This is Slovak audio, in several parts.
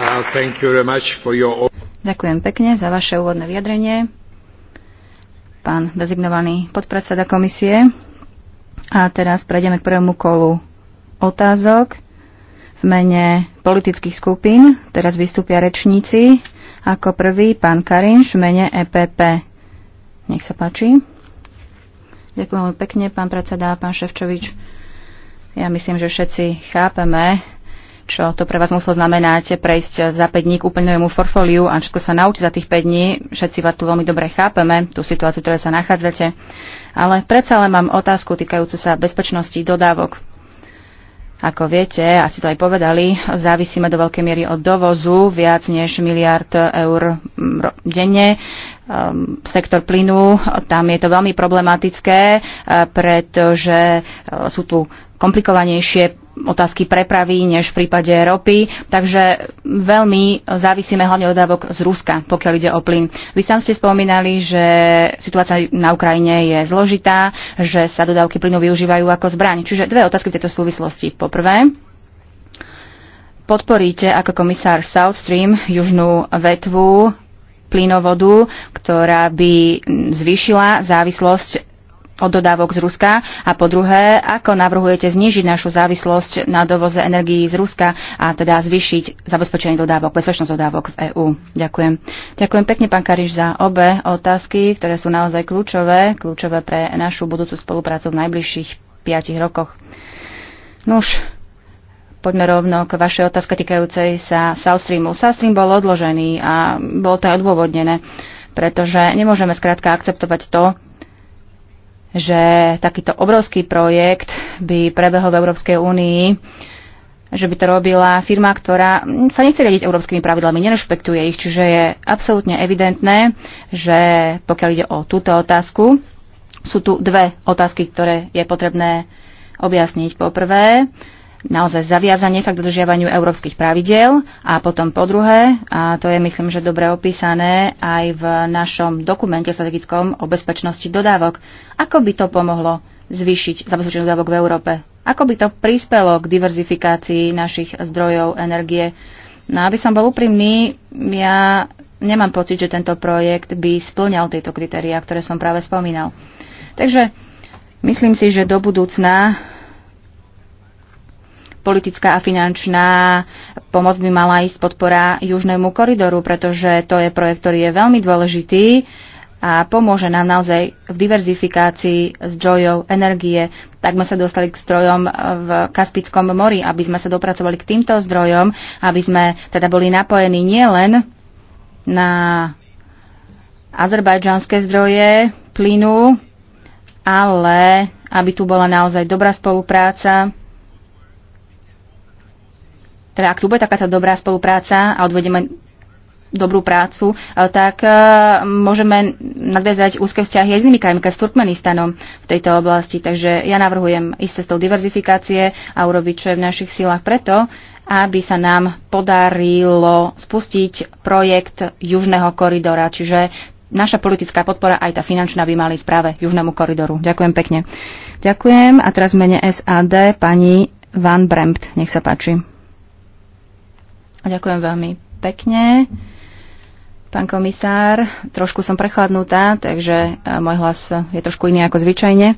Uh, Ďakujem pekne za vaše úvodné vyjadrenie, pán dezignovaný podpredseda komisie. A teraz prejdeme k prvému kolu otázok v mene politických skupín. Teraz vystúpia rečníci. Ako prvý pán Karinš v mene EPP. Nech sa páči. Ďakujem pekne, pán predseda, pán Ševčovič. Ja myslím, že všetci chápeme, čo to pre vás muselo znamenať prejsť za 5 dní k úplnému portfóliu a všetko sa naučiť za tých 5 dní. Všetci vás tu veľmi dobre chápeme, tú situáciu, v ktorej sa nachádzate. Ale predsa len mám otázku týkajúcu sa bezpečnosti dodávok. Ako viete, a si to aj povedali, závisíme do veľkej miery od dovozu viac než miliard eur mm, denne. Ehm, sektor plynu, tam je to veľmi problematické, eh, pretože eh, sú tu komplikovanejšie otázky prepravy než v prípade ropy, takže veľmi závisíme hlavne od dávok z Ruska, pokiaľ ide o plyn. Vy sám ste spomínali, že situácia na Ukrajine je zložitá, že sa dodávky plynu využívajú ako zbraň. Čiže dve otázky v tejto súvislosti. Poprvé, podporíte ako komisár South Stream južnú vetvu plynovodu, ktorá by zvýšila závislosť od dodávok z Ruska a po druhé, ako navrhujete znižiť našu závislosť na dovoze energií z Ruska a teda zvýšiť zabezpečenie dodávok, bezpečnosť dodávok v EÚ. Ďakujem. Ďakujem pekne, pán Kariš, za obe otázky, ktoré sú naozaj kľúčové, kľúčové pre našu budúcu spoluprácu v najbližších piatich rokoch. Nuž, poďme rovno k vašej otázke týkajúcej sa South Streamu. South Stream bol odložený a bolo to aj odôvodnené, pretože nemôžeme skrátka akceptovať to, že takýto obrovský projekt by prebehol v Európskej únii, že by to robila firma, ktorá sa nechce riadiť európskymi pravidlami, nerešpektuje ich, čiže je absolútne evidentné, že pokiaľ ide o túto otázku, sú tu dve otázky, ktoré je potrebné objasniť. Poprvé, naozaj zaviazanie sa k dodržiavaniu európskych pravidiel a potom po druhé, a to je myslím, že dobre opísané aj v našom dokumente strategickom o bezpečnosti dodávok, ako by to pomohlo zvýšiť zabezpečenie dodávok v Európe? Ako by to prispelo k diverzifikácii našich zdrojov energie? No aby som bol úprimný, ja nemám pocit, že tento projekt by splňal tieto kritériá, ktoré som práve spomínal. Takže myslím si, že do budúcna politická a finančná pomoc by mala ísť podpora južnému koridoru, pretože to je projekt, ktorý je veľmi dôležitý a pomôže nám naozaj v diverzifikácii zdrojov energie. Tak sme sa dostali k strojom v Kaspickom mori, aby sme sa dopracovali k týmto zdrojom, aby sme teda boli napojení nielen na azerbajdžanské zdroje plynu, ale aby tu bola naozaj dobrá spolupráca teda ak tu bude takáto dobrá spolupráca a odvedeme dobrú prácu, e, tak e, môžeme nadviazať úzke vzťahy aj s inými krajmi, s Turkmenistanom v tejto oblasti. Takže ja navrhujem ísť cestou diverzifikácie a urobiť, čo je v našich silách preto, aby sa nám podarilo spustiť projekt Južného koridora, čiže naša politická podpora aj tá finančná by mali správe Južnému koridoru. Ďakujem pekne. Ďakujem a teraz mene SAD pani Van Brempt. Nech sa páči. Ďakujem veľmi pekne. Pán komisár, trošku som prechladnutá, takže e, môj hlas je trošku iný ako zvyčajne.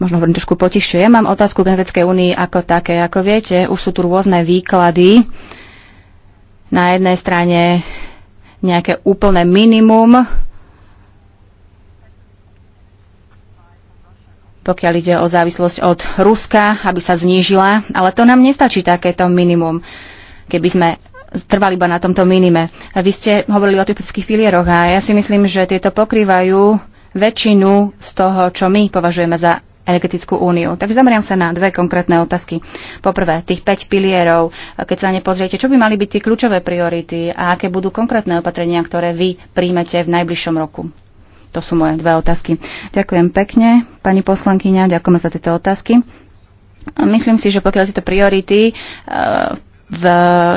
Možno hovorím trošku potišie. Ja mám otázku k Energetickej únii ako také. Ako viete, už sú tu rôzne výklady. Na jednej strane nejaké úplné minimum, pokiaľ ide o závislosť od Ruska, aby sa znížila, ale to nám nestačí takéto minimum. Keby sme trval iba na tomto minime. Vy ste hovorili o typických pilieroch a ja si myslím, že tieto pokrývajú väčšinu z toho, čo my považujeme za energetickú úniu. Takže zameriam sa na dve konkrétne otázky. Poprvé, tých 5 pilierov, keď sa na ne pozriete, čo by mali byť tie kľúčové priority a aké budú konkrétne opatrenia, ktoré vy príjmete v najbližšom roku? To sú moje dve otázky. Ďakujem pekne, pani poslankyňa, ďakujem za tieto otázky. Myslím si, že pokiaľ tieto priority v eh, v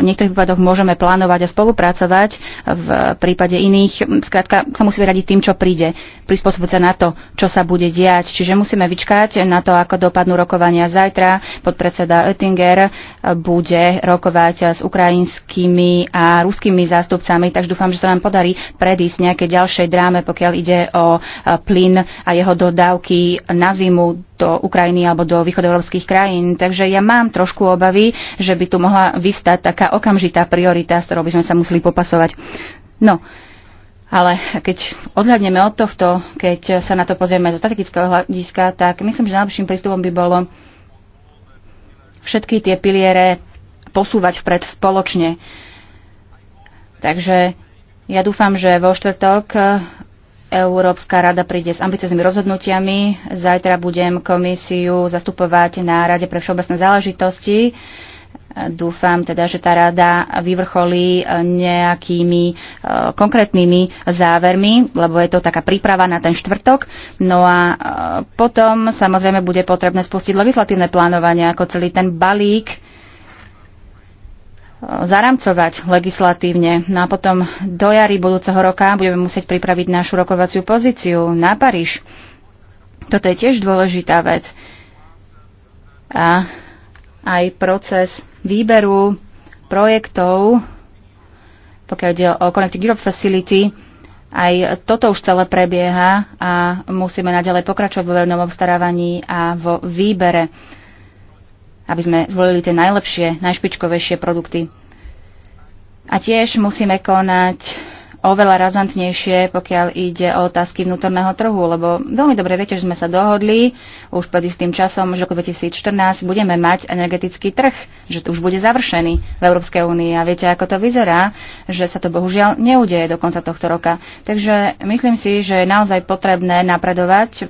niektorých prípadoch môžeme plánovať a spolupracovať, v prípade iných, skrátka sa musíme radiť tým, čo príde, prispôsobiť sa na to, čo sa bude diať. Čiže musíme vyčkať na to, ako dopadnú rokovania zajtra. Podpredseda Oettinger bude rokovať s ukrajinskými a ruskými zástupcami, takže dúfam, že sa nám podarí predísť nejaké ďalšej dráme, pokiaľ ide o plyn a jeho dodávky na zimu do Ukrajiny alebo do východoeurópskych krajín. Takže ja mám trošku obavy, že by tu mohla vystať taká okamžitá priorita, s ktorou by sme sa museli popasovať. No, ale keď odhľadneme od tohto, keď sa na to pozrieme zo strategického hľadiska, tak myslím, že najlepším prístupom by bolo všetky tie piliere posúvať vpred spoločne. Takže ja dúfam, že vo štvrtok Európska rada príde s ambicioznými rozhodnutiami. Zajtra budem komisiu zastupovať na Rade pre všeobecné záležitosti. Dúfam teda, že tá rada vyvrcholí nejakými e, konkrétnymi závermi, lebo je to taká príprava na ten štvrtok. No a e, potom samozrejme bude potrebné spustiť legislatívne plánovanie, ako celý ten balík zaramcovať legislatívne. No a potom do jary budúceho roka budeme musieť pripraviť našu rokovaciu pozíciu na Paríž. Toto je tiež dôležitá vec. A aj proces výberu projektov, pokiaľ ide o Connecting Europe Facility, aj toto už celé prebieha a musíme naďalej pokračovať vo verejnom obstarávaní a vo výbere aby sme zvolili tie najlepšie, najšpičkovejšie produkty. A tiež musíme konať oveľa razantnejšie, pokiaľ ide o otázky vnútorného trhu, lebo veľmi dobre viete, že sme sa dohodli už pred istým časom, že roku 2014 budeme mať energetický trh, že to už bude završený v Európskej únii a viete, ako to vyzerá, že sa to bohužiaľ neudeje do konca tohto roka. Takže myslím si, že je naozaj potrebné napredovať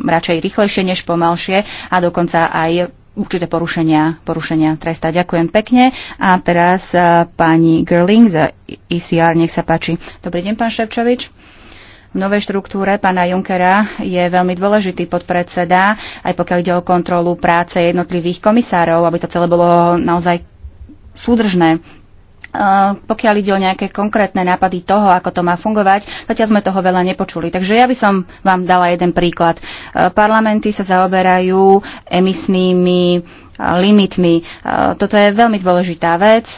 radšej rýchlejšie než pomalšie a dokonca aj určité porušenia, porušenia tresta. Ďakujem pekne. A teraz eh, pani Gerling za ICR, e nech sa páči. Dobrý deň, pán Ševčovič novej štruktúre pána Junkera je veľmi dôležitý podpredseda, aj pokiaľ ide o kontrolu práce jednotlivých komisárov, aby to celé bolo naozaj súdržné, Eh, pokiaľ ide o nejaké konkrétne nápady toho, ako to má fungovať, zatiaľ sme toho veľa nepočuli. Takže ja by som vám dala jeden príklad. Eh, parlamenty sa zaoberajú emisnými eh, limitmi. Toto je veľmi dôležitá vec,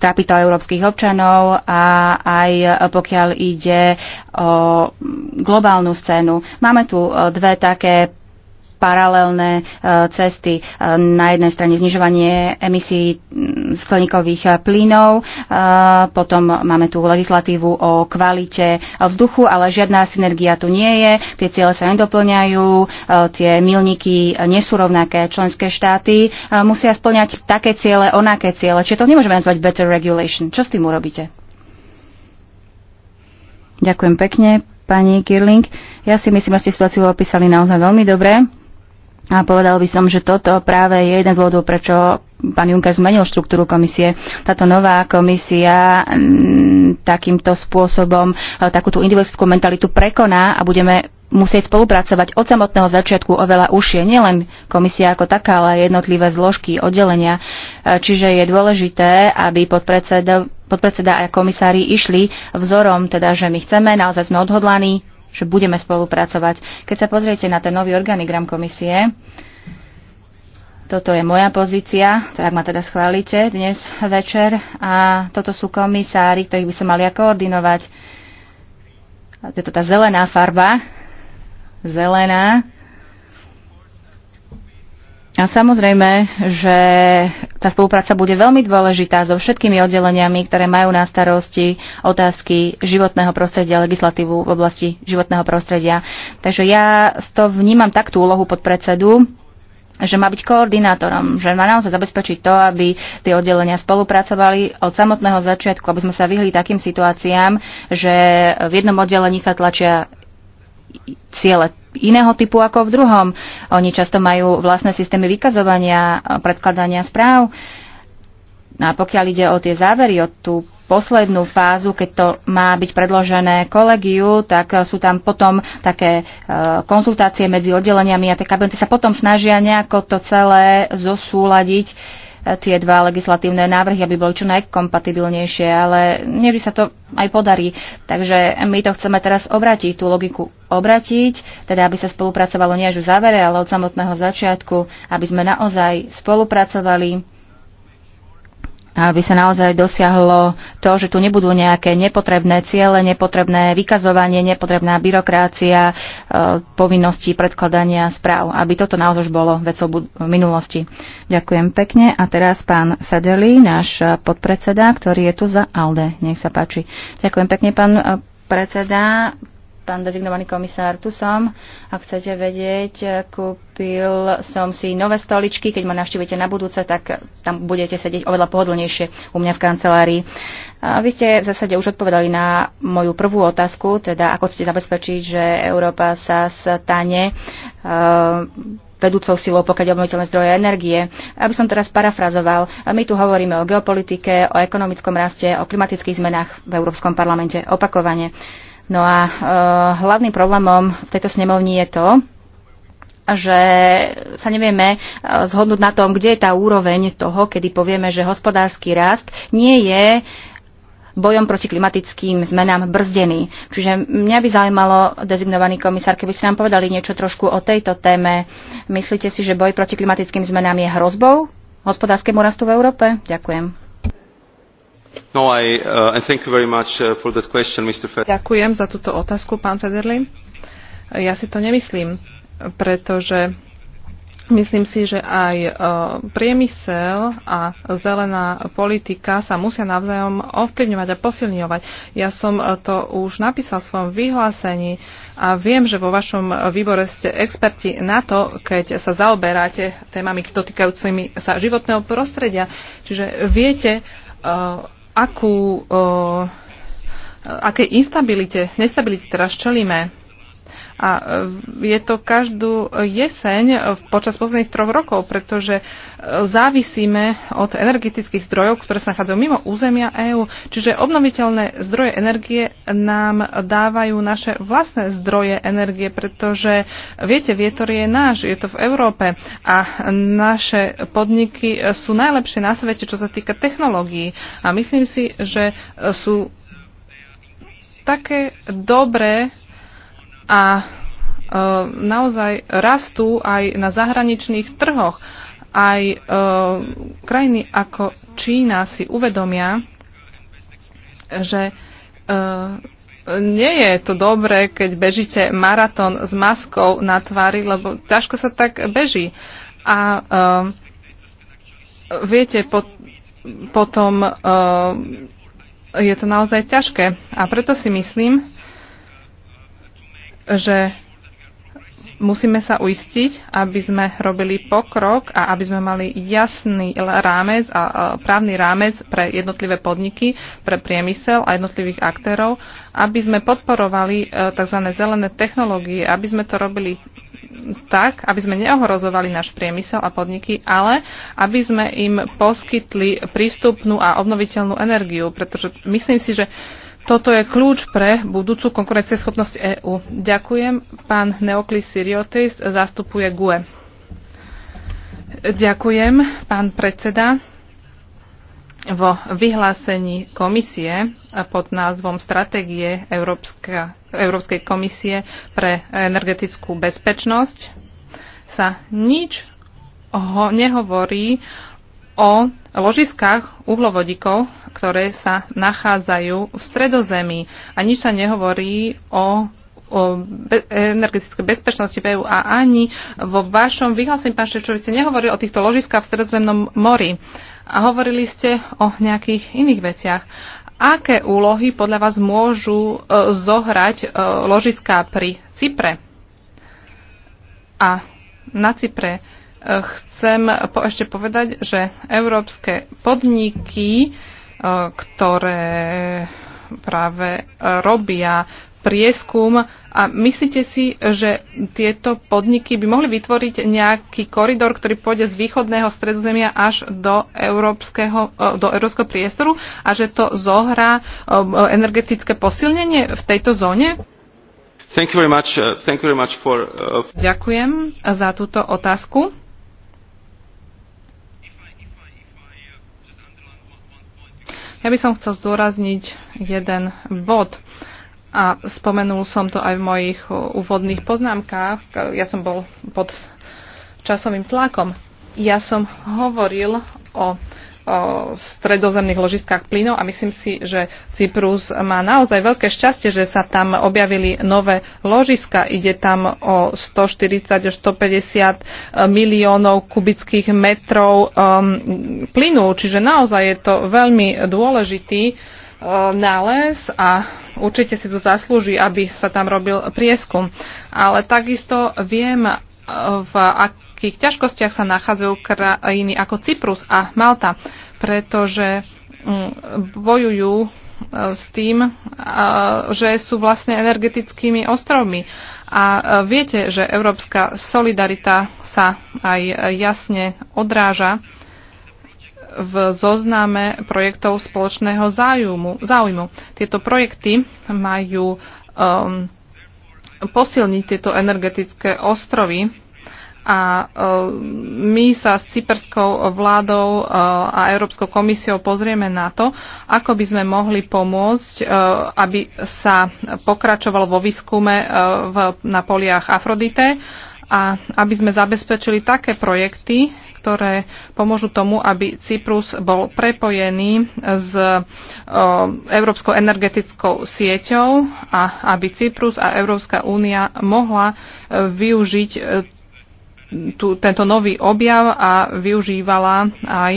trápi to európskych občanov a aj pokiaľ ide o mm, globálnu scénu. Máme tu dve také paralelné e, cesty. E, na jednej strane znižovanie emisí skleníkových e, plynov, potom máme tu legislatívu o kvalite vzduchu, ale žiadna synergia tu nie je, tie ciele sa nedoplňajú, tie milníky nie sú rovnaké. Členské štáty musia splňať také ciele, onaké ciele, čiže to nemôžeme nazvať better regulation. Čo s tým urobíte? Ďakujem pekne, pani Kirling. Ja si myslím, že ste situáciu opísali naozaj veľmi dobre. A povedal by som, že toto práve je jeden z dôvodov, prečo pán Juncker zmenil štruktúru komisie. Táto nová komisia mm, takýmto spôsobom e, takúto individualistickú mentalitu prekoná a budeme musieť spolupracovať od samotného začiatku oveľa užšie. Nielen komisia ako taká, ale jednotlivé zložky, oddelenia. E, čiže je dôležité, aby podpredseda, podpredseda a komisári išli vzorom, teda že my chceme, naozaj sme odhodlaní, že budeme spolupracovať. Keď sa pozriete na ten nový organigram komisie, toto je moja pozícia, tak ma teda schválite dnes večer. A toto sú komisári, ktorých by sa mali koordinovať. Je to tá zelená farba. Zelená. A samozrejme, že tá spolupráca bude veľmi dôležitá so všetkými oddeleniami, ktoré majú na starosti otázky životného prostredia, legislatívu v oblasti životného prostredia. Takže ja to vnímam tú úlohu podpredsedu, že má byť koordinátorom, že má naozaj zabezpečiť to, aby tie oddelenia spolupracovali od samotného začiatku, aby sme sa vyhli takým situáciám, že v jednom oddelení sa tlačia ciele iného typu ako v druhom. Oni často majú vlastné systémy vykazovania, predkladania správ. A pokiaľ ide o tie závery, o tú poslednú fázu, keď to má byť predložené kolegiu, tak sú tam potom také e, konzultácie medzi oddeleniami a tie kabinety sa potom snažia nejako to celé zosúladiť tie dva legislatívne návrhy, aby boli čo najkompatibilnejšie, ale nevždy sa to aj podarí. Takže my to chceme teraz obratiť, tú logiku obratiť, teda aby sa spolupracovalo nie až v závere, ale od samotného začiatku, aby sme naozaj spolupracovali aby sa naozaj dosiahlo to, že tu nebudú nejaké nepotrebné ciele, nepotrebné vykazovanie, nepotrebná byrokrácia, e, povinnosti predkladania správ. Aby toto naozaj už bolo vecou minulosti. Ďakujem pekne. A teraz pán Fedeli, náš podpredseda, ktorý je tu za ALDE. Nech sa páči. Ďakujem pekne, pán e, predseda pán dezignovaný komisár, tu som. Ak chcete vedieť, kúpil som si nové stoličky. Keď ma navštívite na budúce, tak tam budete sedieť oveľa pohodlnejšie u mňa v kancelárii. A vy ste v zásade už odpovedali na moju prvú otázku, teda ako chcete zabezpečiť, že Európa sa stane e, vedúcou silou, pokiaľ obnoviteľné zdroje energie. Aby som teraz parafrazoval, my tu hovoríme o geopolitike, o ekonomickom raste, o klimatických zmenách v Európskom parlamente opakovane. No a e, hlavným problémom v tejto snemovni je to, že sa nevieme e, zhodnúť na tom, kde je tá úroveň toho, kedy povieme, že hospodársky rast nie je bojom proti klimatickým zmenám brzdený. Čiže mňa by zaujímalo, dezignovaný komisár, keby ste nám povedali niečo trošku o tejto téme. Myslíte si, že boj proti klimatickým zmenám je hrozbou hospodárskému rastu v Európe? Ďakujem. No, I, uh, I thank you very much uh, for that question, Mr. Ďakujem za túto otázku, pán Federlin. Ja si to nemyslím, pretože Myslím si, že aj uh, priemysel a zelená politika sa musia navzájom ovplyvňovať a posilňovať. Ja som uh, to už napísal v svojom vyhlásení a viem, že vo vašom výbore ste experti na to, keď sa zaoberáte témami dotýkajúcimi sa životného prostredia. Čiže viete, akú, uh, aké instabilite, nestabilite teraz čelíme. A e, je to každú jeseň e, počas posledných troch rokov, pretože e, závisíme od energetických zdrojov, ktoré sa nachádzajú mimo územia EÚ. Čiže obnoviteľné zdroje energie nám dávajú naše vlastné zdroje energie, pretože viete, vietor je náš, je to v Európe a naše podniky sú najlepšie na svete, čo sa týka technológií. A myslím si, že sú také dobré, a e, naozaj rastú aj na zahraničných trhoch. Aj e, krajiny ako Čína si uvedomia, že e, nie je to dobré, keď bežíte maratón s maskou na tvári, lebo ťažko sa tak beží. A uh, viete, po, potom uh, je to naozaj ťažké. A preto si myslím, že musíme sa uistiť, aby sme robili pokrok a aby sme mali jasný rámec a právny rámec pre jednotlivé podniky, pre priemysel a jednotlivých aktérov, aby sme podporovali e, tzv. zelené technológie, aby sme to robili tak, aby sme neohrozovali náš priemysel a podniky, ale aby sme im poskytli prístupnú a obnoviteľnú energiu, pretože myslím si, že uh, toto je kľúč pre budúcu konkurencieschopnosť EÚ. Ďakujem. Pán Neoklis Siriotis zastupuje GUE. Ďakujem, pán predseda. Vo vyhlásení komisie pod názvom Stratégie Európska, Európskej komisie pre energetickú bezpečnosť sa nič ho nehovorí o ložiskách uhlovodíkov ktoré sa nachádzajú v stredozemí. A nič sa nehovorí o o be- energetickej bezpečnosti v EU a ani vo vašom vyhlásení, pán Šečovi, ste nehovorili o týchto ložiskách v Stredozemnom mori a hovorili ste o nejakých iných veciach. Aké úlohy podľa vás môžu e, zohrať e, ložiská pri Cypre? A na Cypre e, chcem po- ešte povedať, že európske podniky e, E, ktoré práve robia prieskum a myslíte si, že tieto podniky by mohli vytvoriť nejaký koridor, ktorý pôjde z východného stredozemia až do európskeho, e, do európskeho priestoru a že to zohrá e, energetické posilnenie v tejto zóne? Thank you very much. Uh, thank you very much for, uh... Ďakujem za túto otázku. Ja by som chcel zdôrazniť jeden bod a spomenul som to aj v mojich uh, úvodných poznámkach. Ja som bol pod časovým tlakom. Ja som hovoril o stredozemných ložiskách plynov a myslím si, že Cyprus má naozaj veľké šťastie, že sa tam objavili nové ložiska. Ide tam o 140 až 150 miliónov kubických metrov um, plynu, čiže naozaj je to veľmi dôležitý uh, nález a určite si to zaslúži, aby sa tam robil prieskum. Ale takisto viem, uh, v ak akých ťažkostiach sa nachádzajú krajiny ako Cyprus a Malta, pretože mm, bojujú e, s tým, e, že sú vlastne energetickými ostrovmi. A e, viete, že európska solidarita sa aj jasne odráža v zozname projektov spoločného záujmu. záujmu. Tieto projekty majú um, posilniť tieto energetické ostrovy a e, my sa s cyperskou vládou e, a Európskou komisiou pozrieme na to, ako by sme mohli pomôcť, e, aby sa pokračoval vo výskume na poliach Afrodite a aby sme zabezpečili také projekty, ktoré pomôžu tomu, aby Cyprus bol prepojený s Európskou energetickou sieťou a aby Cyprus a Európska únia mohla využiť tú, tento nový objav a využívala aj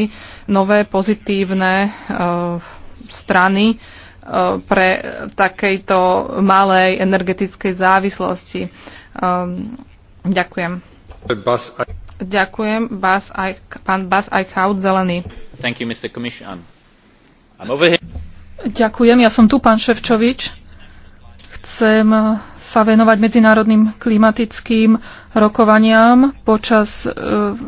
nové pozitívne e, strany e, pre takejto malej energetickej závislosti. E, ďakujem. Bas Ďakujem. Bas Eich, pán Bas Eichhout, zelený. Thank you, Mr. Commission. I'm over here. Ďakujem. Ja som tu, pán Ševčovič chcem sa venovať medzinárodným klimatickým rokovaniam. Počas e,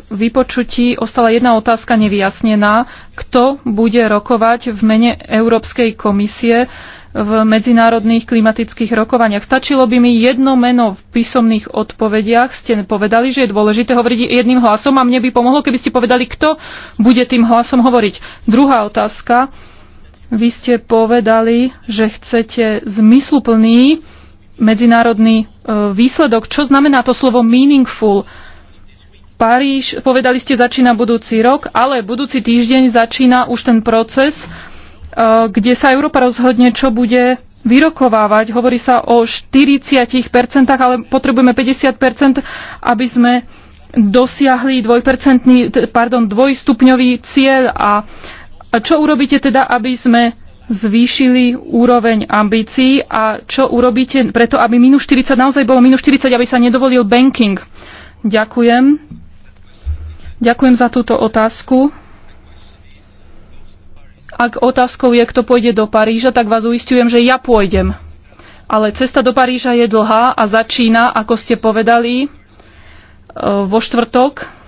vypočutí ostala jedna otázka nevyjasnená. Kto bude rokovať v mene Európskej komisie v medzinárodných klimatických rokovaniach? Stačilo by mi jedno meno v písomných odpovediach. Ste povedali, že je dôležité hovoriť jedným hlasom a mne by pomohlo, keby ste povedali, kto bude tým hlasom hovoriť. Druhá otázka vy ste povedali, že chcete zmysluplný medzinárodný e, výsledok. Čo znamená to slovo meaningful? Paríž, povedali ste, začína budúci rok, ale budúci týždeň začína už ten proces, e, kde sa Európa rozhodne, čo bude vyrokovávať. Hovorí sa o 40%, ale potrebujeme 50%, aby sme dosiahli dvojpercentný, pardon, dvojstupňový cieľ a a Čo urobíte teda, aby sme zvýšili úroveň ambícií a čo urobíte preto, aby minus 40 naozaj bolo minus 40, aby sa nedovolil banking? Ďakujem. Ďakujem za túto otázku. Ak otázkou je, kto pôjde do Paríža, tak vás uistujem, že ja pôjdem. Ale cesta do Paríža je dlhá a začína, ako ste povedali, e, vo štvrtok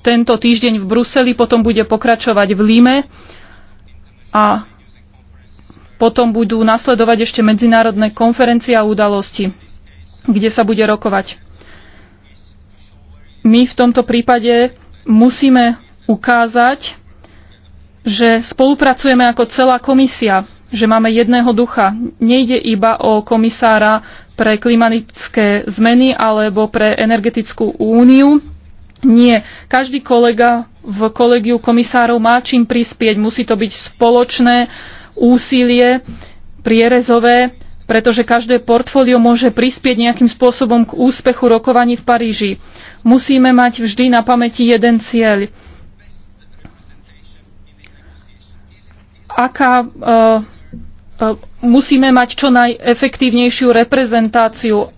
tento týždeň v Bruseli, potom bude pokračovať v Líme a potom budú nasledovať ešte medzinárodné konferencie a udalosti, kde sa bude rokovať. My v tomto prípade musíme ukázať, že spolupracujeme ako celá komisia, že máme jedného ducha. Nejde iba o komisára pre klimatické zmeny alebo pre energetickú úniu, nie, každý kolega v kolegiu komisárov má čím prispieť. Musí to byť spoločné úsilie, prierezové, pretože každé portfólio môže prispieť nejakým spôsobom k úspechu rokovaní v Paríži. Musíme mať vždy na pamäti jeden cieľ. Aká, uh, uh, musíme mať čo najefektívnejšiu reprezentáciu,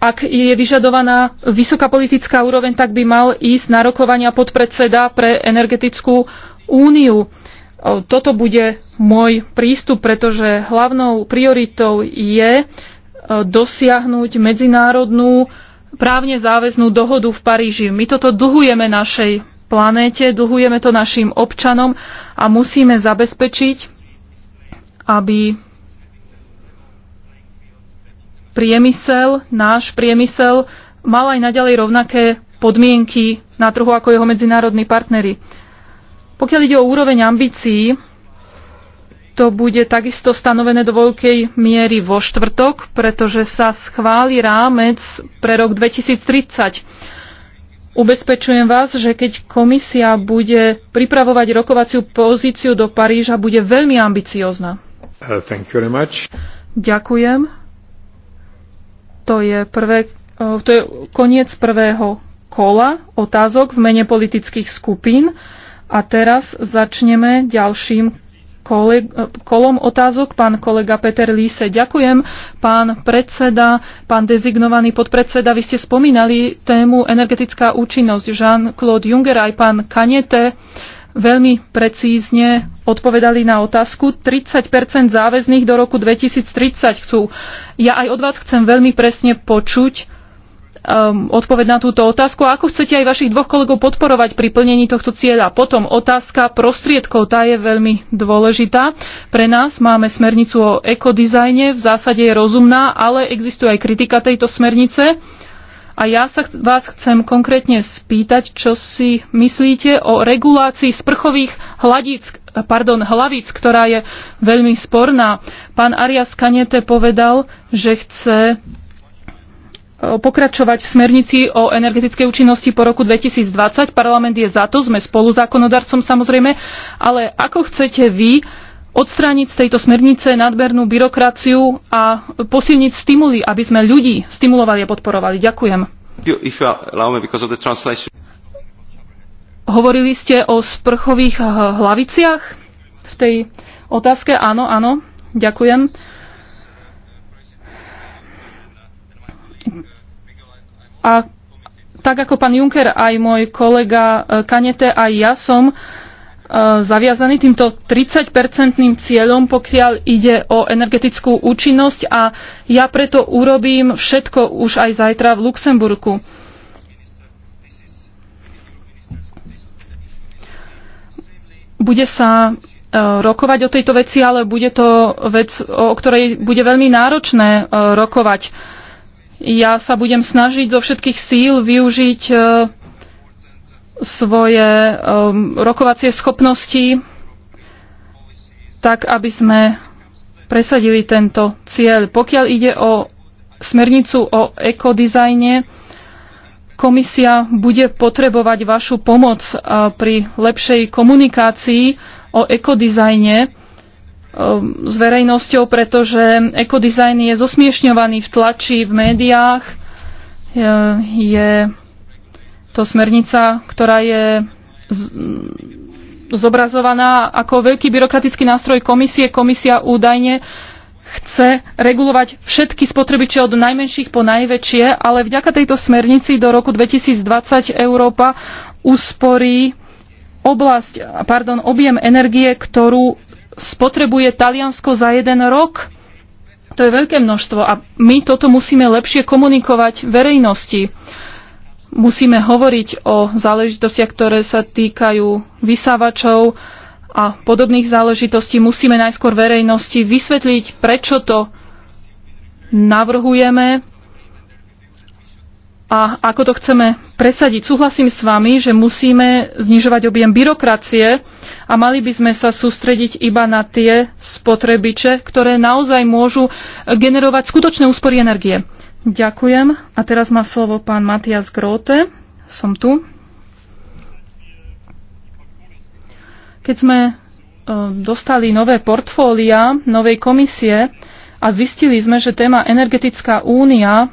ak je vyžadovaná vysoká politická úroveň, tak by mal ísť na rokovania podpredseda pre energetickú úniu. Toto bude môj prístup, pretože hlavnou prioritou je e, dosiahnuť medzinárodnú právne záväznú dohodu v Paríži. My toto dlhujeme našej planéte, dlhujeme to našim občanom a musíme zabezpečiť, aby priemysel, náš priemysel, mal aj naďalej rovnaké podmienky na trhu ako jeho medzinárodní partnery. Pokiaľ ide o úroveň ambícií, to bude takisto stanovené do veľkej miery vo štvrtok, pretože sa schváli rámec pre rok 2030. Ubezpečujem vás, že keď komisia bude pripravovať rokovaciu pozíciu do Paríža, bude veľmi ambiciozna. Uh, Ďakujem. To je, prvé, to je koniec prvého kola otázok v mene politických skupín a teraz začneme ďalším koleg- e, kolom otázok. Pán kolega Peter Líse, ďakujem. Pán predseda, pán dezignovaný podpredseda, vy ste spomínali tému energetická účinnosť. Jean-Claude Juncker aj pán Kanete veľmi precízne odpovedali na otázku. 30 záväzných do roku 2030 chcú. Ja aj od vás chcem veľmi presne počuť um, odpoveď na túto otázku. A ako chcete aj vašich dvoch kolegov podporovať pri plnení tohto cieľa? Potom otázka prostriedkov, tá je veľmi dôležitá. Pre nás máme smernicu o ekodizajne, v zásade je rozumná, ale existuje aj kritika tejto smernice. A ja sa vás chcem konkrétne spýtať, čo si myslíte o regulácii sprchových hladíc, pardon, hlavíc, ktorá je veľmi sporná. Pán Arias Kanete povedal, že chce e, pokračovať v smernici o energetickej účinnosti po roku 2020. Parlament je za to, sme spoluzákonodarcom samozrejme, ale ako chcete vy odstrániť z tejto smernice nadbernú byrokraciu a posilniť stimuly, aby sme ľudí stimulovali a podporovali. Ďakujem. Hovorili ste o sprchových eh, hlaviciach v tej otázke? Áno, áno. Ďakujem. A tak ako pán Juncker, aj môj kolega eh, Kanete, aj ja som uh, E, zaviazaný týmto 30-percentným cieľom, pokiaľ ide o energetickú účinnosť a ja preto urobím všetko už aj zajtra v Luxemburku. Bude sa e, rokovať o tejto veci, ale bude to vec, o ktorej bude veľmi náročné e, rokovať. Ja sa budem snažiť zo všetkých síl využiť svoje um, rokovacie schopnosti, tak aby sme presadili tento cieľ. Pokiaľ ide o smernicu o ekodizajne, komisia bude potrebovať vašu pomoc uh, pri lepšej komunikácii o ekodizajne um, s verejnosťou, pretože ekodizajn je zosmiešňovaný v tlači, v médiách, je to smernica, ktorá je zobrazovaná ako veľký byrokratický nástroj komisie. Komisia údajne chce regulovať všetky spotrebiče od najmenších po najväčšie, ale vďaka tejto smernici do roku 2020 Európa usporí oblasť, pardon, objem energie, ktorú spotrebuje Taliansko za jeden rok. To je veľké množstvo a my toto musíme lepšie komunikovať verejnosti musíme hovoriť o záležitostiach, ktoré sa týkajú vysávačov a podobných záležitostí. Musíme najskôr verejnosti vysvetliť, prečo to navrhujeme a ako to chceme presadiť. Súhlasím s vami, že musíme znižovať objem byrokracie a mali by sme sa sústrediť iba na tie spotrebiče, ktoré naozaj môžu generovať skutočné úspory energie. Ďakujem. A teraz má slovo pán Matias Grote. Som tu. Keď sme e, dostali nové portfólia novej komisie a zistili sme, že téma Energetická únia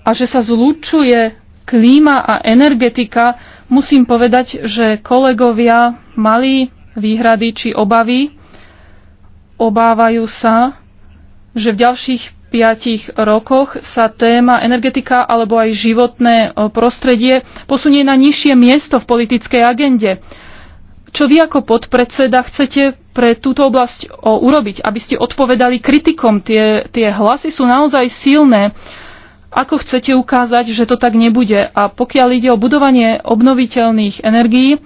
a že sa zlučuje klíma a energetika, musím povedať, že kolegovia mali výhrady či obavy. Obávajú sa, že v ďalších piatich rokoch sa téma energetika alebo aj životné prostredie posunie na nižšie miesto v politickej agende. Čo vy ako podpredseda chcete pre túto oblasť urobiť, aby ste odpovedali kritikom? Tie, tie hlasy sú naozaj silné. Ako chcete ukázať, že to tak nebude? A pokiaľ ide o budovanie obnoviteľných energií,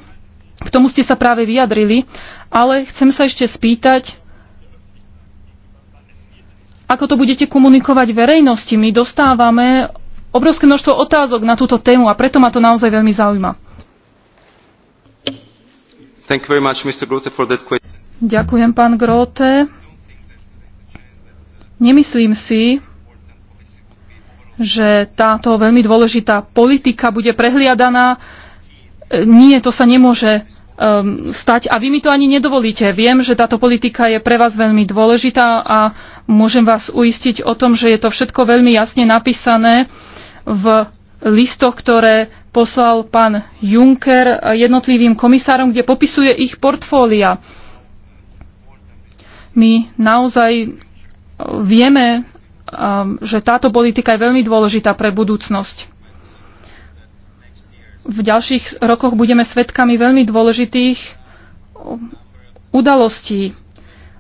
k tomu ste sa práve vyjadrili, ale chcem sa ešte spýtať, ako to budete komunikovať verejnosti? My dostávame obrovské množstvo otázok na túto tému a preto ma to naozaj veľmi zaujíma. Thank you very much, Mr. Grote, for that question. Ďakujem, pán Grote. Nemyslím si, že táto veľmi dôležitá politika bude prehliadaná. E, nie, to sa nemôže um, stať a vy mi to ani nedovolíte. Viem, že táto politika je pre vás veľmi dôležitá a môžem vás uistiť o tom, že je to všetko veľmi jasne napísané v listoch, ktoré poslal pán Juncker jednotlivým komisárom, kde popisuje ich portfólia. My naozaj vieme, um, že táto politika je veľmi dôležitá pre budúcnosť v ďalších rokoch budeme svedkami veľmi dôležitých udalostí.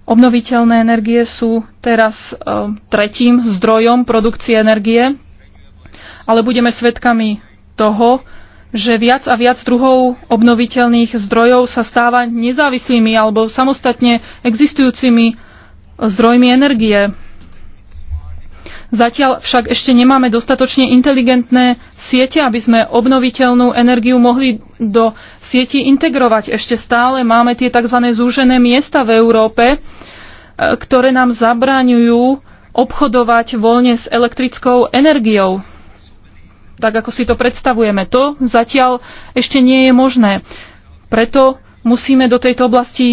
Obnoviteľné energie sú teraz e, tretím zdrojom produkcie energie, ale budeme svedkami toho, že viac a viac druhov obnoviteľných zdrojov sa stáva nezávislými alebo samostatne existujúcimi zdrojmi energie. Zatiaľ však ešte nemáme dostatočne inteligentné siete, aby sme obnoviteľnú energiu mohli do sieti integrovať. Ešte stále máme tie tzv. zúžené miesta v Európe, e, ktoré nám zabraňujú obchodovať voľne s elektrickou energiou tak ako si to predstavujeme. To zatiaľ ešte nie je možné. Preto musíme do tejto oblasti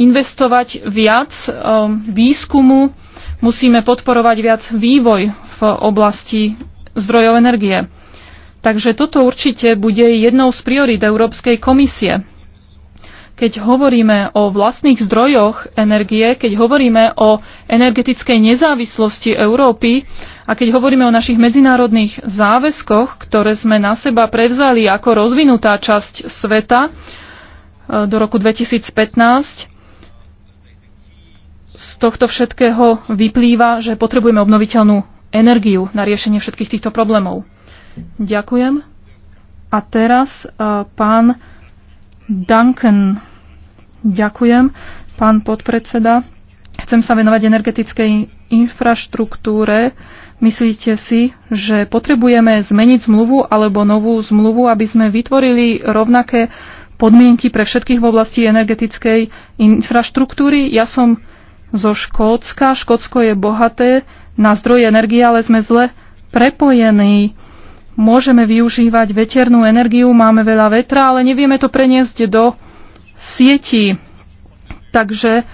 investovať viac e, výskumu, Musíme podporovať viac vývoj v oblasti zdrojov energie. Takže toto určite bude jednou z priorít Európskej komisie. Keď hovoríme o vlastných zdrojoch energie, keď hovoríme o energetickej nezávislosti Európy a keď hovoríme o našich medzinárodných záväzkoch, ktoré sme na seba prevzali ako rozvinutá časť sveta e, do roku 2015, z tohto všetkého vyplýva, že potrebujeme obnoviteľnú energiu na riešenie všetkých týchto problémov. Ďakujem. A teraz uh, pán Duncan. Ďakujem, pán podpredseda. Chcem sa venovať energetickej infraštruktúre. Myslíte si, že potrebujeme zmeniť zmluvu alebo novú zmluvu, aby sme vytvorili rovnaké podmienky pre všetkých v oblasti energetickej infraštruktúry? Ja som zo Škótska. Škótsko je bohaté na zdroje energie, ale sme zle prepojení. Môžeme využívať veternú energiu, máme veľa vetra, ale nevieme to preniesť do sieti. Takže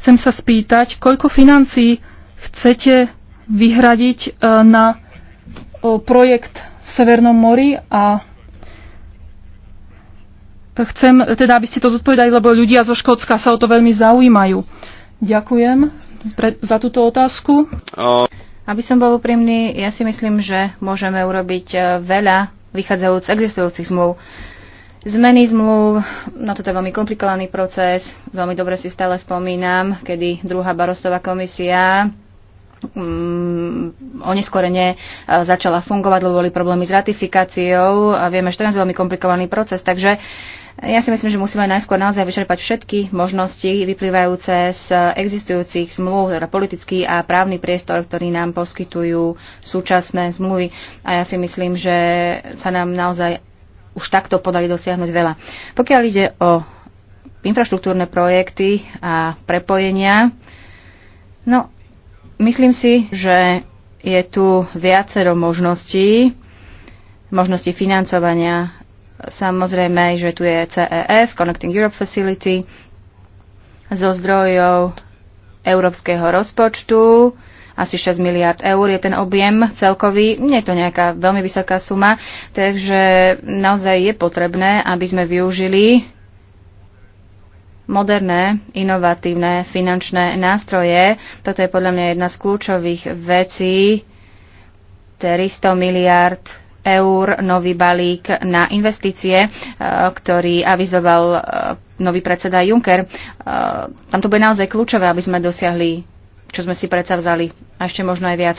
chcem sa spýtať, koľko financií chcete vyhradiť e, na projekt v Severnom mori a chcem teda, aby ste to zodpovedali, lebo ľudia zo Škótska sa o to veľmi zaujímajú. Ďakujem pre, za túto otázku. Aby som bol úprimný, ja si myslím, že môžeme urobiť e, veľa vychádzajúc z existujúcich zmluv. Zmeny zmluv, no toto je veľmi komplikovaný proces, veľmi dobre si stále spomínam, kedy druhá Barostová komisia um, oneskorene e, začala fungovať, lebo boli problémy s ratifikáciou a vieme, že to je veľmi komplikovaný proces, takže uh, ja si myslím, že musíme najskôr naozaj vyčerpať všetky možnosti vyplývajúce z existujúcich zmluv, teda politický a právny priestor, ktorý nám poskytujú súčasné zmluvy. A ja si myslím, že sa nám naozaj už takto podali dosiahnuť veľa. Pokiaľ ide o infraštruktúrne projekty a prepojenia, no myslím si, že je tu viacero možností, možnosti financovania Samozrejme, že tu je CEF, Connecting Europe Facility, zo zdrojov európskeho rozpočtu, asi 6 miliard eur je ten objem celkový. Nie je to nejaká veľmi vysoká suma, takže naozaj je potrebné, aby sme využili moderné, inovatívne finančné nástroje. Toto je podľa mňa jedna z kľúčových vecí. 300 miliard eur nový balík na investície, e, ktorý avizoval e, nový predseda Juncker. E, tam to bude naozaj kľúčové, aby sme dosiahli čo sme si predsa vzali a ešte možno aj viac.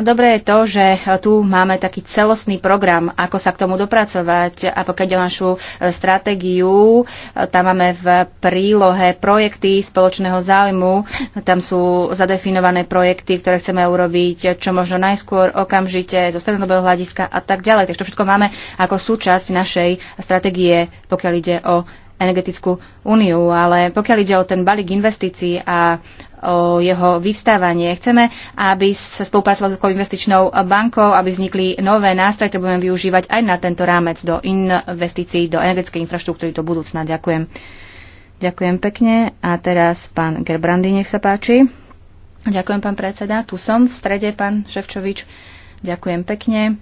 Dobré je to, že tu máme taký celostný program, ako sa k tomu dopracovať a pokiaľ o našu e, stratégiu, e, tam máme v prílohe projekty spoločného záujmu, tam sú zadefinované projekty, ktoré chceme urobiť e, čo možno najskôr, okamžite, zo strednodobého hľadiska a tak ďalej. Takže to všetko máme ako súčasť našej stratégie, pokiaľ ide o energetickú úniu, ale pokiaľ ide o ten balík investícií a o jeho vyvstávanie. Chceme, aby sa spolupracovalo s investičnou bankou, aby vznikli nové nástroje, ktoré budeme využívať aj na tento rámec do investícií, do energetickej infraštruktúry do budúcna. Ďakujem. Ďakujem pekne. A teraz pán Gerbrandy, nech sa páči. Ďakujem, pán predseda. Tu som v strede, pán Ševčovič. Ďakujem pekne.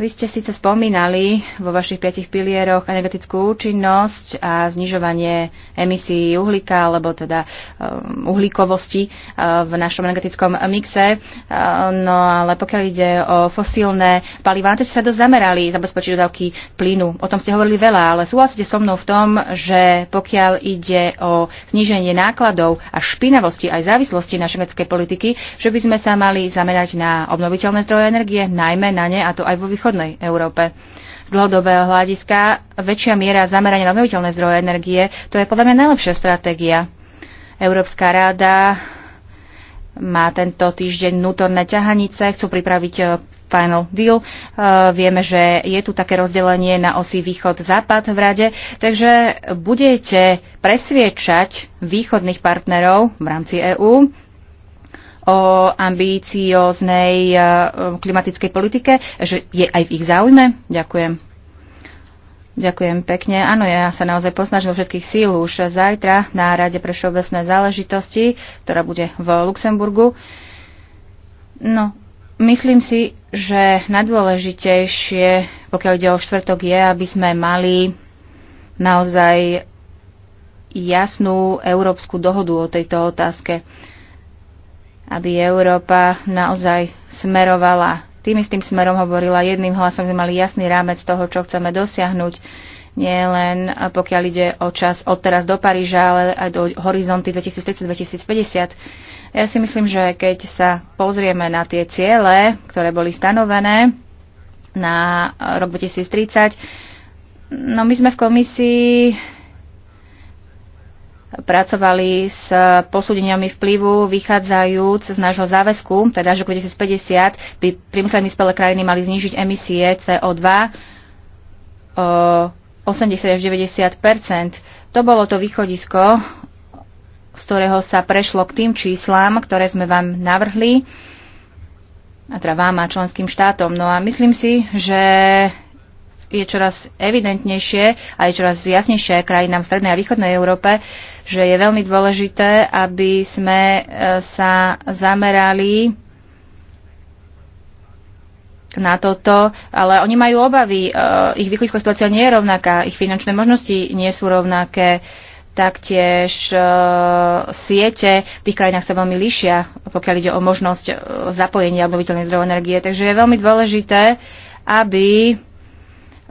Vy ste síce spomínali vo vašich piatich pilieroch energetickú účinnosť a znižovanie emisí uhlíka, alebo teda um, uhlíkovosti uh, v našom energetickom mixe. Uh, no ale pokiaľ ide o fosílne palivá, ste sa dosť zamerali zabezpečiť dodávky plynu. O tom ste hovorili veľa, ale súhlasíte so mnou v tom, že pokiaľ ide o zníženie nákladov a špinavosti aj závislosti našej energetickej politiky, že by sme sa mali zamerať na obnoviteľné zdroje energie, najmä na ne, a to aj vo východnej Európe. Z dlhodobého hľadiska väčšia miera zamerania na obnoviteľné zdroje energie, to je podľa mňa najlepšia stratégia. Európska rada má tento týždeň nutorné ťahanice, chcú pripraviť e, final deal. E, vieme, že je tu také rozdelenie na osy východ-západ v rade, takže budete presviečať východných partnerov v rámci EÚ, o ambícioznej e, klimatickej politike, že je aj v ich záujme? Ďakujem. Ďakujem pekne. Áno, ja sa naozaj posnažil všetkých síl už zajtra na Rade pre všeobecné záležitosti, ktorá bude v Luxemburgu. No, myslím si, že najdôležitejšie, pokiaľ ide o štvrtok, je, aby sme mali naozaj jasnú európsku dohodu o tejto otázke aby Európa naozaj smerovala tým istým smerom hovorila jedným hlasom, sme mali jasný rámec toho, čo chceme dosiahnuť, nie len pokiaľ ide o čas od teraz do Paríža, ale aj do horizonty 2030-2050. Ja si myslím, že keď sa pozrieme na tie ciele, ktoré boli stanovené na rok 2030, no my sme v komisii pracovali s posúdeniami vplyvu vychádzajúc z nášho záväzku, teda roku 2050 by priemyselné vyspelé krajiny mali znížiť emisie CO2 o 80 až 90 To bolo to východisko, z ktorého sa prešlo k tým číslám, ktoré sme vám navrhli, a teda vám a členským štátom. No a myslím si, že je čoraz evidentnejšie a je čoraz jasnejšie krajinám Strednej a Východnej Európe, že je veľmi dôležité, aby sme e, sa zamerali na toto, ale oni majú obavy, e, ich východisková situácia nie je rovnaká, ich finančné možnosti nie sú rovnaké, taktiež e, siete v tých krajinách sa veľmi líšia, pokiaľ ide o možnosť zapojenia obnoviteľnej zdrojov energie. Takže je veľmi dôležité, aby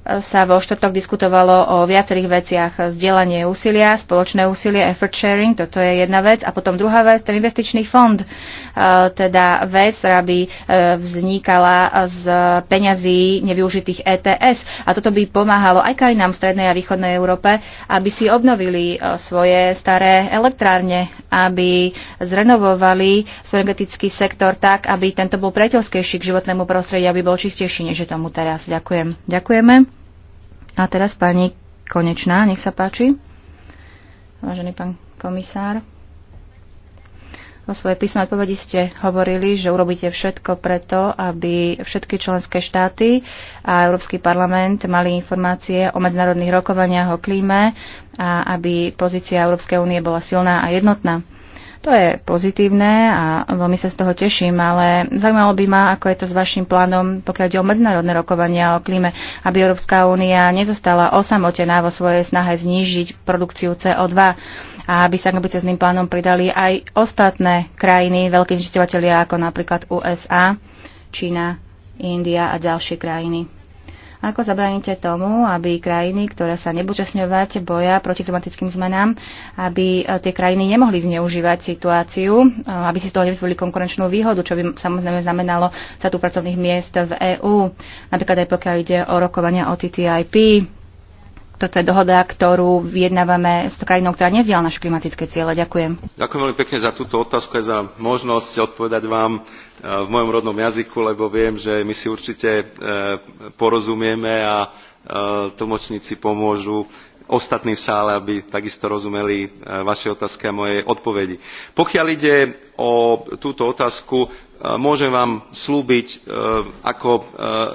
sa vo štvrtok diskutovalo o viacerých veciach. Zdieľanie úsilia, spoločné úsilie, effort sharing, toto je jedna vec. A potom druhá vec, ten investičný fond, e, teda vec, ktorá by e, vznikala z peňazí nevyužitých ETS. A toto by pomáhalo aj krajinám v Strednej a Východnej Európe, aby si obnovili e, svoje staré elektrárne, aby zrenovovali svoj energetický sektor tak, aby tento bol priateľskejší k životnému prostrediu, aby bol čistejší, než je tomu teraz. Ďakujem. Ďakujeme. A teraz pani Konečná, nech sa páči. Vážený pán komisár, vo svojej písme odpovedi ste hovorili, že urobíte všetko preto, aby všetky členské štáty a Európsky parlament mali informácie o medzinárodných rokovaniach o klíme a aby pozícia Európskej únie bola silná a jednotná. To je pozitívne a veľmi sa z toho teším, ale zaujímalo by ma, ako je to s vašim plánom, pokiaľ ide o medzinárodné rokovania o klíme, aby Európska únia nezostala osamotená vo svojej snahe znížiť produkciu CO2 a aby sa k ambiciozným plánom pridali aj ostatné krajiny, veľkí znečisťovateľia ako napríklad USA, Čína, India a ďalšie krajiny. Ako zabránite tomu, aby krajiny, ktoré sa nebúčasňovať boja proti klimatickým zmenám, aby e, tie krajiny nemohli zneužívať situáciu, e, aby si z toho nevytvorili konkurenčnú výhodu, čo by samozrejme znamenalo statu pracovných miest v EÚ, napríklad aj pokiaľ ide o rokovania o TTIP, toto je dohoda, ktorú vyjednávame s krajinou, ktorá nezdiela naše klimatické ciele. Ďakujem. Ďakujem veľmi pekne za túto otázku a za možnosť odpovedať vám eh, v mojom rodnom jazyku, lebo viem, že my si určite eh, porozumieme a eh, tlmočníci pomôžu ostatní v sále, aby takisto rozumeli vaše otázky a moje odpovedi. Pokiaľ ide o túto otázku, môžem vám slúbiť ako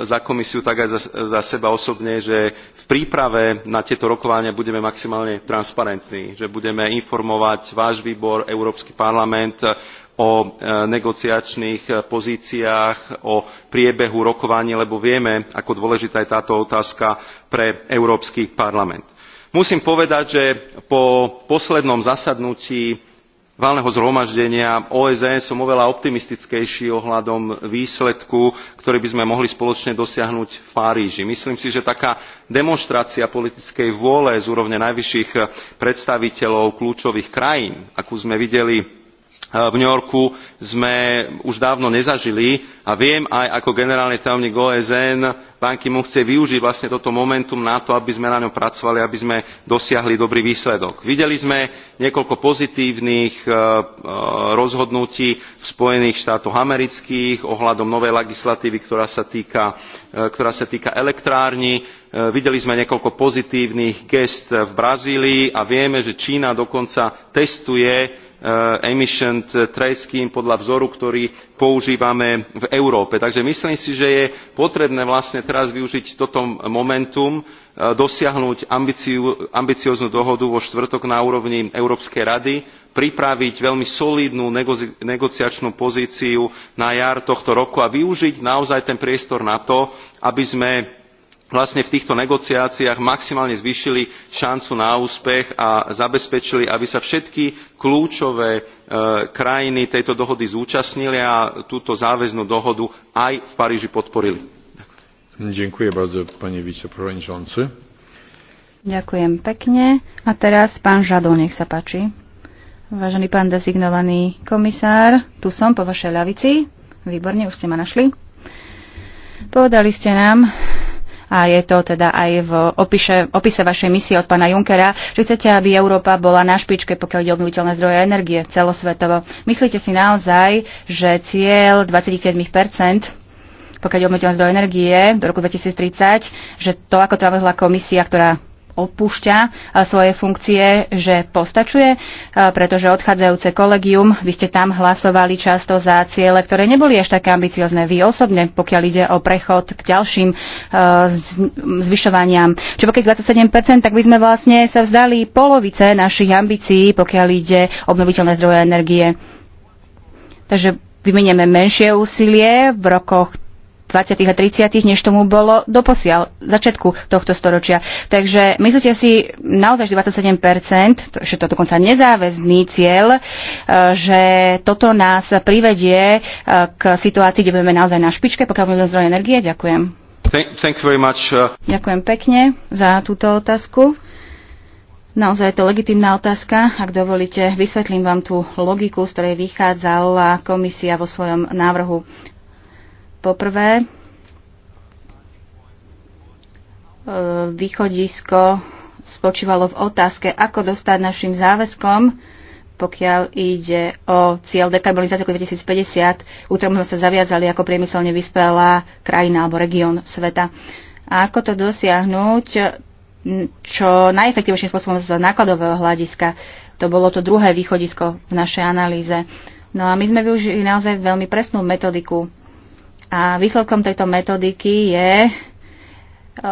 za komisiu, tak aj za seba osobne, že príprave na tieto rokovania budeme maximálne transparentní že budeme informovať váš výbor európsky parlament o e, negociačných e, pozíciách o priebehu rokovaní lebo vieme ako dôležitá je táto otázka pre európsky parlament. musím povedať že po poslednom zasadnutí valného zhromaždenia osn som oveľa optimistickejší ohľadom výsledku ktorý by sme mohli spoločne dosiahnuť v paríži. myslím si že taká demonštrácia politickej vôle z úrovne najvyšších predstaviteľov kľúčových krajín akú sme videli Eh, v New Yorku sme už dávno nezažili a viem aj ako generálny tajomník OSN pán Ki-moon chce využiť vlastne toto momentum na to, aby sme na ňom pracovali, aby sme dosiahli dobrý výsledok. Videli sme niekoľko pozitívnych eh, eh, rozhodnutí v Spojených štátoch amerických ohľadom novej legislatívy, ktorá sa týka, ktorá sa týka elektrární videli sme niekoľko pozitívnych gest v brazílii a vieme že čína dokonca testuje Eh, emission trade scheme podľa vzoru ktorý používame v európe. takže myslím si že je potrebné vlastne teraz využiť toto momentum eh, dosiahnuť ambicióznu dohodu vo štvrtok na úrovni európskej rady pripraviť veľmi solídnu negociačnú pozíciu na jar tohto roku a využiť naozaj ten priestor na to aby sme vlastne v týchto negociáciách maximálne zvýšili šancu na úspech a zabezpečili aby sa všetky kľúčové e, krajiny tejto dohody zúčastnili a túto záväznú dohodu aj v paríži podporili. Bardzo, Ďakujem pekne. A teraz pán Žadol, nech sa páči. Vážený pán dezignovaný komisár, tu som po vašej ľavici. Výborne, už ste ma našli. Povedali ste nám, a je to teda aj v opise, opise vašej misie od pána Junkera, že chcete, aby Európa bola na špičke, pokiaľ ide obnoviteľné zdroje energie celosvetovo. Myslíte si naozaj, že cieľ 27 pokiaľ je obnoviteľné zdroje energie do roku 2030, že to, ako to navrhla komisia, ktorá opúšťa svoje funkcie, že postačuje, pretože odchádzajúce kolegium, vy ste tam hlasovali často za ciele, ktoré neboli až také ambiciozne vy osobne, pokiaľ ide o prechod k ďalším zvyšovaniam. Čo keď 27%, tak by sme vlastne sa vzdali polovice našich ambícií, pokiaľ ide obnoviteľné zdroje energie. Takže vymenieme menšie úsilie v rokoch 20. a 30., než tomu bolo doposiaľ, začiatku tohto storočia. Takže myslíte si naozaj 27%, to, že to dokonca nezáväzný cieľ, e, že toto nás privedie e, k situácii, kde budeme naozaj na špičke, pokiaľ budeme zdroj energie? Ďakujem. Thank, thank you very much. Uh, Ďakujem pekne za túto otázku. Naozaj je to legitimná otázka. Ak dovolíte, vysvetlím vám tú logiku, z ktorej vychádzala komisia vo svojom návrhu. Poprvé, e, východisko spočívalo v otázke, ako dostať našim záväzkom, pokiaľ ide o cieľ dekarbonizácie 2050, ktorom sme sa zaviazali ako priemyselne vyspelá krajina alebo región sveta. A ako to dosiahnuť čo najefektívnejším spôsobom z nákladového hľadiska. To bolo to druhé východisko v našej analýze. No a my sme využili naozaj veľmi presnú metodiku a výsledkom tejto metodiky je e,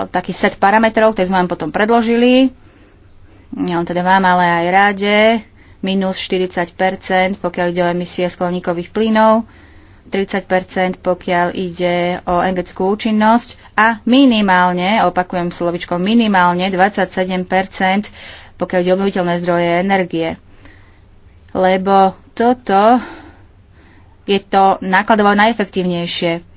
taký set parametrov, ktoré sme vám potom predložili, nielen teda vám, ale aj ráde, minus 40%, pokiaľ ide o emisie skloníkových plynov, 30%, pokiaľ ide o energetickú účinnosť a minimálne, opakujem slovičko minimálne, 27%, pokiaľ ide o obnoviteľné zdroje energie. Lebo toto je to nákladovo najefektívnejšie.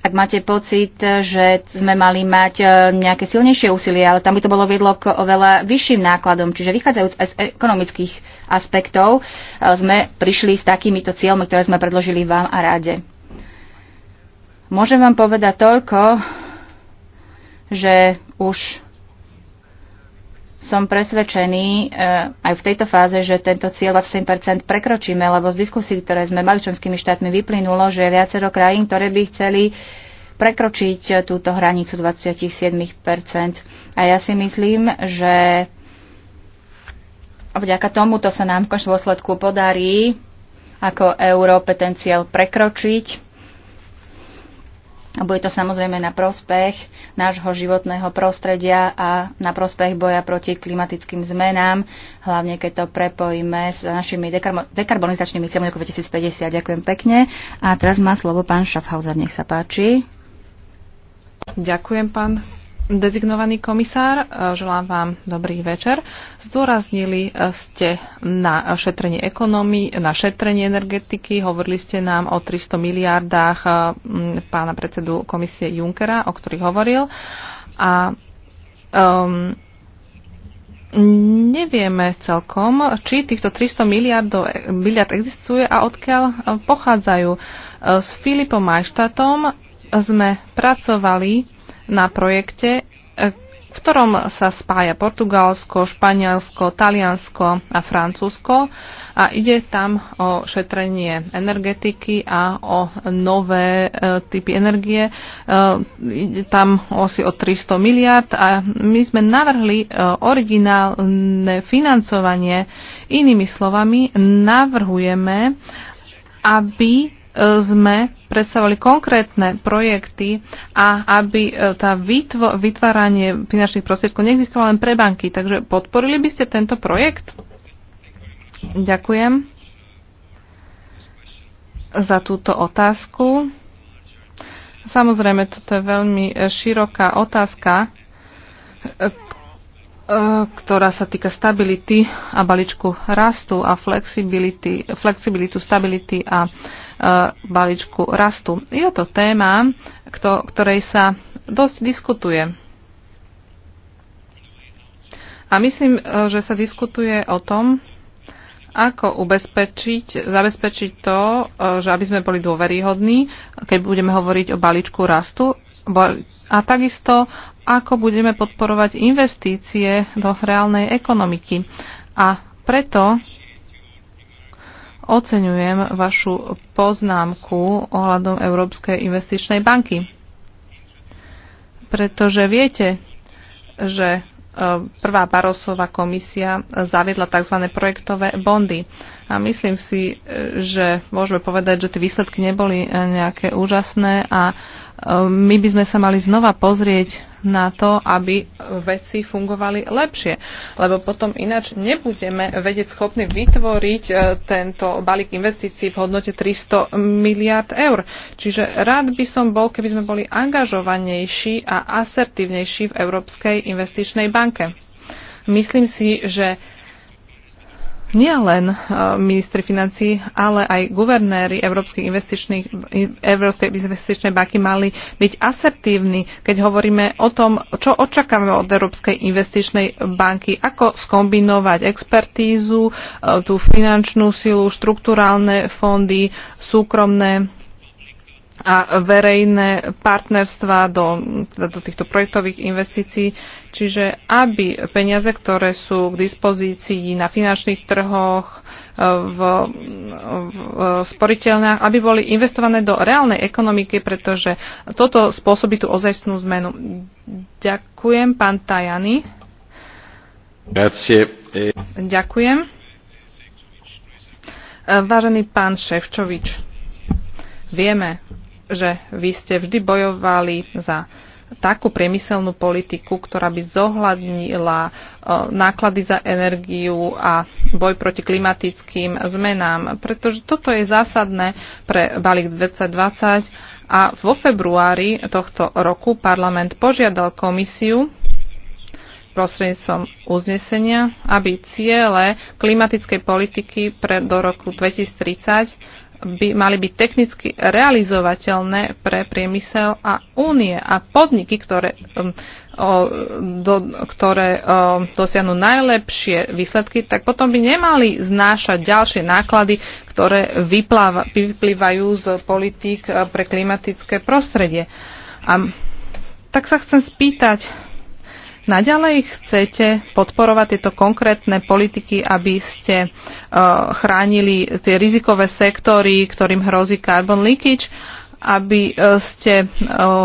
Ak máte pocit, že sme mali mať e, nejaké silnejšie úsilie, ale tam by to bolo viedlo k oveľa vyšším nákladom, čiže vychádzajúc aj z ekonomických aspektov, e, sme prišli s takýmito cieľmi, ktoré sme predložili vám a rade. Môžem vám povedať toľko, že už som presvedčený eh, aj v tejto fáze, že tento cieľ 20% prekročíme, lebo z diskusí, ktoré sme mali členskými štátmi, vyplynulo, že viacero krajín, ktoré by chceli prekročiť eh, túto hranicu 27%. A ja si myslím, že vďaka tomuto sa nám v končnom dôsledku podarí ako Európe ten cieľ prekročiť a bude to samozrejme na prospech nášho životného prostredia a na prospech boja proti klimatickým zmenám, hlavne keď to prepojíme s našimi dekarbonizačnými cieľmi roku 2050. Ďakujem pekne. A teraz má slovo pán Schaffhauser, nech sa páči. Ďakujem, pán dezignovaný komisár, e, želám vám dobrý večer. Zdôraznili e, ste na šetrenie ekonomii, na šetrenie energetiky, hovorili ste nám o 300 miliardách e, pána predsedu komisie Junckera, o ktorých hovoril. A um, nevieme celkom, či týchto 300 miliardov, miliard existuje a odkiaľ pochádzajú. S Filipom Majštatom sme pracovali na projekte, e, v ktorom sa spája Portugalsko, Španielsko, Taliansko a Francúzsko a ide tam o šetrenie energetiky a o nové e, typy energie. E, ide tam asi o 300 miliard a my sme navrhli e, originálne financovanie. Inými slovami, navrhujeme, aby E, sme predstavovali konkrétne projekty a aby e, tá vytvo- vytváranie finančných prostriedkov neexistovalo len pre banky. Takže podporili by ste tento projekt? Ďakujem za túto otázku. Samozrejme, toto je veľmi široká otázka, E, ktorá sa týka stability a balíčku rastu a flexibility, flexibilitu stability a e, balíčku rastu. Je to téma, ktorej sa dosť diskutuje. A myslím, e, že sa diskutuje o tom, ako ubezpečiť, zabezpečiť to, že aby sme boli dôveryhodní, keď budeme hovoriť o balíčku rastu a takisto, ako budeme podporovať investície do reálnej ekonomiky. A preto oceňujem vašu poznámku ohľadom Európskej investičnej banky. Pretože viete, že e, prvá Barosová komisia zaviedla tzv. projektové bondy. A myslím si, e, že môžeme povedať, že tie výsledky neboli e, nejaké úžasné a Ehm, my by sme sa mali znova pozrieť na to, aby veci fungovali lepšie. Lebo potom ináč nebudeme vedieť schopní vytvoriť e, tento balík investícií v hodnote 300 miliard eur. Čiže rád by som bol, keby sme boli angažovanejší a asertívnejší v Európskej investičnej banke. Myslím si, že nielen e, ministri financí, ale aj guvernéri Európskej investičnej banky mali byť asertívni, keď hovoríme o tom, čo očakávame od Európskej investičnej banky, ako skombinovať expertízu, e, tú finančnú silu, štruktúrálne fondy, súkromné a verejné partnerstva do, teda do týchto projektových investícií. Čiže aby peniaze, ktoré sú k dispozícii na finančných trhoch, e, v, v sporiteľnách, aby boli investované do reálnej ekonomiky, pretože toto spôsobí tú ozajstnú zmenu. Ďakujem, pán Tajany. Grazie. E- Ďakujem. E, vážený pán Ševčovič, vieme, že vy ste vždy bojovali za takú priemyselnú politiku, ktorá by zohľadnila e, náklady za energiu a boj proti klimatickým zmenám, pretože toto je zásadné pre balík 2020 a vo februári tohto roku parlament požiadal komisiu prostredníctvom uznesenia, aby ciele klimatickej politiky pre, do roku 2030 by mali byť technicky realizovateľné pre priemysel a únie a podniky, ktoré, um, do, ktoré dosiahnu najlepšie výsledky, tak potom by nemali znášať ďalšie náklady, ktoré vypláva, vyplývajú z politík e, pre klimatické prostredie. A tak sa chcem spýtať, Naďalej chcete podporovať tieto konkrétne politiky, aby ste e, chránili tie rizikové sektory, ktorým hrozí carbon leakage, aby e, ste e,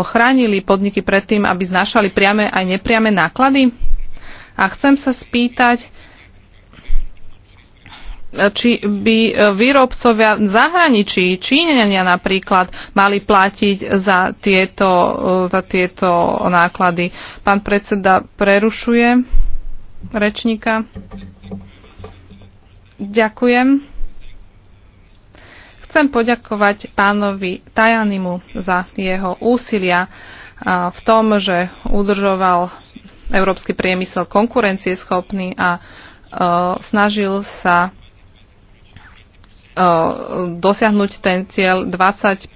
chránili podniky pred tým, aby znašali priame aj nepriame náklady? A chcem sa spýtať, či by e, výrobcovia v zahraničí, Číňania napríklad, mali platiť za tieto, e, za tieto náklady. Pán predseda prerušuje rečníka. Ďakujem. Chcem poďakovať pánovi Tajanimu za jeho úsilia e, v tom, že udržoval európsky priemysel konkurencieschopný a snažil sa Eh, dosiahnuť ten cieľ 20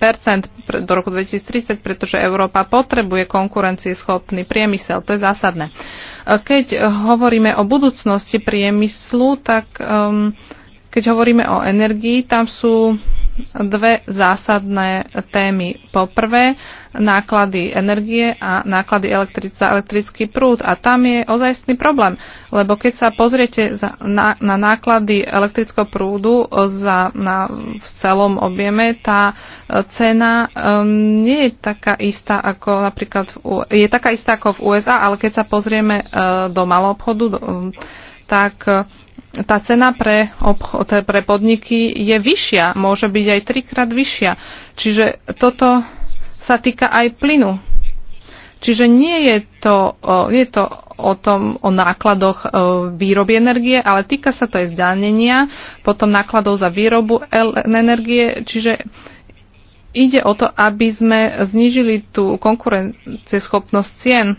do roku 2030, pretože Európa potrebuje konkurencieschopný priemysel. To je zásadné. Eh, keď hovoríme o budúcnosti priemyslu, tak um, keď hovoríme o energii, tam sú dve zásadné témy. Poprvé, náklady energie a náklady za elektrický prúd. A tam je ozajstný problém, lebo keď sa pozriete za, na, na náklady elektrického prúdu za, na, v celom objeme, tá e, cena um, nie je taká istá ako napríklad v, je taká istá ako v USA, ale keď sa pozrieme uh, do malého obchodu, do, um, tak uh, tá cena pre, obchod, pre podniky je vyššia, môže byť aj trikrát vyššia. Čiže toto sa týka aj plynu. Čiže nie je to, nie je to o tom, o nákladoch výroby energie, ale týka sa to aj zdanenia, potom nákladov za výrobu energie, čiže ide o to, aby sme znížili tú konkurencieschopnosť cien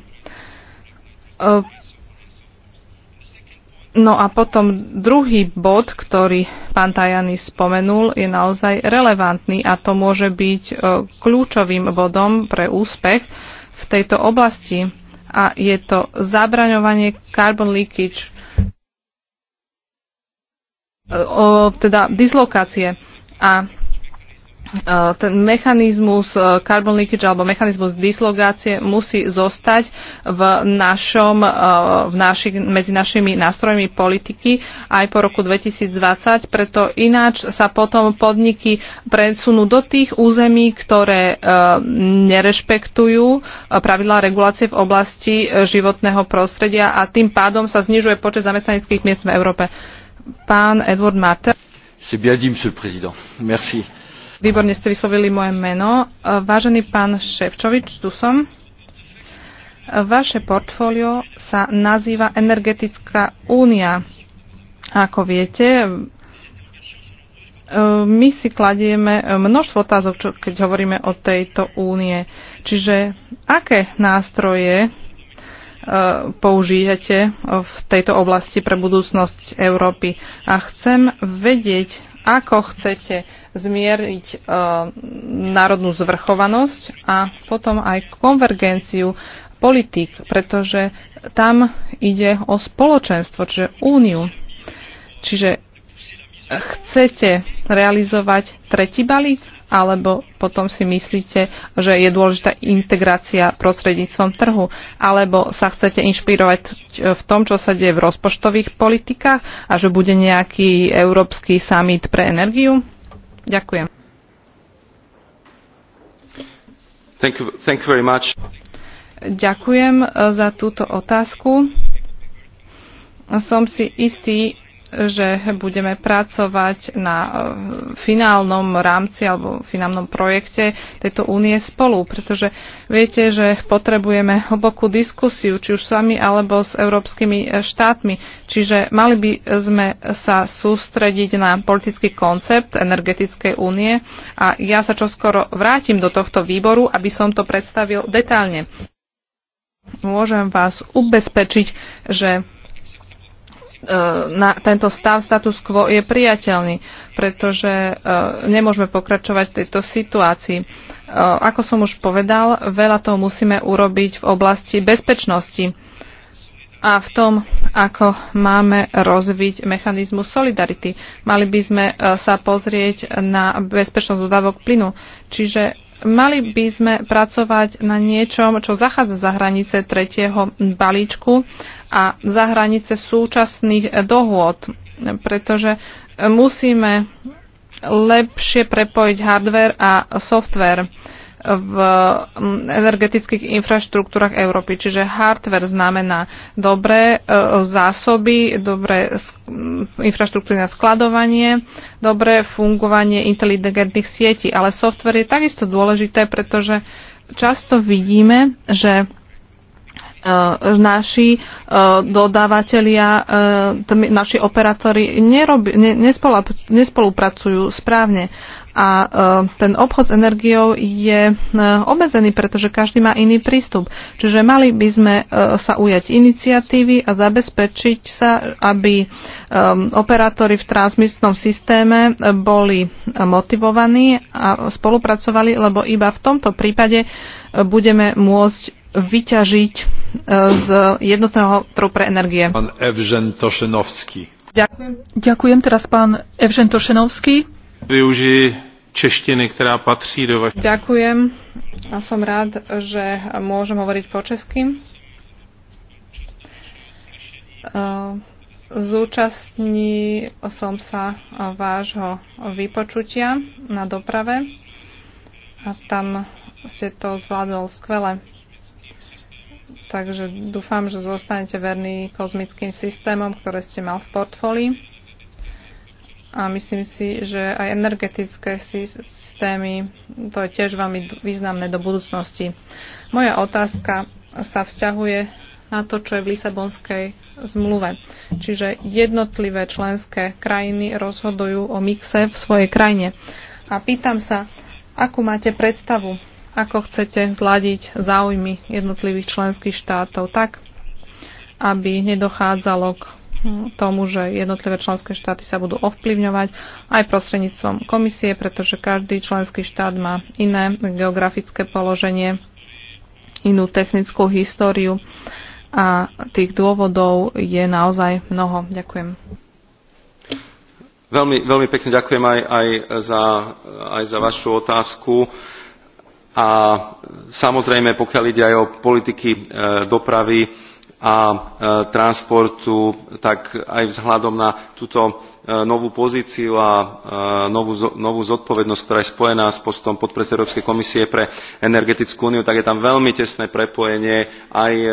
No a potom druhý bod, ktorý pán Tajani spomenul, je naozaj relevantný a to môže byť e, kľúčovým bodom pre úspech v tejto oblasti a je to zabraňovanie carbon leakage, e, teda dislokácie. A E, ten mechanizmus e, carbon leakage alebo mechanizmus dislogácie musí zostať v, našom, e, v naši, medzi našimi nástrojmi politiky aj po roku 2020, preto ináč sa potom podniky presunú do tých území, ktoré nerešpektujú pravidlá regulácie v oblasti životného prostredia a tým pádom sa znižuje počet zamestnaneckých miest v Európe. Pán Edward Martel. C'est bien dit, monsieur le président. Merci. Výborne ste vyslovili moje meno. E, vážený pán Ševčovič, tu som. E, vaše portfólio sa nazýva Energetická únia. Ako viete, e, my si kladieme množstvo otázok, čo, keď hovoríme o tejto únie. Čiže aké nástroje použijete v tejto oblasti pre budúcnosť Európy. A chcem vedieť, ako chcete zmieriť eh, národnú zvrchovanosť a potom aj konvergenciu politik, pretože tam ide o spoločenstvo, čiže úniu. Čiže chcete realizovať tretí balík? alebo potom si myslíte, že je dôležitá integrácia prostredníctvom trhu, alebo sa chcete inšpirovať v tom, čo sa deje v rozpočtových politikách a že bude nejaký európsky summit pre energiu? Ďakujem. Thank you, thank you very much. Ďakujem eh, za túto otázku. Som si istý, že budeme pracovať na e, finálnom rámci alebo finálnom projekte tejto únie spolu, pretože viete, že potrebujeme hlbokú diskusiu, či už sami alebo s európskymi e, štátmi. Čiže mali by sme sa sústrediť na politický koncept energetickej únie a ja sa čoskoro vrátim do tohto výboru, aby som to predstavil detálne. Môžem vás ubezpečiť, že E, na tento stav status quo je priateľný, pretože e, nemôžeme pokračovať v tejto situácii. E, ako som už povedal, veľa toho musíme urobiť v oblasti bezpečnosti a v tom, ako máme rozviť mechanizmus solidarity. Mali by sme sa pozrieť na bezpečnosť dodávok plynu. Čiže Mali by sme pracovať na niečom, čo zachádza za hranice tretieho balíčku a za hranice súčasných dohôd, pretože musíme lepšie prepojiť hardware a software v energetických infraštruktúrach Európy. Čiže hardware znamená dobré e, zásoby, dobré infraštruktúry na skladovanie, dobré fungovanie inteligentných sietí. Ale software je takisto dôležité, pretože často vidíme, že e, naši e, dodávateľia, naši operátori nespolupracujú správne. A e, ten obchod s energiou je e, obmedzený, pretože každý má iný prístup. Čiže mali by sme e, sa ujať iniciatívy a zabezpečiť sa, aby operátori v transmisnom systéme boli motivovaní a spolupracovali, lebo iba v tomto prípade budeme môcť vyťažiť z jednotného trhu pre energie. Pán Evžen Tošenovský. Ďakujem. Ďakujem teraz pán Evžen Tošenovský češtiny, ktorá patrí do vašej. Ďakujem a som rád, že môžem hovoriť po česky. Eh, zúčastní som sa vášho vypočutia na doprave a tam ste to zvládol skvele. Takže dúfam, že zostanete verní kozmickým systémom, ktoré ste mal v portfólii a myslím si, že aj energetické systémy, to je tiež veľmi významné do budúcnosti. Moja otázka sa vzťahuje na to, čo je v Lisabonskej zmluve. Čiže jednotlivé členské krajiny rozhodujú o mixe v svojej krajine. A pýtam sa, akú máte predstavu, ako chcete zladiť záujmy jednotlivých členských štátov tak, aby nedochádzalo k tomu, že jednotlivé členské štáty sa budú ovplyvňovať aj prostredníctvom komisie, pretože každý členský štát má iné geografické položenie, inú technickú históriu a tých dôvodov je naozaj mnoho. Ďakujem. Veľmi, veľmi pekne ďakujem aj, aj, za, aj za vašu otázku. A samozrejme, pokiaľ ide aj o politiky e, dopravy, a e, transportu, tak aj vzhľadom na túto E, novú pozíciu a e, novú, novú zodpovednosť, ktorá je spojená s postom podpredsedu Európskej komisie pre energetickú úniu, tak je tam veľmi tesné prepojenie aj e,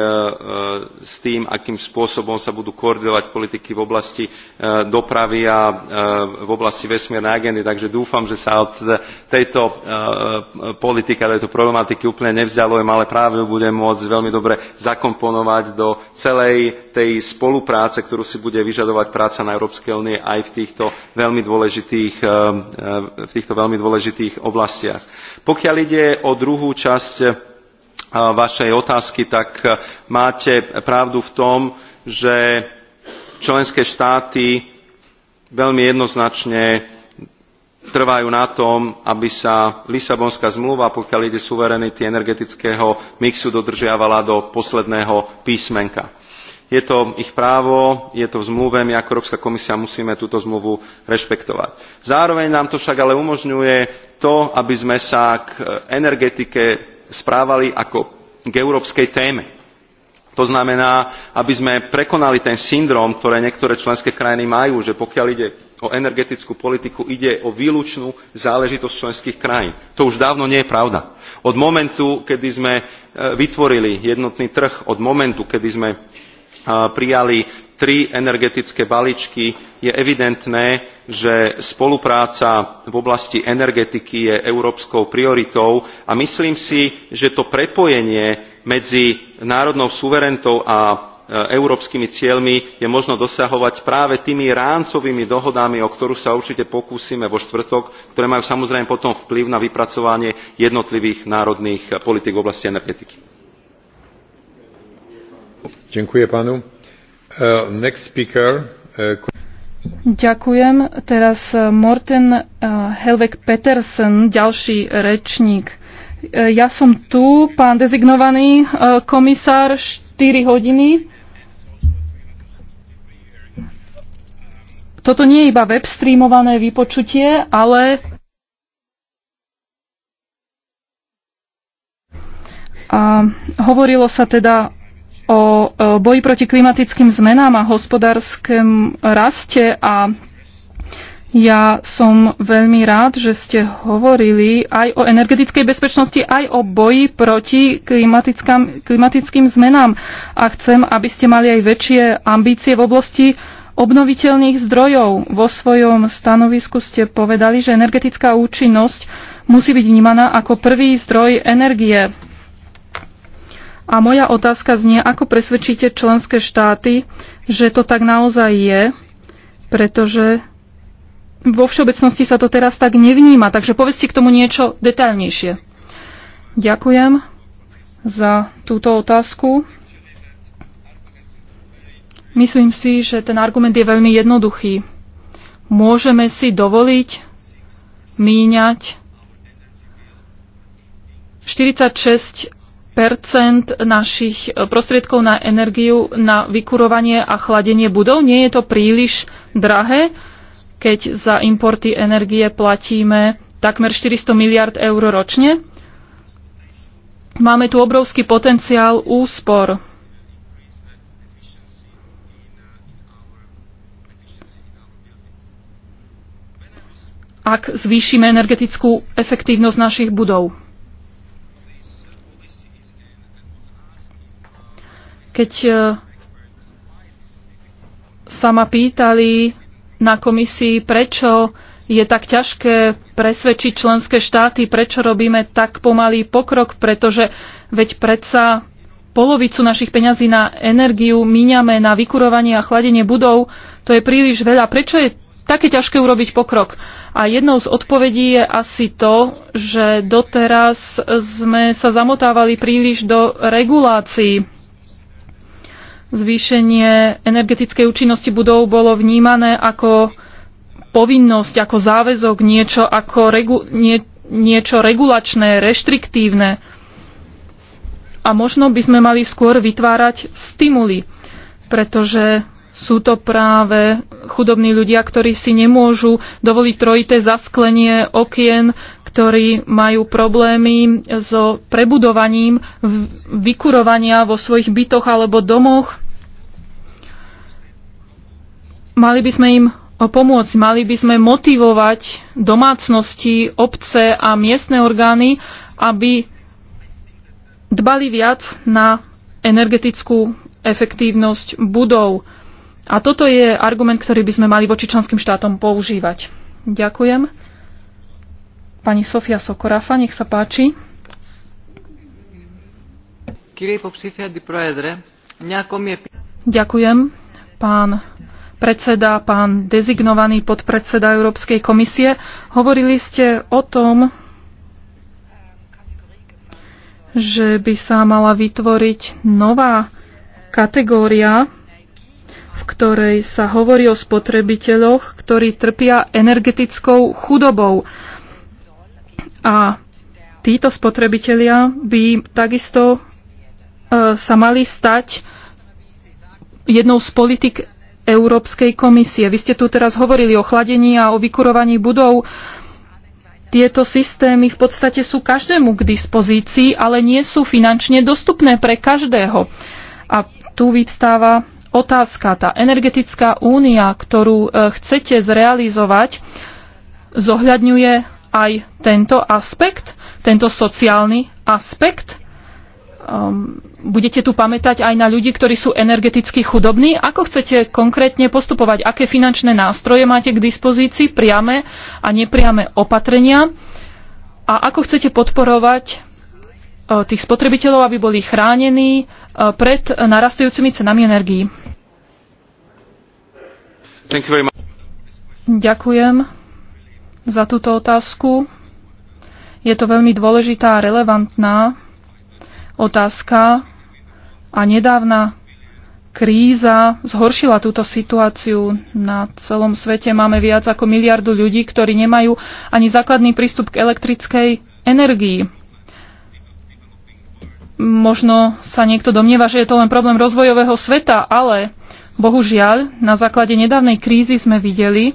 s tým, akým spôsobom sa budú koordinovať politiky v oblasti dopravy a v oblasti vesmiernej agendy. Takže dúfam, že sa od tejto politiky a tejto problematiky úplne nevzdialujem, ale práve ju budem môcť veľmi dobre zakomponovať do celej tej spolupráce, ktorú si bude vyžadovať práca na Európskej únie aj v týchto veľmi dôležitých, eh, eh, v týchto veľmi dôležitých oblastiach. Pokiaľ ide o druhú časť eh, vašej otázky, tak máte pravdu v tom, že členské štáty veľmi jednoznačne trvajú na tom, aby sa Lisabonská zmluva, pokiaľ ide suverenity energetického mixu, dodržiavala do posledného písmenka je to ich právo, je to v zmluve, my ako Európska komisia musíme túto zmluvu rešpektovať. Zároveň nám to však ale umožňuje to, aby sme sa k e, energetike správali ako k európskej téme. To znamená, aby sme prekonali ten syndrom, ktoré niektoré členské krajiny majú, že pokiaľ ide o energetickú politiku, ide o výlučnú záležitosť členských krajín. To už dávno nie je pravda. Od momentu, kedy sme e, vytvorili jednotný trh, od momentu, kedy sme prijali tri energetické balíčky je evidentné že spolupráca v oblasti energetiky je európskou prioritou a myslím si že to prepojenie medzi národnou suverenitou a e, európskymi cieľmi je možno dosahovať práve tými rámcovými dohodami o ktorú sa určite pokúsime vo štvrtok ktoré majú samozrejme potom vplyv na vypracovanie jednotlivých národných politík v oblasti energetiky. E, e, Ďakujem Teraz e, Morten Helvek Petersen, ďalší rečník. Ja som tu, pán dezignovaný komisár, 4 hodiny. Toto nie je iba web streamované vypočutie, ale a hovorilo sa teda o boji proti klimatickým zmenám a hospodárskom raste a ja som veľmi rád, že ste hovorili aj o energetickej bezpečnosti, aj o boji proti klimatickým, klimatickým zmenám. A chcem, aby ste mali aj väčšie ambície v oblasti obnoviteľných zdrojov. Vo svojom stanovisku ste povedali, že energetická účinnosť musí byť vnímaná ako prvý zdroj energie a moja otázka znie, ako presvedčíte členské štáty, že to tak naozaj je, pretože vo všeobecnosti sa to teraz tak nevníma. Takže povedzte k tomu niečo detaľnejšie. Ďakujem za túto otázku. Myslím si, že ten argument je veľmi jednoduchý. Môžeme si dovoliť míňať 46 našich eh, prostriedkov na energiu na vykurovanie a chladenie budov. Nie je to príliš drahé, keď za importy energie platíme takmer 400 miliard eur ročne. Máme tu obrovský potenciál úspor. ak zvýšime energetickú efektívnosť našich budov. Keď e, sa ma pýtali na komisii, prečo je tak ťažké presvedčiť členské štáty, prečo robíme tak pomalý pokrok, pretože veď predsa polovicu našich peňazí na energiu míňame na vykurovanie a chladenie budov, to je príliš veľa. Prečo je také ťažké urobiť pokrok? A jednou z odpovedí je asi to, že doteraz sme sa zamotávali príliš do regulácií zvýšenie energetickej účinnosti budov bolo vnímané ako povinnosť, ako záväzok, niečo, ako regu- nie, niečo regulačné, reštriktívne. A možno by sme mali skôr vytvárať stimuly, pretože sú to práve chudobní ľudia, ktorí si nemôžu dovoliť trojité zasklenie okien, ktorí majú problémy so prebudovaním vykurovania vo svojich bytoch alebo domoch. Mali by sme im pomôcť, mali by sme motivovať domácnosti, obce a miestne orgány, aby dbali viac na energetickú efektívnosť budov. A toto je argument, ktorý by sme mali voči členským štátom používať. Ďakujem. Pani Sofia Sokorafa, nech sa páči. Ďakujem, pán predseda, pán dezignovaný podpredseda Európskej komisie. Hovorili ste o tom, že by sa mala vytvoriť nová kategória, v ktorej sa hovorí o spotrebiteľoch, ktorí trpia energetickou chudobou. A títo spotrebitelia by takisto e, sa mali stať jednou z politik Európskej komisie. Vy ste tu teraz hovorili o chladení a o vykurovaní budov. Tieto systémy v podstate sú každému k dispozícii, ale nie sú finančne dostupné pre každého. A tu vyvstáva otázka, tá energetická únia, ktorú e, chcete zrealizovať, zohľadňuje aj tento aspekt, tento sociálny aspekt. Um, budete tu pamätať aj na ľudí, ktorí sú energeticky chudobní. Ako chcete konkrétne postupovať? Aké finančné nástroje máte k dispozícii? Priame a nepriame opatrenia? A ako chcete podporovať uh, tých spotrebiteľov, aby boli chránení uh, pred narastajúcimi cenami energií? Ďakujem za túto otázku. Je to veľmi dôležitá a relevantná otázka a nedávna kríza zhoršila túto situáciu na celom svete. Máme viac ako miliardu ľudí, ktorí nemajú ani základný prístup k elektrickej energii. Možno sa niekto domnieva, že je to len problém rozvojového sveta, ale bohužiaľ na základe nedávnej krízy sme videli,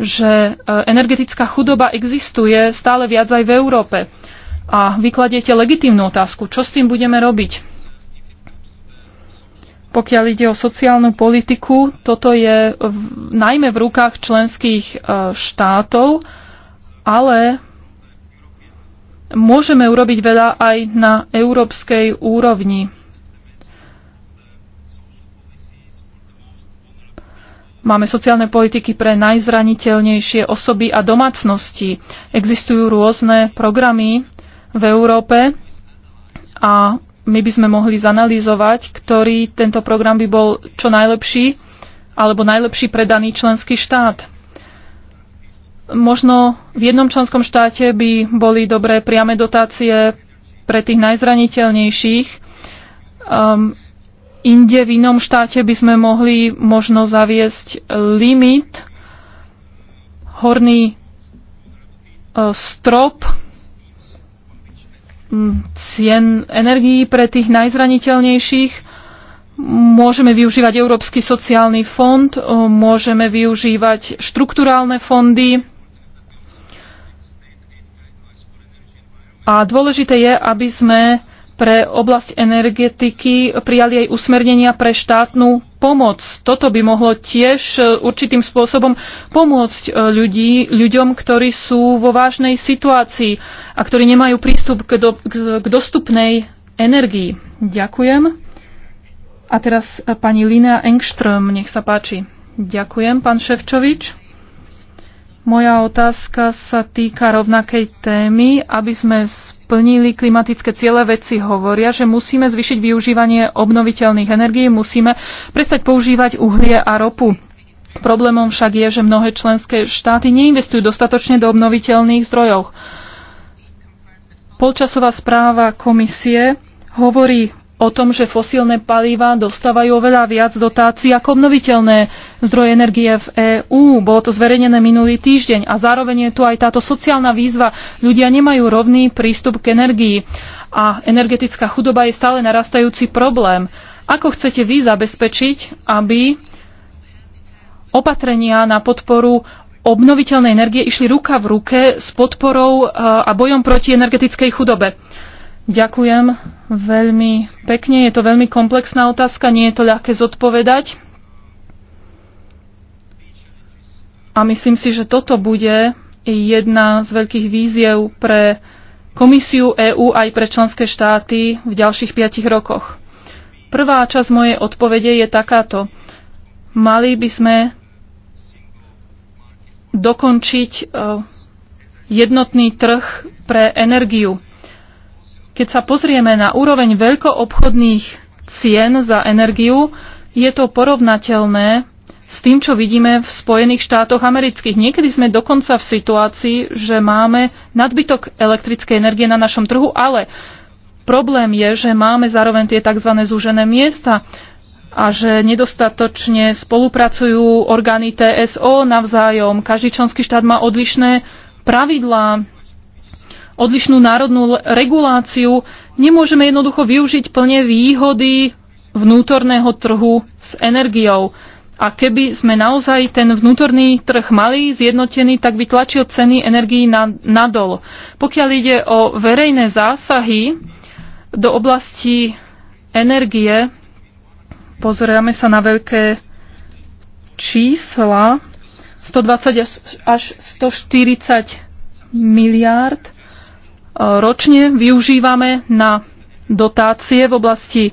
že e, energetická chudoba existuje stále viac aj v Európe. A vykladiete legitímnu otázku, čo s tým budeme robiť. Pokiaľ ide o sociálnu politiku, toto je v, najmä v rukách členských e, štátov, ale môžeme urobiť veľa aj na európskej úrovni. Máme sociálne politiky pre najzraniteľnejšie osoby a domácnosti. Existujú rôzne programy v Európe a my by sme mohli zanalýzovať, ktorý tento program by bol čo najlepší alebo najlepší pre daný členský štát. Možno v jednom členskom štáte by boli dobré priame dotácie pre tých najzraniteľnejších. Um, inde v inom štáte by sme mohli možno zaviesť e, limit, horný e, strop cien energií pre tých najzraniteľnejších. Môžeme využívať Európsky sociálny fond, e, môžeme využívať štruktúrálne fondy. A dôležité je, aby sme pre oblasť energetiky prijali aj usmernenia pre štátnu pomoc. Toto by mohlo tiež e, určitým spôsobom pomôcť e, ľudí, ľuďom, ktorí sú vo vážnej situácii a ktorí nemajú prístup k, do, k, k dostupnej energii. Ďakujem. A teraz e, pani Lina Engström, nech sa páči. Ďakujem, pán Ševčovič. Moja otázka sa týka rovnakej témy, aby sme plnili klimatické ciele, vedci hovoria, že musíme zvyšiť využívanie obnoviteľných energií, musíme prestať používať uhlie a ropu. Problémom však je, že mnohé členské štáty neinvestujú dostatočne do obnoviteľných zdrojov. Polčasová správa komisie hovorí o tom, že fosílne palíva dostávajú oveľa viac dotácií ako obnoviteľné zdroje energie v EÚ. Bolo to zverejnené minulý týždeň a zároveň je tu aj táto sociálna výzva. Ľudia nemajú rovný prístup k energii a energetická chudoba je stále narastajúci problém. Ako chcete vy zabezpečiť, aby opatrenia na podporu obnoviteľnej energie išli ruka v ruke s podporou e, a bojom proti energetickej chudobe? Ďakujem veľmi pekne. Je to veľmi komplexná otázka, nie je to ľahké zodpovedať. A myslím si, že toto bude jedna z veľkých víziev pre Komisiu EÚ aj pre členské štáty v ďalších piatich rokoch. Prvá časť mojej odpovede je takáto. Mali by sme dokončiť eh, jednotný trh pre energiu. Keď sa pozrieme na úroveň veľkoobchodných cien za energiu, je to porovnateľné s tým, čo vidíme v Spojených štátoch amerických. Niekedy sme dokonca v situácii, že máme nadbytok elektrickej energie na našom trhu, ale problém je, že máme zároveň tie tzv. zúžené miesta a že nedostatočne spolupracujú orgány TSO navzájom. Každý členský štát má odlišné pravidlá odlišnú národnú reguláciu, nemôžeme jednoducho využiť plne výhody vnútorného trhu s energiou. A keby sme naozaj ten vnútorný trh mali zjednotený, tak by tlačil ceny energií na, nadol. Pokiaľ ide o verejné zásahy do oblasti energie, pozrieme sa na veľké čísla, 120 až 140 miliárd ročne využívame na dotácie v oblasti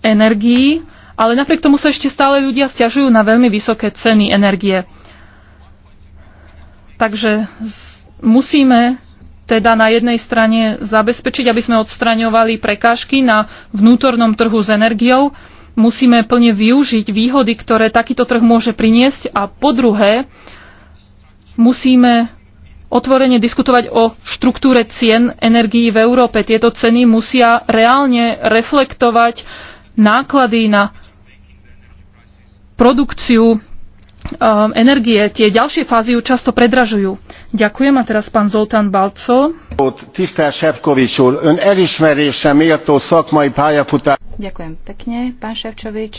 energií, ale napriek tomu sa ešte stále ľudia stiažujú na veľmi vysoké ceny energie. Takže musíme teda na jednej strane zabezpečiť, aby sme odstraňovali prekážky na vnútornom trhu s energiou. Musíme plne využiť výhody, ktoré takýto trh môže priniesť. A po druhé, musíme otvorene diskutovať o štruktúre cien energií v Európe. Tieto ceny musia reálne reflektovať náklady na produkciu um, energie. Tie ďalšie fázy ju často predražujú. Ďakujem a teraz pán Zoltán Balco. Ďakujem pekne, pán Ševčovič.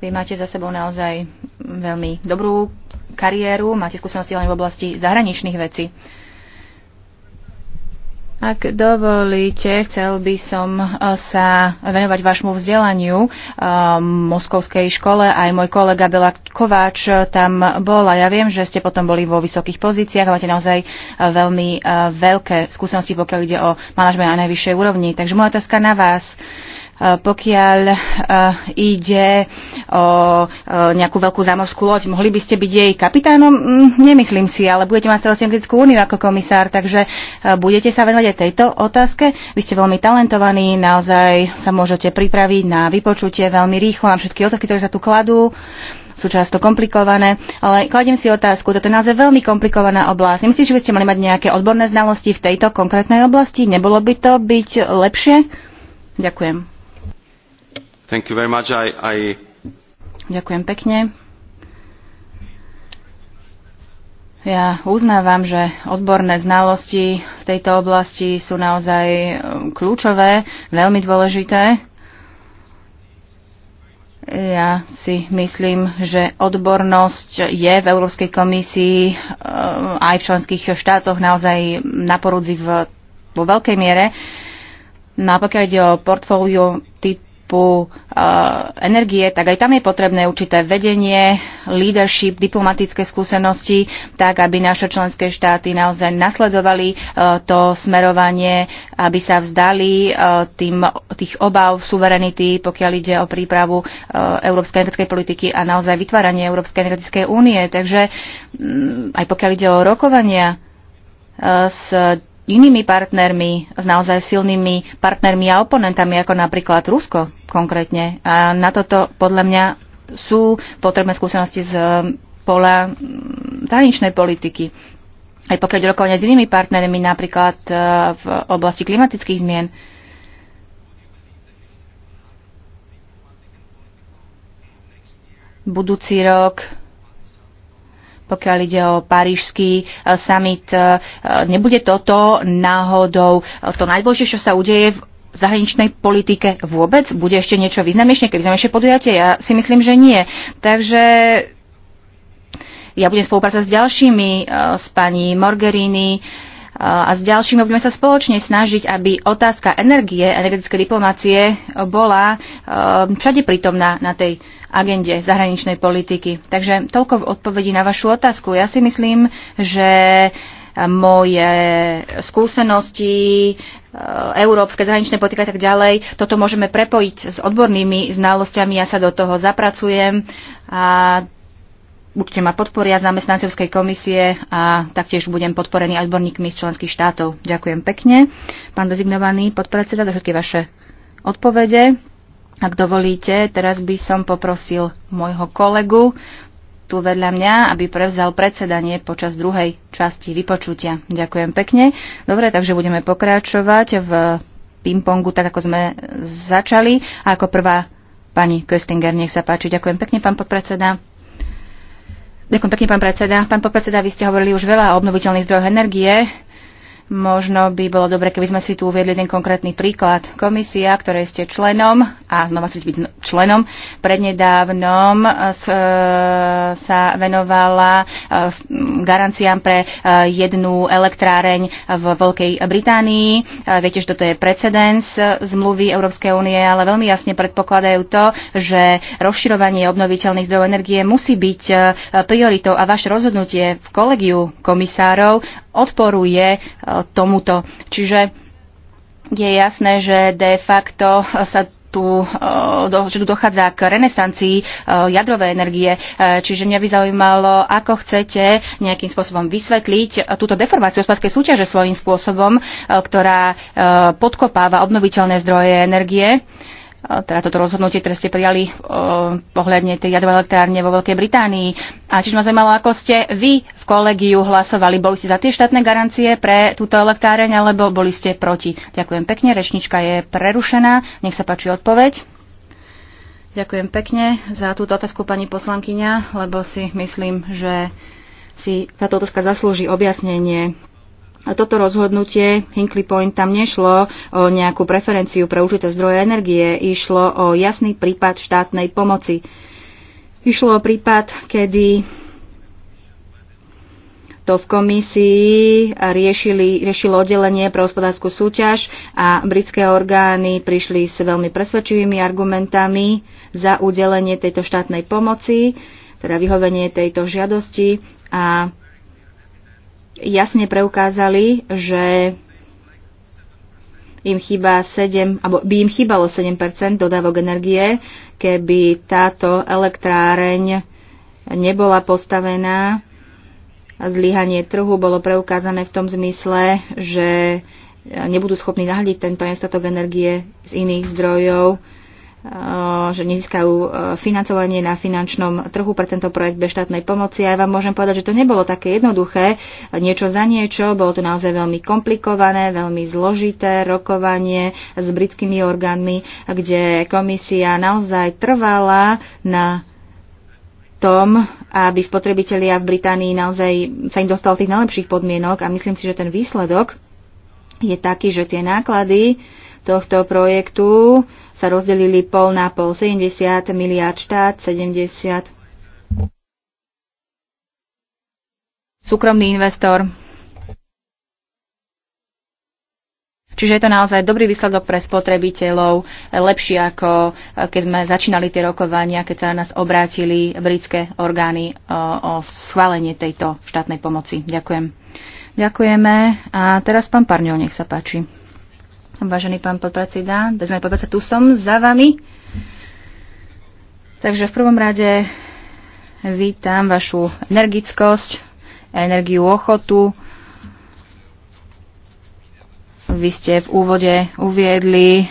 Vy máte za sebou naozaj veľmi dobrú kariéru, máte skúsenosti len v oblasti zahraničných vecí. Ak dovolíte, chcel by som uh, sa venovať vašmu vzdelaniu uh, Moskovskej škole. Aj môj kolega Bela Kováč tam bol a ja viem, že ste potom boli vo vysokých pozíciách a máte naozaj uh, veľmi veľké skúsenosti, pokiaľ ide o manažment na najvyššej úrovni. Takže moja otázka na vás. Eh, pokiaľ eh, ide o eh, nejakú veľkú zámorskú loď, mohli by ste byť jej kapitánom? Mm, nemyslím si, ale budete mať starosti Anglickú úniu ako komisár, takže budete sa venovať aj tejto otázke. Vy ste veľmi talentovaní, naozaj sa môžete pripraviť na vypočutie veľmi rýchlo na všetky otázky, ktoré sa tu kladú sú často komplikované, ale kladiem si otázku, toto je naozaj veľmi komplikovaná oblasť. Myslíš, že by ste mali mať nejaké odborné znalosti v tejto konkrétnej oblasti? Nebolo by to byť lepšie? Ďakujem. Thank you very much. I, I... Ďakujem pekne. Ja uznávam, že odborné znalosti v tejto oblasti sú naozaj e, kľúčové, veľmi dôležité. Ja si myslím, že odbornosť je v Európskej komisii e, aj v členských štátoch naozaj na porudzi vo veľkej miere. No a pokiaľ ide o portfólio, ty, nákupu energie, tak aj tam je potrebné určité vedenie, leadership, diplomatické skúsenosti, tak aby naše členské štáty naozaj nasledovali e, to smerovanie, aby sa vzdali e, tým, tých obav suverenity, pokiaľ ide o prípravu e, európskej energetickej politiky a naozaj vytváranie Európskej energetickej únie. Takže aj pokiaľ ide o rokovania s inými partnermi, s naozaj silnými partnermi a oponentami, ako napríklad Rusko konkrétne. A na toto podľa mňa sú potrebné skúsenosti z um, pola um, zahraničnej politiky. Aj pokiaľ rokovania s inými partnermi, napríklad uh, v oblasti klimatických zmien. Budúci rok pokiaľ ide o parížský e, summit. E, e, nebude toto náhodou to najdôležitejšie, čo sa udeje v zahraničnej politike vôbec? Bude ešte niečo významnejšie, keď významnejšie podujatie? Ja si myslím, že nie. Takže ja budem spolupracovať s ďalšími, s pani Morgerini a s ďalšími budeme sa spoločne snažiť, aby otázka energie, energetické diplomácie bola všade prítomná na tej agende zahraničnej politiky. Takže toľko v odpovedi na vašu otázku. Ja si myslím, že moje skúsenosti, eh, európske zahraničné politiky a tak ďalej. Toto môžeme prepojiť s odbornými znalosťami. Ja sa do toho zapracujem a určite ma podporia zamestnancovskej komisie a taktiež budem podporený odborníkmi z členských štátov. Ďakujem pekne, pán dezignovaný podpredseda, za všetky vaše odpovede. Ak dovolíte, teraz by som poprosil môjho kolegu tu vedľa mňa, aby prevzal predsedanie počas druhej časti vypočutia. Ďakujem pekne. Dobre, takže budeme pokračovať v pingpongu, tak ako sme začali. A ako prvá pani Köstinger, nech sa páči. Ďakujem pekne, pán podpredseda. Ďakujem pekne, pán predseda. Pán podpredseda, vy ste hovorili už veľa o obnoviteľných zdrojoch energie. Možno by bolo dobre, keby sme si tu uviedli ten konkrétny príklad. Komisia, ktorej ste členom, a znova chcete byť členom, prednedávnom e, e, sa venovala e, garanciám pre jednu elektráreň v Veľkej Británii. Viete, že toto je precedens zmluvy Európskej únie, ale veľmi jasne predpokladajú to, že rozširovanie obnoviteľných zdrojov energie musí byť prioritou a vaše rozhodnutie v kolegiu komisárov odporuje tomuto. Čiže je jasné, že de facto sa tu e, dochádza k renesancii e, jadrovej energie. E, čiže mňa by zaujímalo, ako chcete nejakým spôsobom vysvetliť túto deformáciu hospodárskej súťaže svojím spôsobom, ktorá podkopáva obnoviteľné zdroje energie teda toto rozhodnutie, ktoré ste prijali e, pohľadne tej jadrovej elektrárne vo Veľkej Británii. A čiže ma zaujímalo, ako ste vy v kolegiu hlasovali. Boli ste za tie štátne garancie pre túto elektráreň, alebo boli ste proti? Ďakujem pekne, rečnička je prerušená. Nech sa páči odpoveď. Ďakujem pekne za túto otázku, pani poslankyňa, lebo si myslím, že si táto otázka zaslúži objasnenie toto rozhodnutie Hinkley Point tam nešlo o nejakú preferenciu pre užité zdroje energie, išlo o jasný prípad štátnej pomoci. Išlo o prípad, kedy to v komisii riešili, riešilo oddelenie pre hospodárskú súťaž a britské orgány prišli s veľmi presvedčivými argumentami za udelenie tejto štátnej pomoci, teda vyhovenie tejto žiadosti a jasne preukázali, že im chýba 7, alebo by im chýbalo 7 dodávok energie, keby táto elektráreň nebola postavená. Zlyhanie trhu bolo preukázané v tom zmysle, že nebudú schopní nahľadiť tento nedostatok energie z iných zdrojov Eh, že nezískajú eh, financovanie na finančnom trhu pre tento projekt bez štátnej pomoci. A ja vám môžem povedať, že to nebolo také jednoduché, niečo za niečo, bolo to naozaj veľmi komplikované, veľmi zložité rokovanie s britskými orgánmi, kde komisia naozaj trvala na tom, aby spotrebitelia v Británii naozaj sa im dostal tých najlepších podmienok a myslím si, že ten výsledok je taký, že tie náklady uh, tohto projektu sa rozdelili pol na pol 70 miliard štát, 70 súkromný investor. Čiže je to naozaj dobrý výsledok pre spotrebiteľov, lepšie ako eh, keď sme začínali tie rokovania, keď sa na nás obrátili britské orgány eh, o schválenie tejto štátnej pomoci. Ďakujem. Ďakujeme. A teraz pán Parňov, nech sa páči. Vážený pán podpredseda, tak sme podpredseda, tu som za vami. Takže v prvom rade vítam vašu energickosť, energiu ochotu. Vy ste v úvode uviedli,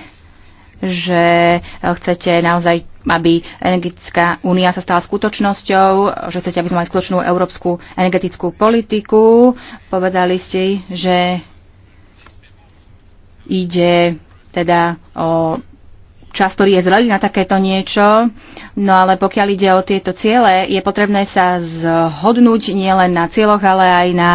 že chcete naozaj, aby energetická únia sa stala skutočnosťou, že chcete, aby sme mali skutočnú európsku energetickú politiku. Povedali ste, že Ide teda o čas, ktorý je zrelý na takéto niečo. No ale pokiaľ ide o tieto ciele, je potrebné sa zhodnúť nielen na cieľoch, ale aj na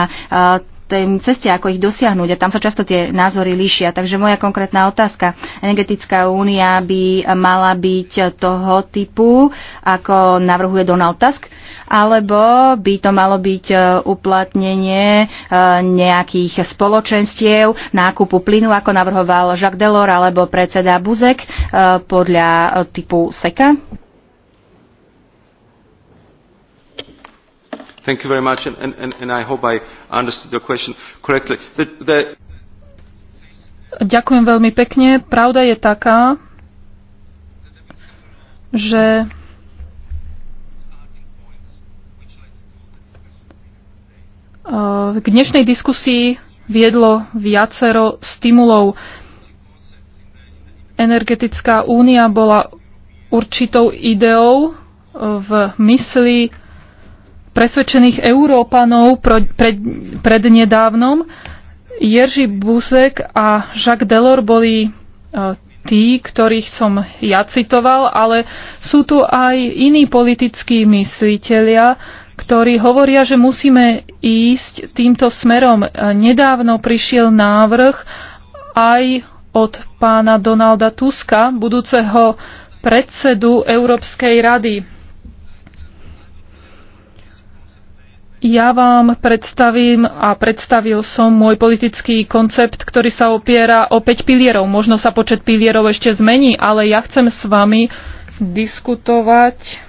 tej ceste, ako ich dosiahnuť. A tam sa často tie názory líšia. Takže moja konkrétna otázka. Energetická únia by mala byť toho typu, ako navrhuje Donald Tusk, alebo by to malo byť e, uplatnenie e, nejakých spoločenstiev, nákupu plynu, ako navrhoval Jacques Delors alebo predseda Buzek e, podľa typu SECA? Thank you very much, and, and, and I hope I understood your question correctly. The, the... Ďakujem veľmi pekne. Pravda je taká, že eh, k dnešnej diskusii viedlo viacero stimulov. Energetická únia bola určitou ideou v mysli presvedčených Európanov prednedávnom. Jerzy Busek a Jacques Delors boli e, tí, ktorých som ja citoval, ale sú tu aj iní politickí mysliteľia, ktorí hovoria, že musíme ísť týmto smerom. E, nedávno prišiel návrh aj od pána Donalda Tuska, budúceho predsedu Európskej rady. Ja vám predstavím a predstavil som môj politický koncept, ktorý sa opiera o 5 pilierov. Možno sa počet pilierov ešte zmení, ale ja chcem s vami diskutovať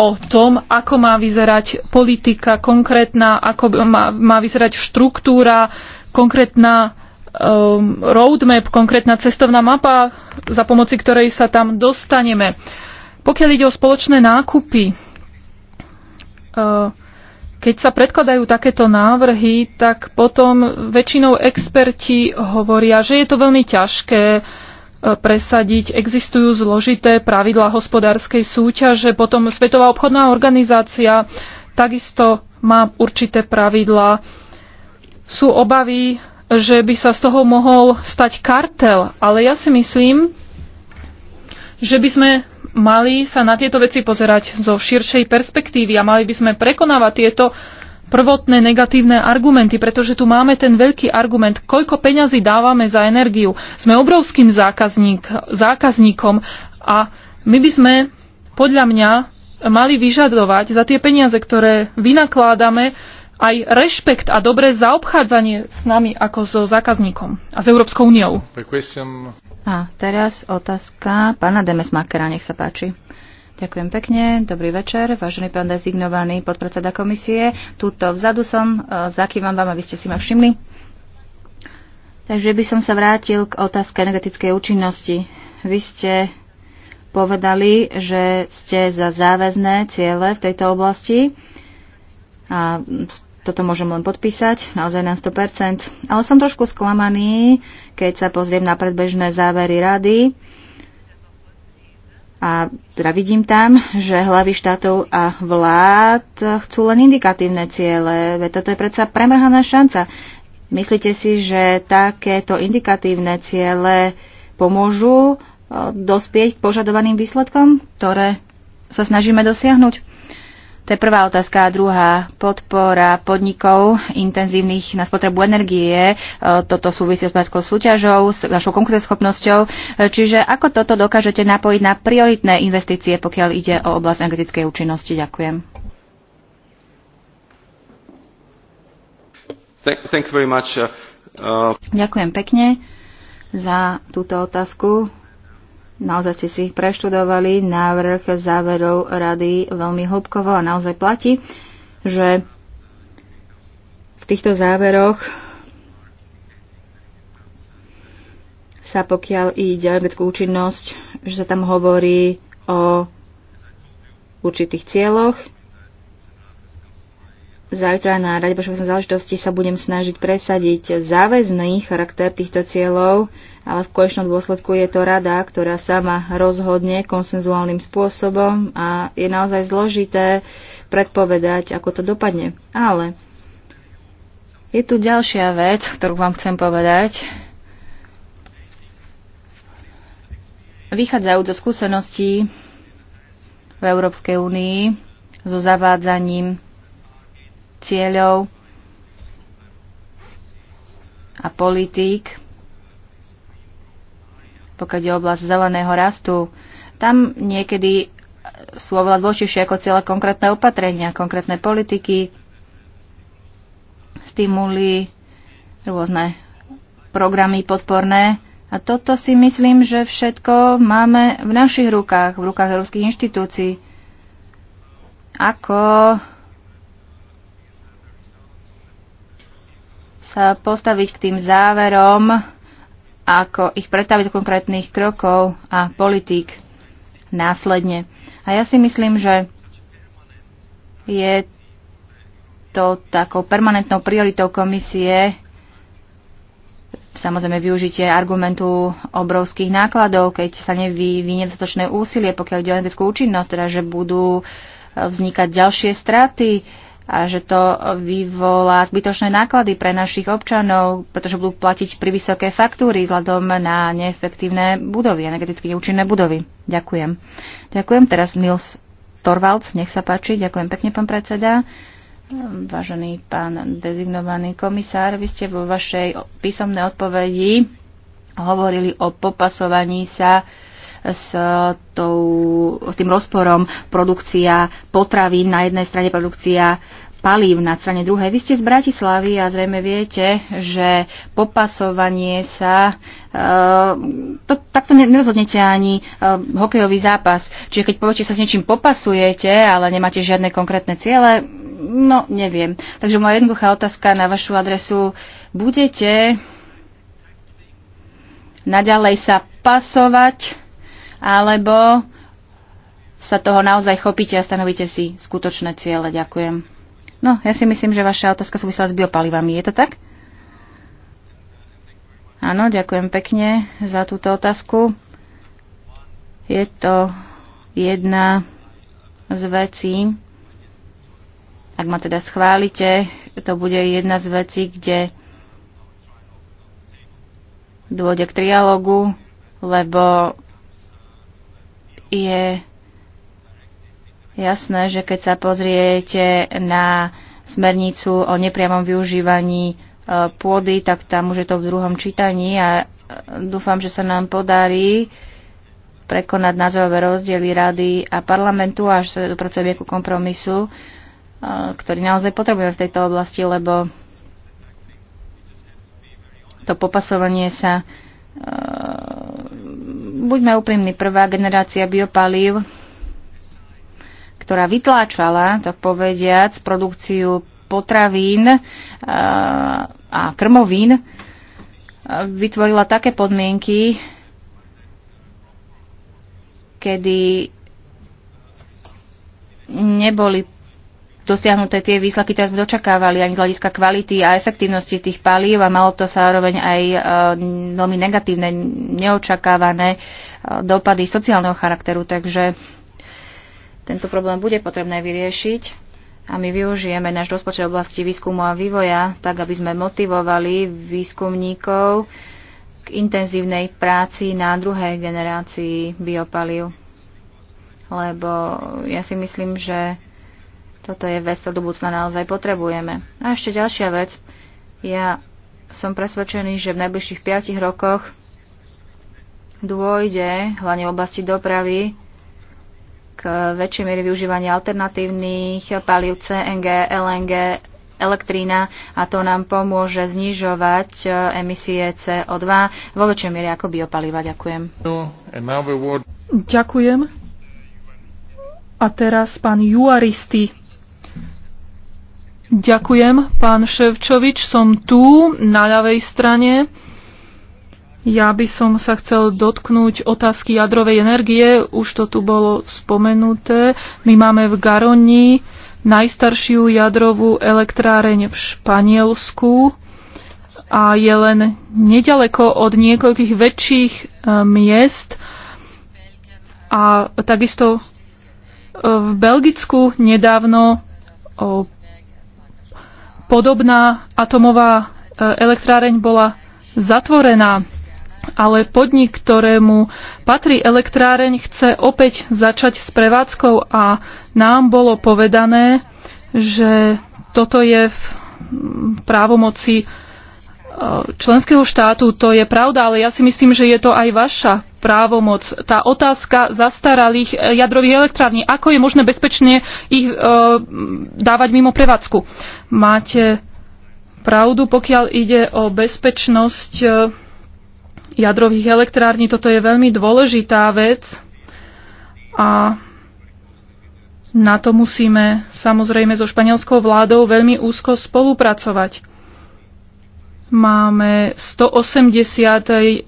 o tom, ako má vyzerať politika konkrétna, ako má, má vyzerať štruktúra, konkrétna um, roadmap, konkrétna cestovná mapa, za pomoci ktorej sa tam dostaneme. Pokiaľ ide o spoločné nákupy, keď sa predkladajú takéto návrhy, tak potom väčšinou experti hovoria, že je to veľmi ťažké e, presadiť. Existujú zložité pravidlá hospodárskej súťaže, potom Svetová obchodná organizácia takisto má určité pravidlá. Sú obavy, že by sa z toho mohol stať kartel, ale ja si myslím, že by sme mali sa na tieto veci pozerať zo širšej perspektívy a mali by sme prekonávať tieto prvotné negatívne argumenty, pretože tu máme ten veľký argument, koľko peňazí dávame za energiu. Sme obrovským zákazník, zákazníkom a my by sme podľa mňa mali vyžadovať za tie peniaze, ktoré vynakládame, aj rešpekt a dobré zaobchádzanie s nami ako so zákazníkom a s Európskou úniou. A teraz otázka pána Demesmakera, nech sa páči. Ďakujem pekne, dobrý večer, vážený pán dezignovaný podpredseda komisie. Tuto vzadu som, e, zakývam vám, aby ste si ma všimli. Takže by som sa vrátil k otázke energetickej účinnosti. Vy ste povedali, že ste za záväzné ciele v tejto oblasti. A toto môžem len podpísať, naozaj na 100%. Ale som trošku sklamaný, keď sa pozriem na predbežné závery rady. A teda vidím tam, že hlavy štátov a vlád chcú len indikatívne ciele, veď toto je predsa premrhaná šanca. Myslíte si, že takéto indikatívne ciele pomôžu eh, dospieť k požadovaným výsledkom, ktoré sa snažíme dosiahnuť? To je prvá otázka. A druhá, podpora podnikov intenzívnych na spotrebu energie. E, toto súvisí s otázkou súťažou, s našou konkurenceschopnosťou. E, čiže ako toto dokážete napojiť na prioritné investície, pokiaľ ide o oblasť energetickej účinnosti? Ďakujem. Thank, thank you very much. Uh, uh Ďakujem pekne za túto otázku. Naozaj ste si preštudovali návrh záverov rady veľmi hlbkovo a naozaj platí, že v týchto záveroch sa pokiaľ ide o energetickú účinnosť, že sa tam hovorí o určitých cieľoch, Zajtra na Rade pre záležitosti sa budem snažiť presadiť záväzný charakter týchto cieľov, ale v konečnom dôsledku je to rada, ktorá sama rozhodne konsenzuálnym spôsobom a je naozaj zložité predpovedať, ako to dopadne. Ale je tu ďalšia vec, ktorú vám chcem povedať. Vychádzajú do skúseností v Európskej únii so zavádzaním cieľov a politík, pokiaľ je oblasť zeleného rastu, tam niekedy sú oveľa dôležitejšie ako celé konkrétne opatrenia, konkrétne politiky, stimuly, rôzne programy podporné. A toto si myslím, že všetko máme v našich rukách, v rukách európskych inštitúcií. Ako sa postaviť k tým záverom, ako ich predstaviť do konkrétnych krokov a politík následne. A ja si myslím, že je to takou permanentnou prioritou komisie samozrejme využitie argumentu obrovských nákladov, keď sa nevyvinie dostatočné úsilie, pokiaľ ide o energetickú účinnosť, teda že budú e, vznikať ďalšie straty, a že to vyvolá zbytočné náklady pre našich občanov, pretože budú platiť pri vysoké faktúry vzhľadom na neefektívne budovy, energeticky neúčinné budovy. Ďakujem. Ďakujem. Teraz Nils Torvalds, nech sa páči. Ďakujem pekne, pán predseda. Vážený pán dezignovaný komisár, vy ste vo vašej písomnej odpovedi hovorili o popasovaní sa s, tou, s tým rozporom produkcia potravín na jednej strane, produkcia palív na strane druhej. Vy ste z Bratislavy a zrejme viete, že popasovanie sa, e, to, takto nerozhodnete ani e, hokejový zápas. Čiže keď poviete, sa s niečím popasujete, ale nemáte žiadne konkrétne ciele, no neviem. Takže moja jednoduchá otázka na vašu adresu. Budete naďalej sa pasovať alebo sa toho naozaj chopíte a stanovíte si skutočné ciele. Ďakujem. No, ja si myslím, že vaša otázka súvisela s biopalivami. Je to tak? Áno, ďakujem pekne za túto otázku. Je to jedna z vecí, ak ma teda schválite, to bude jedna z vecí, kde dôjde k trialogu, lebo je jasné, že keď sa pozriete na smernicu o nepriamom využívaní e, pôdy, tak tam už je to v druhom čítaní a e, dúfam, že sa nám podarí prekonať názorové rozdiely rady a parlamentu až sa dopracujeme ku kompromisu, e, ktorý naozaj potrebujeme v tejto oblasti, lebo to popasovanie sa buďme úprimní, prvá generácia biopalív, ktorá vytláčala, tak povediac, produkciu potravín eh, a krmovín, eh, vytvorila také podmienky, kedy neboli dosiahnuté tie výsledky, ktoré sme dočakávali, ani z hľadiska kvality a efektívnosti tých palív a malo to zároveň aj e, veľmi negatívne, neočakávané e, dopady sociálneho charakteru. Takže tento problém bude potrebné vyriešiť a my využijeme náš rozpočet v oblasti výskumu a vývoja tak, aby sme motivovali výskumníkov k intenzívnej práci na druhej generácii biopalív. Lebo ja si myslím, že toto je vec, ktorú do budúcna naozaj potrebujeme. A ešte ďalšia vec. Ja som presvedčený, že v najbližších 5 rokoch dôjde, hlavne v oblasti dopravy, k väčšej miere využívania alternatívnych palív CNG, LNG, elektrína a to nám pomôže znižovať e, emisie CO2 vo väčšej miere ako biopaliva. Ďakujem. Ďakujem. A teraz pán Juaristi. Ďakujem, pán Ševčovič. Som tu, na ľavej strane. Ja by som sa chcel dotknúť otázky jadrovej energie. Už to tu bolo spomenuté. My máme v Garoni najstaršiu jadrovú elektráreň v Španielsku a je len nedaleko od niekoľkých väčších e, miest a takisto e, v Belgicku nedávno podobná atomová e, elektráreň bola zatvorená, ale podnik, ktorému patrí elektráreň, chce opäť začať s prevádzkou a nám bolo povedané, že toto je v právomoci členského štátu, to je pravda, ale ja si myslím, že je to aj vaša právomoc. Tá otázka zastaralých eh, jadrových elektrární, ako je možné bezpečne ich e, dávať mimo prevádzku. Máte pravdu, pokiaľ ide o bezpečnosť eh, jadrových elektrární, toto je veľmi dôležitá vec a na to musíme samozrejme so španielskou vládou veľmi úzko spolupracovať. Máme 180 eh,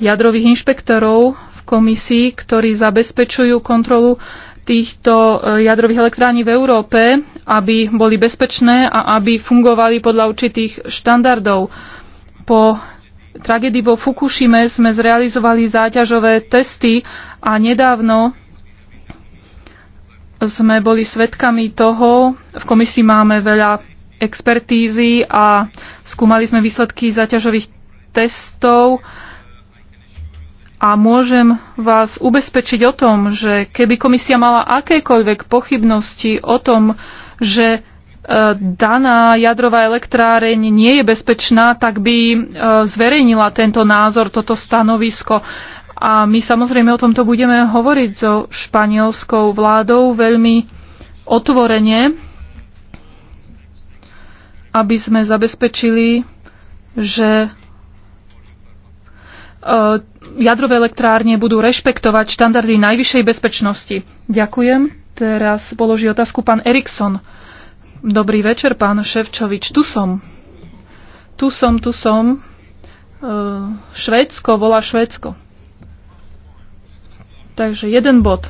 jadrových inšpektorov v komisii, ktorí zabezpečujú kontrolu týchto eh, jadrových elektrární v Európe, aby boli bezpečné a aby fungovali podľa určitých štandardov. Po tragédii vo Fukushime sme zrealizovali záťažové testy a nedávno sme boli svedkami toho, v komisii máme veľa expertízy a skúmali sme výsledky zaťažových testov a môžem vás ubezpečiť o tom, že keby komisia mala akékoľvek pochybnosti o tom, že e, daná jadrová elektráreň nie je bezpečná, tak by e, zverejnila tento názor, toto stanovisko. A my samozrejme o tomto budeme hovoriť so španielskou vládou veľmi otvorene aby sme zabezpečili, že e, jadrové elektrárne budú rešpektovať štandardy najvyššej bezpečnosti. Ďakujem. Teraz položí otázku pán Erikson. Dobrý večer, pán Ševčovič. Tu som. Tu som, tu som. E, Švédsko volá Švédsko. Takže jeden bod.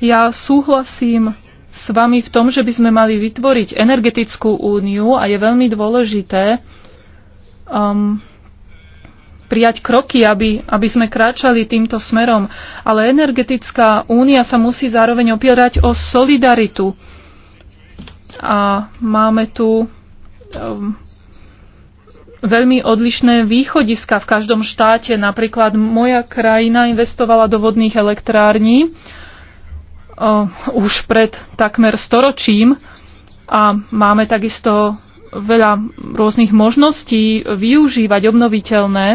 Ja súhlasím s vami v tom, že by sme mali vytvoriť energetickú úniu a je veľmi dôležité um, prijať kroky, aby, aby sme kráčali týmto smerom. Ale energetická únia sa musí zároveň opierať o solidaritu. A máme tu um, veľmi odlišné východiska v každom štáte. Napríklad moja krajina investovala do vodných elektrární už pred takmer storočím a máme takisto veľa rôznych možností využívať obnoviteľné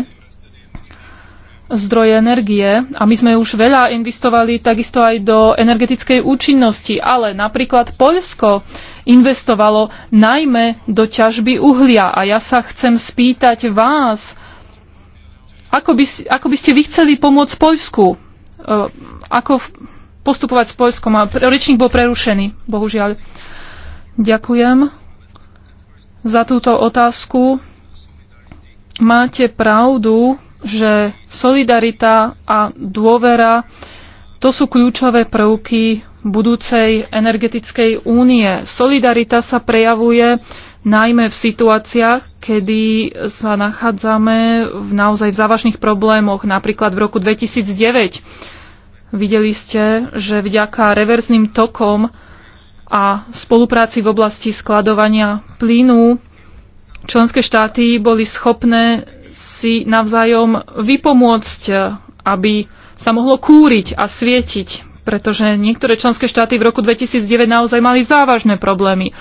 zdroje energie a my sme už veľa investovali takisto aj do energetickej účinnosti, ale napríklad Poľsko investovalo najmä do ťažby uhlia a ja sa chcem spýtať vás, ako by, ako by ste vy chceli pomôcť Poľsku? E, ako postupovať s Polskom a rečník bol prerušený, bohužiaľ. Ďakujem za túto otázku. Máte pravdu, že solidarita a dôvera to sú kľúčové prvky budúcej energetickej únie. Solidarita sa prejavuje najmä v situáciách, kedy sa nachádzame v naozaj v závažných problémoch, napríklad v roku 2009 Videli ste, že vďaka reverzným tokom a spolupráci v oblasti skladovania plynu členské štáty boli schopné si navzájom vypomôcť, aby sa mohlo kúriť a svietiť, pretože niektoré členské štáty v roku 2009 naozaj mali závažné problémy.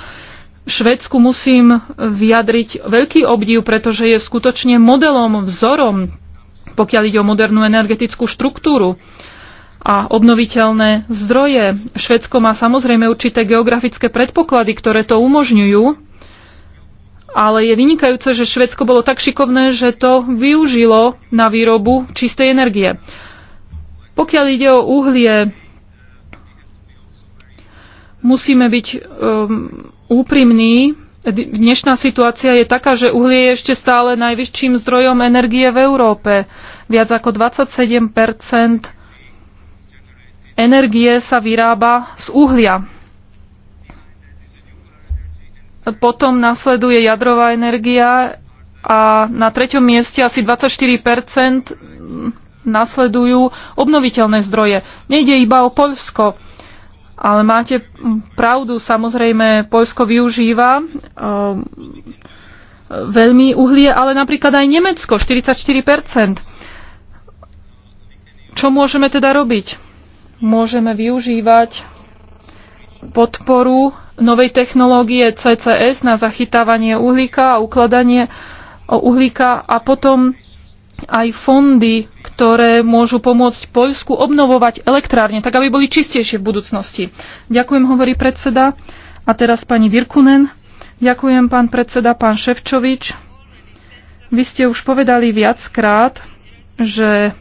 Švedsku musím vyjadriť veľký obdiv, pretože je skutočne modelom, vzorom, pokiaľ ide o modernú energetickú štruktúru a obnoviteľné zdroje. Švedsko má samozrejme určité geografické predpoklady, ktoré to umožňujú, ale je vynikajúce, že Švedsko bolo tak šikovné, že to využilo na výrobu čistej energie. Pokiaľ ide o uhlie, musíme byť um, úprimní. Dnešná situácia je taká, že uhlie je ešte stále najvyšším zdrojom energie v Európe. Viac ako 27 energie sa vyrába z uhlia. Potom nasleduje jadrová energia a na treťom mieste asi 24 nasledujú obnoviteľné zdroje. Nejde iba o Poľsko, ale máte pravdu, samozrejme Poľsko využíva um, veľmi uhlie, ale napríklad aj Nemecko 44 Čo môžeme teda robiť? môžeme využívať podporu novej technológie CCS na zachytávanie uhlíka a ukladanie uhlíka a potom aj fondy, ktoré môžu pomôcť Poľsku obnovovať elektrárne, tak aby boli čistejšie v budúcnosti. Ďakujem, hovorí predseda. A teraz pani Virkunen. Ďakujem, pán predseda, pán Ševčovič. Vy ste už povedali viackrát, že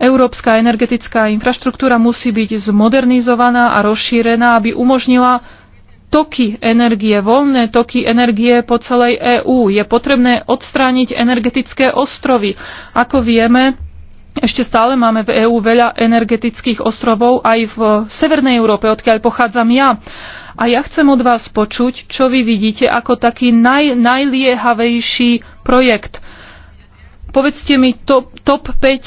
Európska energetická infraštruktúra musí byť zmodernizovaná a rozšírená, aby umožnila toky energie, voľné toky energie po celej EÚ. Je potrebné odstrániť energetické ostrovy. Ako vieme, ešte stále máme v EÚ veľa energetických ostrovov aj v Severnej Európe, odkiaľ pochádzam ja. A ja chcem od vás počuť, čo vy vidíte ako taký naj, najliehavejší projekt – Povedzte mi top, top 5 eh,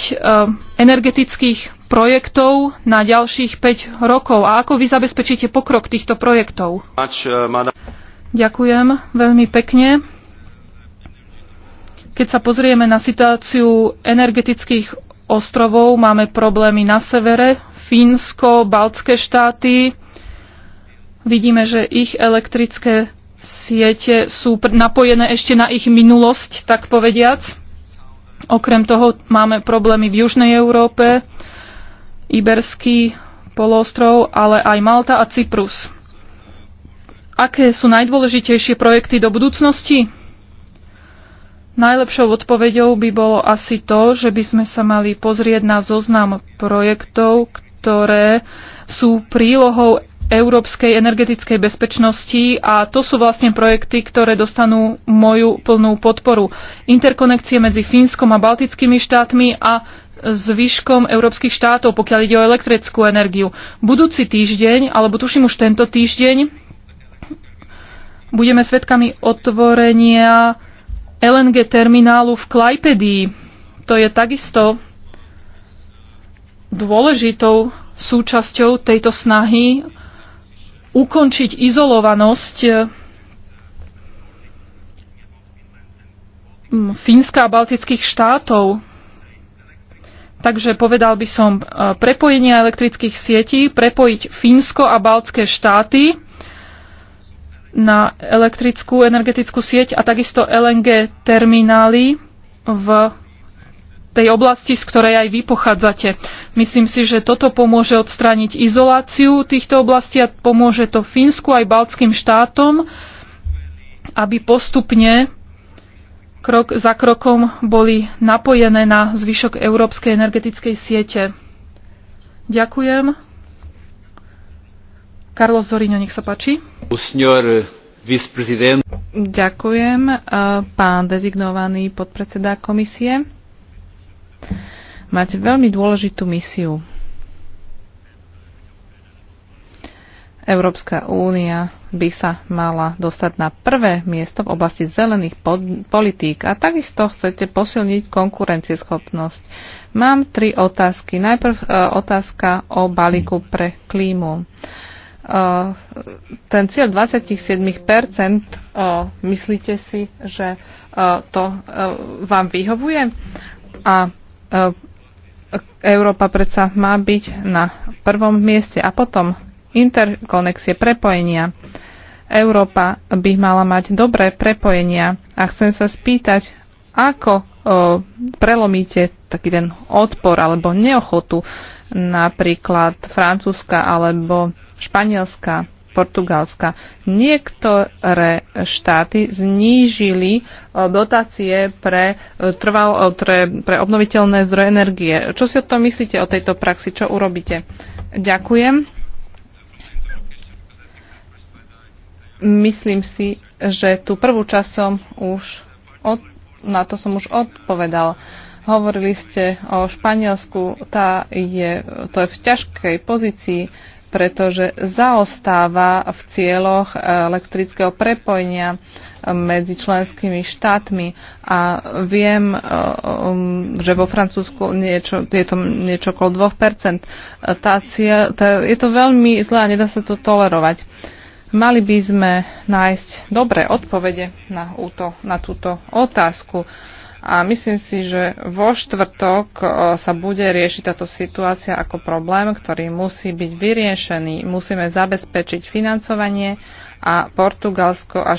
energetických projektov na ďalších 5 rokov a ako vy zabezpečíte pokrok týchto projektov? Ďakujem veľmi pekne. Keď sa pozrieme na situáciu energetických ostrovov, máme problémy na severe, Fínsko, Baltské štáty. Vidíme, že ich elektrické siete sú napojené ešte na ich minulosť, tak povediac. Okrem toho máme problémy v Južnej Európe, Iberský polostrov, ale aj Malta a Cyprus. Aké sú najdôležitejšie projekty do budúcnosti? Najlepšou odpoveďou by bolo asi to, že by sme sa mali pozrieť na zoznam projektov, ktoré sú prílohou európskej energetickej bezpečnosti a to sú vlastne projekty, ktoré dostanú moju plnú podporu. Interkonekcie medzi Fínskom a Baltickými štátmi a zvyškom európskych štátov, pokiaľ ide o elektrickú energiu. Budúci týždeň, alebo tuším už tento týždeň, budeme svedkami otvorenia LNG terminálu v Klajpedii. To je takisto dôležitou súčasťou tejto snahy ukončiť izolovanosť e, Fínska a baltických štátov. Takže povedal by som e, prepojenie elektrických sietí, prepojiť Fínsko a baltské štáty na elektrickú energetickú sieť a takisto LNG terminály v tej oblasti, z ktorej aj vy pochádzate. Myslím si, že toto pomôže odstrániť izoláciu týchto oblastí a pomôže to Fínsku aj baltským štátom, aby postupne krok za krokom boli napojené na zvyšok európskej energetickej siete. Ďakujem. Carlos Zorino, nech sa páči. Ďakujem, eh, pán dezignovaný podpredseda komisie. Máte veľmi dôležitú misiu. Európska únia by sa mala dostať na prvé miesto v oblasti zelených pod- politík a takisto chcete posilniť konkurencieschopnosť. Mám tri otázky. Najprv e, otázka o balíku pre klímu. E, ten cieľ 27%, e, myslíte si, že e, to e, vám vyhovuje? A E, Európa predsa má byť na prvom mieste a potom interkonexie, prepojenia. Európa by mala mať dobré prepojenia a chcem sa spýtať, ako o, e, prelomíte taký ten odpor alebo neochotu napríklad Francúzska alebo Španielska Portugalska. Niektoré štáty znížili e, dotácie pre, e, trval, e, pre, pre obnoviteľné zdroje energie. Čo si o tom myslíte, o tejto praxi? Čo urobíte? Ďakujem. Myslím si, že tú prvú časom už od, na to som už odpovedal. Hovorili ste o Španielsku, tá je, to je v ťažkej pozícii pretože zaostáva v cieľoch eh, elektrického prepojenia eh, medzi členskými štátmi a viem, eh, um, že vo Francúzsku niečo, je to niečo okolo 2%. Tá cieľ, tá, je to veľmi zlé a nedá sa to tolerovať. Mali by sme nájsť dobré odpovede na, úto, na túto otázku. A myslím si, že vo štvrtok e, sa bude riešiť táto situácia ako problém, ktorý musí byť vyriešený. Musíme zabezpečiť financovanie a Portugalsko a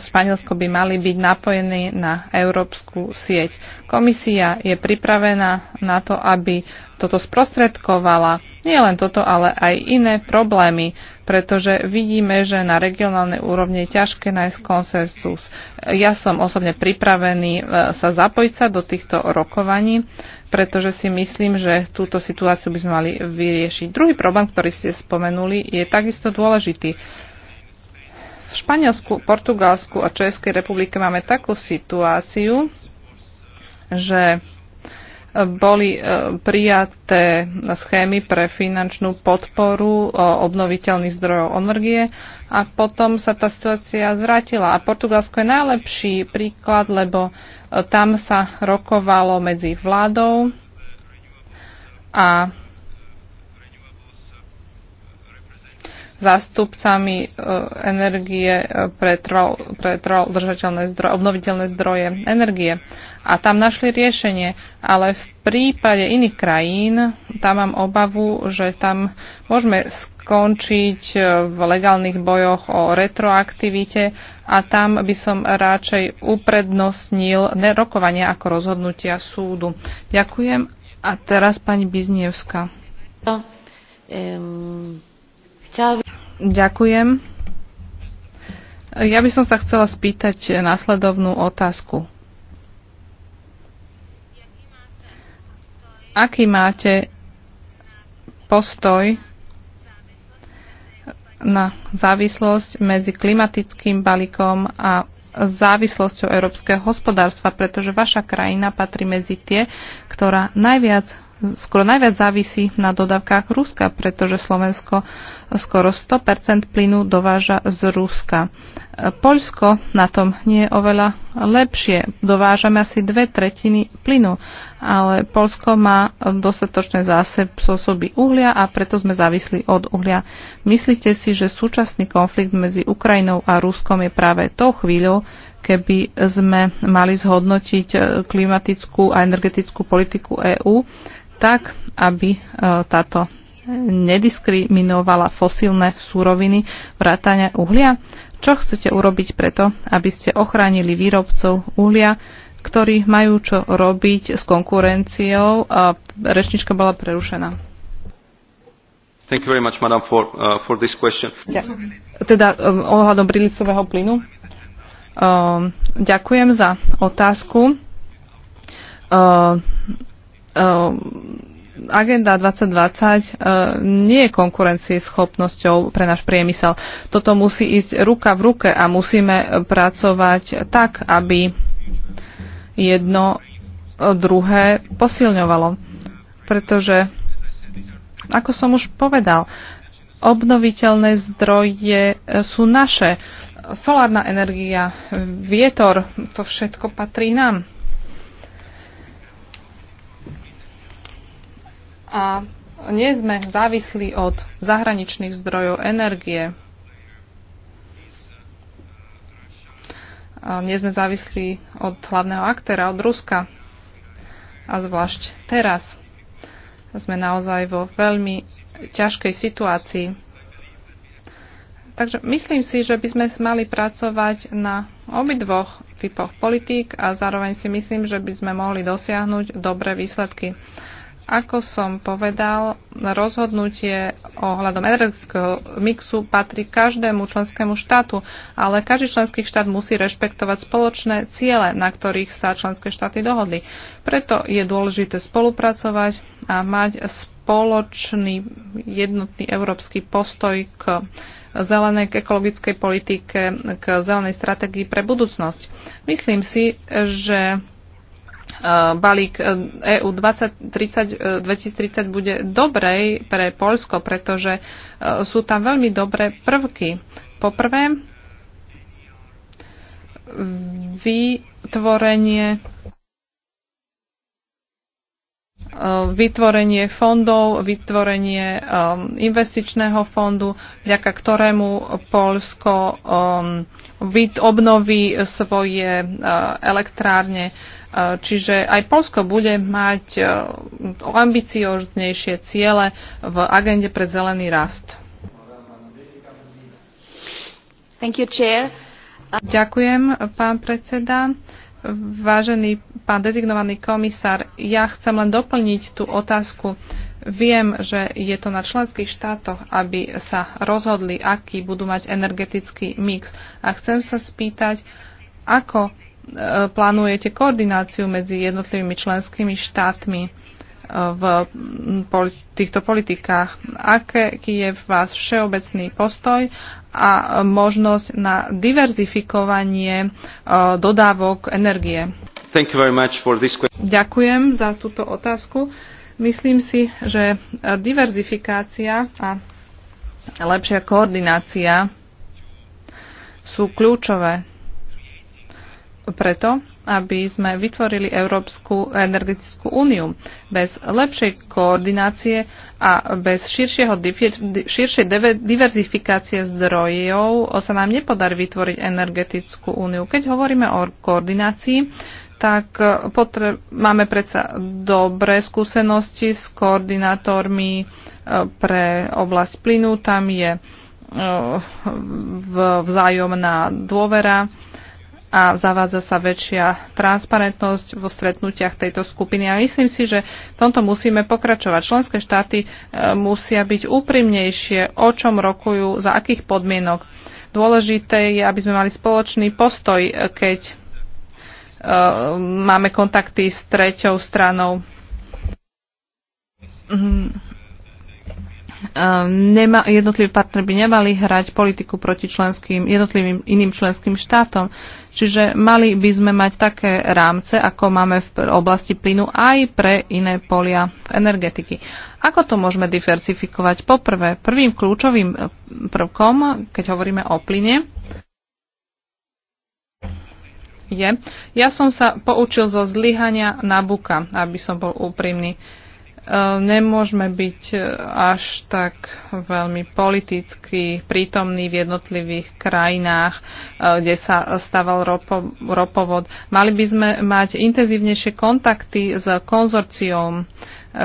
Španielsko by mali byť napojení na európsku sieť. Komisia je pripravená na to, aby toto sprostredkovala. Nie len toto, ale aj iné problémy, pretože vidíme, že na regionálnej úrovni je ťažké nájsť konsensus. Ja som osobne pripravený e, sa zapojiť sa do týchto rokovaní, pretože si myslím, že túto situáciu by sme mali vyriešiť. Druhý problém, ktorý ste spomenuli, je takisto dôležitý v Španielsku, Portugalsku a Českej republike máme takú situáciu, že e, boli e, prijaté schémy pre finančnú podporu e, obnoviteľných zdrojov energie a potom sa tá situácia zvrátila. A Portugalsko je najlepší príklad, lebo tam sa rokovalo medzi vládou a zástupcami e, energie e, pre, trval, pre trval udržateľné zdroje, obnoviteľné zdroje energie. A tam našli riešenie, ale v prípade iných krajín, tam mám obavu, že tam môžeme skončiť e, v legálnych bojoch o retroaktivite a tam by som radšej uprednostnil rokovania ako rozhodnutia súdu. Ďakujem. A teraz pani Biznievska. No, um Ďakujem. Ja by som sa chcela spýtať následovnú otázku. Aký máte postoj na závislosť medzi klimatickým balíkom a závislosťou európskeho hospodárstva, pretože vaša krajina patrí medzi tie, ktorá najviac skoro najviac závisí na dodávkach Ruska, pretože Slovensko skoro 100% plynu dováža z Ruska. Poľsko na tom nie je oveľa lepšie. Dovážame asi dve tretiny plynu, ale Poľsko má dostatočné zásoby uhlia a preto sme závisli od uhlia. Myslíte si, že súčasný konflikt medzi Ukrajinou a Ruskom je práve tou chvíľou, keby sme mali zhodnotiť eh, klimatickú a energetickú politiku EÚ, tak, aby e, táto nediskriminovala fosílne súroviny vrátania uhlia? Čo chcete urobiť preto, aby ste ochránili výrobcov uhlia, ktorí majú čo robiť s konkurenciou? A rečnička bola prerušená. Thank you very much, madam, for, uh, for this question. Ja, teda um, ohľadom brilicového plynu. Um, ďakujem za otázku. Uh, Ehm, Agenda 2020 ehm, nie je konkurencieschopnosťou pre náš priemysel. Toto musí ísť ruka v ruke a musíme pracovať tak, aby jedno e, druhé posilňovalo. Pretože, ako som už povedal, obnoviteľné zdroje e, sú naše. Solárna energia, vietor, to všetko patrí nám. a nie sme závislí od zahraničných zdrojov energie. A nie sme závislí od hlavného aktéra, od Ruska. A zvlášť teraz sme naozaj vo veľmi ťažkej situácii. Takže myslím si, že by sme mali pracovať na obidvoch typoch politík a zároveň si myslím, že by sme mohli dosiahnuť dobré výsledky. Ako som povedal, rozhodnutie ohľadom energetického mixu patrí každému členskému štátu, ale každý členský štát musí rešpektovať spoločné ciele, na ktorých sa členské štáty dohodli. Preto je dôležité spolupracovať a mať spoločný jednotný európsky postoj k zelenej k ekologickej politike, k zelenej stratégii pre budúcnosť. Myslím si, že E, balík EU 2030, 2030 bude dobrej pre Polsko, pretože e, sú tam veľmi dobré prvky. Poprvé, vytvorenie Eh, vytvorenie fondov, vytvorenie eh, investičného fondu, vďaka ktorému Polsko eh, obnoví svoje elektrárne. Čiže aj Polsko bude mať ambicioznejšie ciele v agende pre zelený rast. Thank you, chair. Ďakujem, pán predseda. Vážený pán dezignovaný komisár, ja chcem len doplniť tú otázku. Viem, že je to na členských štátoch, aby sa rozhodli, aký budú mať energetický mix. A chcem sa spýtať, ako e, plánujete koordináciu medzi jednotlivými členskými štátmi v týchto politikách. Aký je vás všeobecný postoj a možnosť na diverzifikovanie e, dodávok energie? Ďakujem za túto otázku. Myslím si, že diverzifikácia a lepšia koordinácia sú kľúčové preto, aby sme vytvorili Európsku energetickú úniu. Bez lepšej koordinácie a bez širšieho, širšej diverzifikácie zdrojov sa nám nepodarí vytvoriť energetickú úniu. Keď hovoríme o koordinácii, tak eh, potre- máme predsa dobré skúsenosti s koordinátormi eh, pre oblasť plynu. Tam je eh, vzájomná dôvera a zavádza sa väčšia transparentnosť vo stretnutiach tejto skupiny. A myslím si, že v tomto musíme pokračovať. Členské štáty e, musia byť úprimnejšie, o čom rokujú, za akých podmienok. Dôležité je, aby sme mali spoločný postoj, e, keď e, máme kontakty s treťou stranou mhm. Ehm, nema, jednotliví partner by nemali hrať politiku proti členským, jednotlivým iným členským štátom. Čiže mali by sme mať také rámce, ako máme v oblasti plynu aj pre iné polia energetiky. Ako to môžeme diversifikovať? Poprvé, prvým kľúčovým eh, prvkom, keď hovoríme o plyne, je, ja som sa poučil zo zlyhania Nabuka, aby som bol úprimný. Uh, Ehm, nemôžeme byť e, až tak veľmi politicky prítomní v jednotlivých krajinách, e, kde sa staval ropo, ropovod. Mali by sme mať intenzívnejšie kontakty s konzorciom, e,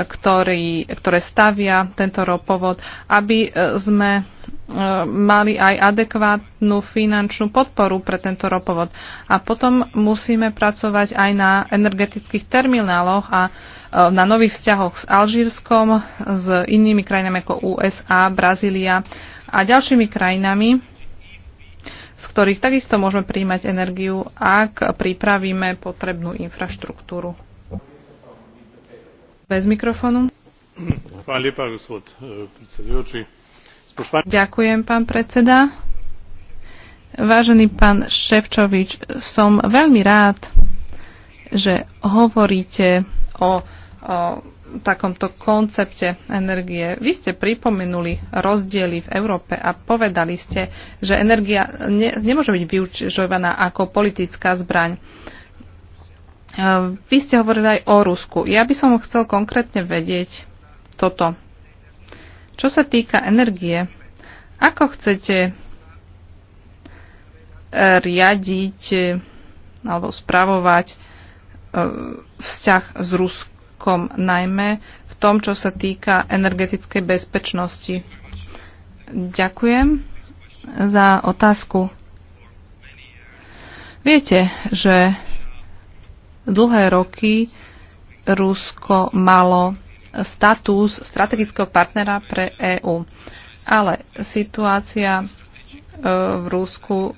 ktorý, ktoré stavia tento ropovod, aby sme mali aj adekvátnu finančnú podporu pre tento ropovod. A potom musíme pracovať aj na energetických termináloch a e, na nových vzťahoch s Alžírskom, s inými krajinami ako USA, Brazília a ďalšími krajinami, z ktorých takisto môžeme príjmať energiu, ak pripravíme potrebnú infraštruktúru. Bez mikrofónu. Hvala lepa, gospod e, predsedujúci Ďakujem, pán predseda. Vážený pán Ševčovič, som veľmi rád, že hovoríte o, o takomto koncepte energie. Vy ste pripomenuli rozdiely v Európe a povedali ste, že energia ne, nemôže byť využívaná ako politická zbraň. Vy ste hovorili aj o Rusku. Ja by som chcel konkrétne vedieť toto čo sa týka energie, ako chcete e, riadiť e, alebo spravovať e, vzťah s Ruskom, najmä v tom, čo sa týka energetickej bezpečnosti. Ďakujem za otázku. Viete, že dlhé roky Rusko malo status strategického partnera pre EÚ. Ale situácia e, v Rusku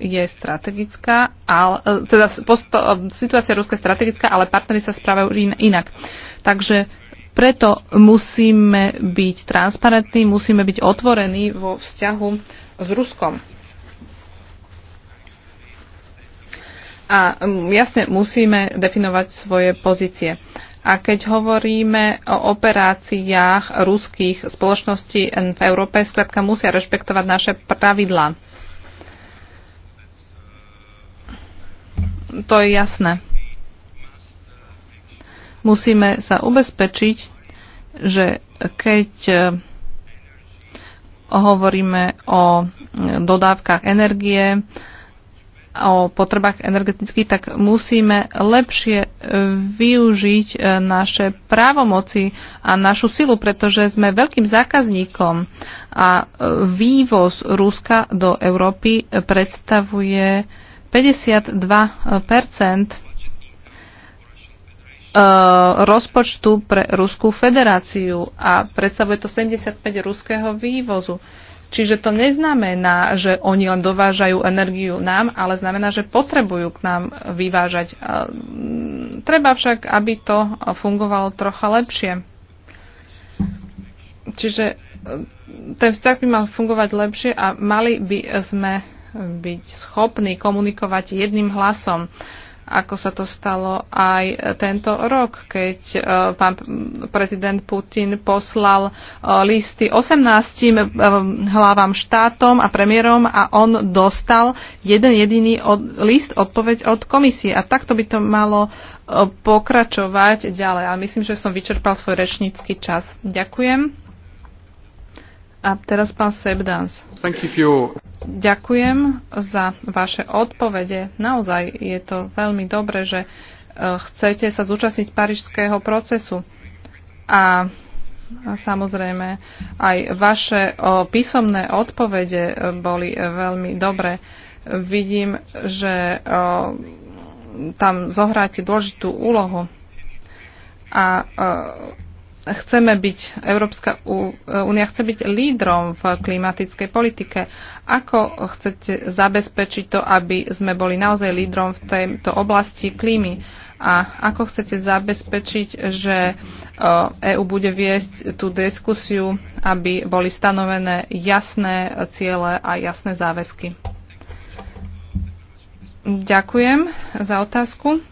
je strategická, ale, e, teda posto, e, situácia Ruska je strategická, ale partnery sa správajú in, inak. Takže preto musíme byť transparentní, musíme byť otvorení vo vzťahu s Ruskom. A jasne musíme definovať svoje pozície. A keď hovoríme o operáciách ruských spoločností v Európe, skrátka musia rešpektovať naše pravidlá. To je jasné. Musíme sa ubezpečiť, že keď e, hovoríme o dodávkach energie, o potrebách energetických, tak musíme lepšie e, využiť e, naše právomoci a našu silu, pretože sme veľkým zákazníkom a e, vývoz Ruska do Európy predstavuje 52 rozpočtu pre Ruskú federáciu a predstavuje to 75 ruského vývozu. Čiže to neznamená, že oni len dovážajú energiu nám, ale znamená, že potrebujú k nám vyvážať. Mm, treba však, aby to fungovalo trocha lepšie. Čiže e, ten vzťah by mal fungovať lepšie a mali by sme byť schopní komunikovať jedným hlasom. Uh, ako sa to stalo aj tento rok, keď e, pán prezident Putin poslal e, listy 18 e, hlavám štátom a premiérom a on dostal jeden jediný list, odpoveď od komisie. A takto by to malo pokračovať ďalej. Ale myslím, že som vyčerpal svoj rečnícky čas. Ďakujem. A teraz pán Sebdans. Ďakujem za vaše odpovede. Naozaj je to veľmi dobre, že e, chcete sa zúčastniť parížského procesu. A samozrejme aj vaše písomné odpovede e, boli e, veľmi dobre. Vidím, že tam zohráte dôležitú úlohu. A chceme byť, Európska únia chce byť lídrom v klimatickej politike. Ako chcete zabezpečiť to, aby sme boli naozaj lídrom v tejto oblasti klímy? A ako chcete zabezpečiť, že EÚ eh, e bude viesť tú diskusiu, aby boli stanovené jasné ciele a jasné záväzky? Ďakujem za otázku.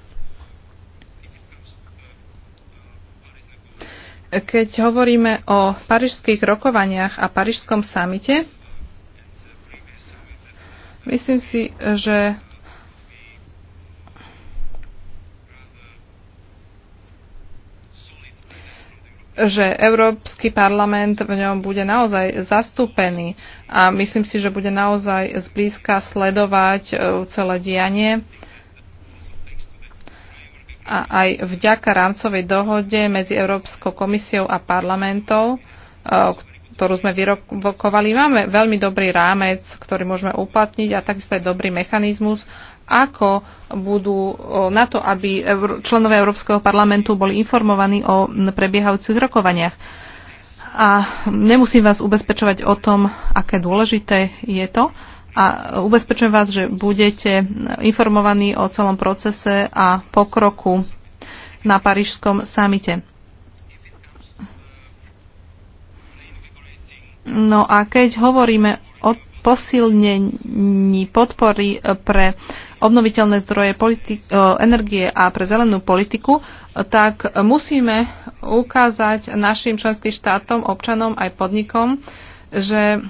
Keď hovoríme o parížských rokovaniach a parížskom samite, myslím si, že že Európsky parlament v ňom bude naozaj zastúpený a myslím si, že bude naozaj zblízka sledovať uh, celé dianie a aj vďaka rámcovej dohode medzi Európskou komisiou a parlamentou, e, ktorú sme vyrokovali, máme veľmi dobrý rámec, ktorý môžeme uplatniť a takisto aj dobrý mechanizmus, ako budú e, na to, aby členovia Európskeho parlamentu boli informovaní o prebiehajúcich rokovaniach. A nemusím vás ubezpečovať o tom, aké dôležité je to, a ubezpečujem vás, že budete informovaní o celom procese a pokroku na Parížskom samite. No a keď hovoríme o posilnení podpory pre obnoviteľné zdroje e, energie a pre zelenú politiku, tak musíme ukázať našim členským štátom, občanom aj podnikom, že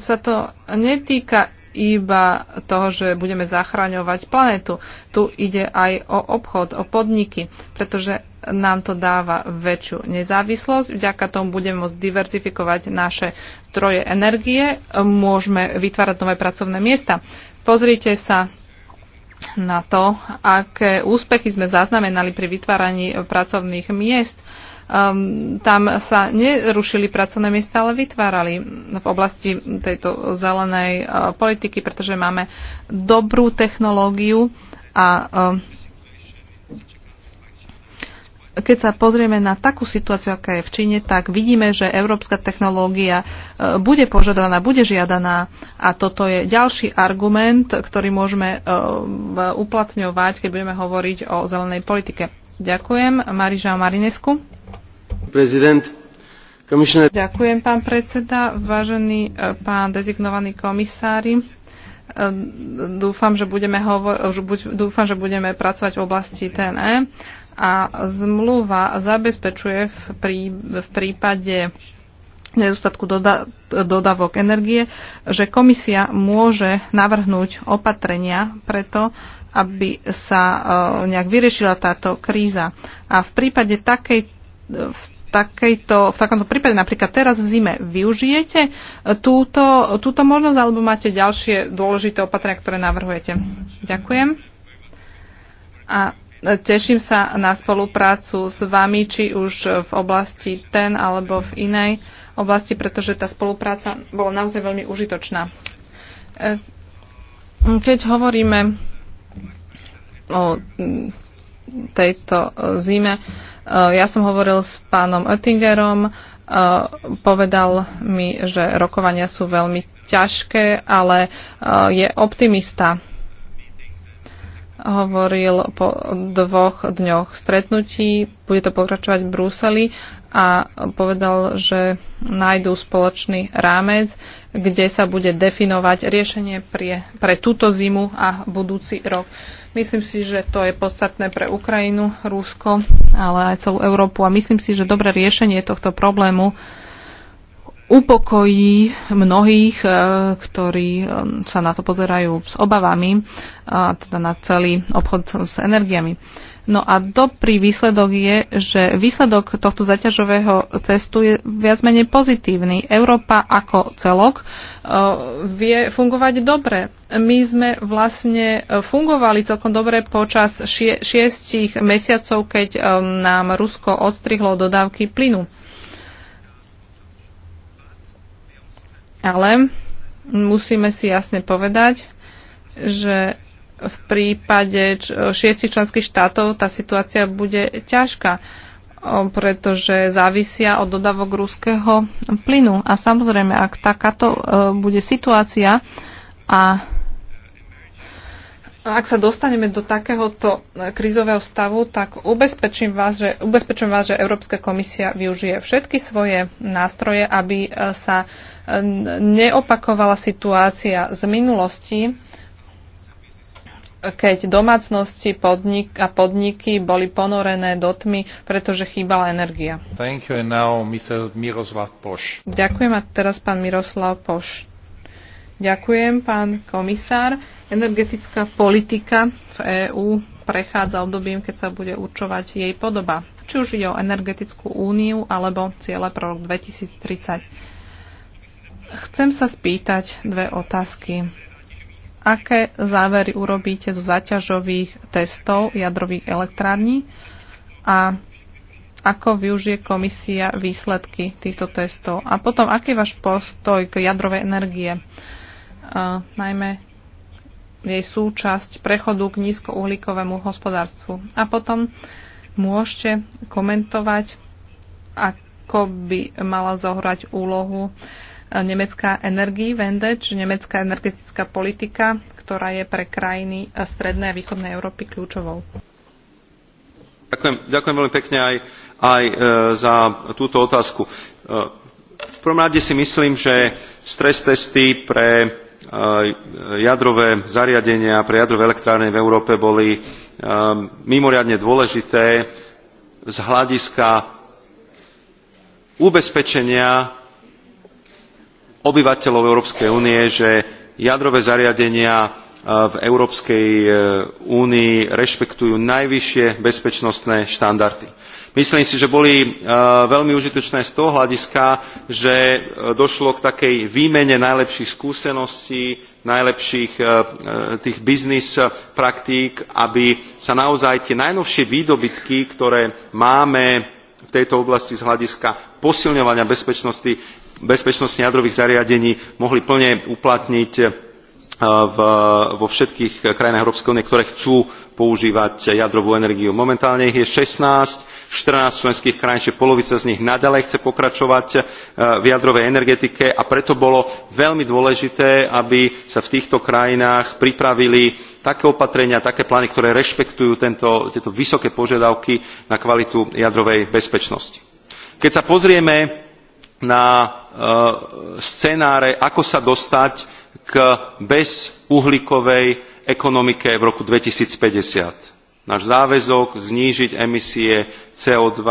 sa to netýka iba toho, že budeme zachraňovať planetu. Tu ide aj o obchod, o podniky, pretože nám to dáva väčšiu nezávislosť. Vďaka tomu budeme môcť diverzifikovať naše zdroje energie, môžeme vytvárať nové pracovné miesta. Pozrite sa na to, aké úspechy sme zaznamenali pri vytváraní pracovných miest. Uh, um, tam sa nerušili pracovné miesta, ale vytvárali v oblasti tejto zelenej uh, politiky, pretože máme dobrú technológiu a um, keď sa pozrieme na takú situáciu, aká je v Číne, tak vidíme, že európska technológia eh, bude požadovaná, bude žiadaná a toto je ďalší argument, ktorý môžeme eh, uplatňovať, keď budeme hovoriť o zelenej politike. Ďakujem. Mariža Marinesku. Prezident. Ďakujem, pán predseda. Vážený e, pán dezignovaný komisári, e, dúfam, že budeme, hovor- dúfam, že budeme pracovať v oblasti TNE a zmluva zabezpečuje v, prí- v prípade nedostatku doda- dodavok energie, že komisia môže navrhnúť opatrenia preto, aby sa eh, nejak vyriešila táto kríza. A v prípade takej, v takejto, v takomto prípade napríklad teraz v zime využijete eh, túto, túto možnosť alebo máte ďalšie dôležité opatrenia, ktoré navrhujete? Ďakujem. A eh, teším sa na spoluprácu s vami, či už v oblasti ten alebo v inej oblasti, pretože tá spolupráca bola naozaj veľmi užitočná. Keď hovoríme o tejto e, zime. E, ja som hovoril s pánom Oettingerom, e, povedal mi, že rokovania sú veľmi ťažké, ale je optimista hovoril po dvoch dňoch stretnutí, bude to pokračovať v Bruseli a povedal, že nájdú spoločný rámec, kde sa bude definovať riešenie pre, pre túto zimu a budúci rok. Myslím si, že to je podstatné pre Ukrajinu, Rusko, ale aj celú Európu a myslím si, že dobré riešenie tohto problému upokojí mnohých, e, ktorí e, sa na to pozerajú s obavami, e, teda na celý obchod s energiami. No a dobrý výsledok je, že výsledok tohto zaťažového testu je viac menej pozitívny. Európa ako celok vie fungovať dobre. My sme vlastne fungovali celkom dobre počas šie, šiestich mesiacov, keď nám Rusko odstrihlo dodávky plynu. Ale musíme si jasne povedať, že v prípade šiestich členských štátov tá situácia bude ťažká, pretože závisia od dodavok ruského plynu. A samozrejme, ak takáto e, bude situácia a ak sa dostaneme do takéhoto e, krízového stavu, tak ubezpečím vás, že, ubezpečím vás, že Európska komisia využije všetky svoje nástroje, aby e, sa neopakovala situácia z minulosti, keď domácnosti podnik a podniky boli ponorené do tmy, pretože chýbala energia. Thank you and now Mr. Miroslav Poš. Ďakujem a teraz pán Miroslav Poš. Ďakujem, pán komisár. Energetická politika v EÚ prechádza obdobím, keď sa bude určovať jej podoba. Či už ide o energetickú úniu alebo ciele pro rok 2030 Chcem sa spýtať dve otázky. Aké závery urobíte zo zaťažových testov jadrových elektrární a ako využije komisia výsledky týchto testov? A potom, aký je váš postoj k jadrovej energie? a, najmä jej súčasť prechodu k nízkouhlíkovému hospodárstvu. A potom môžete komentovať, ako by mala zohrať úlohu E, nemecká Vende, či nemecká energetická politika, ktorá je pre krajiny e, strednej a východnej Európy kľúčovou. Ďakujem, ďakujem veľmi pekne aj, aj e, za túto otázku. E, v prvom rade si myslím, že stres testy pre e, jadrové zariadenia, pre jadrové elektrárne v Európe boli e, mimoriadne dôležité z hľadiska ubezpečenia obyvateľov Európskej únie, že jadrové zariadenia e, v Európskej e, únii rešpektujú najvyššie bezpečnostné štandardy. Myslím si, že boli e, veľmi užitočné z toho hľadiska, že došlo k takej výmene najlepších skúseností, najlepších tých biznis praktík, aby sa naozaj tie najnovšie výdobytky, ktoré máme v tejto oblasti z hľadiska posilňovania bezpečnosti bezpečnosti jadrových zariadení mohli plne uplatniť eh, vo všetkých krajinách Európskej únie, ktoré chcú používať jadrovú energiu. Momentálne ich je 16, 14 členských krajín, čiže polovica z nich naďalej chce pokračovať eh, v jadrovej energetike a preto bolo veľmi dôležité, aby sa v týchto krajinách pripravili také opatrenia také plány ktoré rešpektujú tento, tieto vysoké požiadavky na kvalitu jadrovej bezpečnosti. keď sa pozrieme na eh, scenáre, ako sa dostať k bezuhlíkovej ekonomike v roku 2050. Náš záväzok znížiť emisie CO2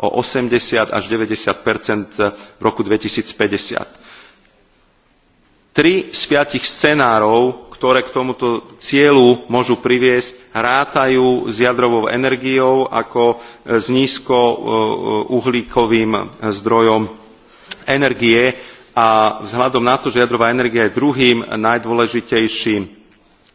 o 80 až 90 v roku 2050. Tri z piatich scenárov, ktoré k tomuto cieľu môžu priviesť, rátajú s jadrovou energiou ako s nízkouhlíkovým eh, eh, zdrojom energie a vzhľadom na to, že jadrová energia je druhým najdôležitejším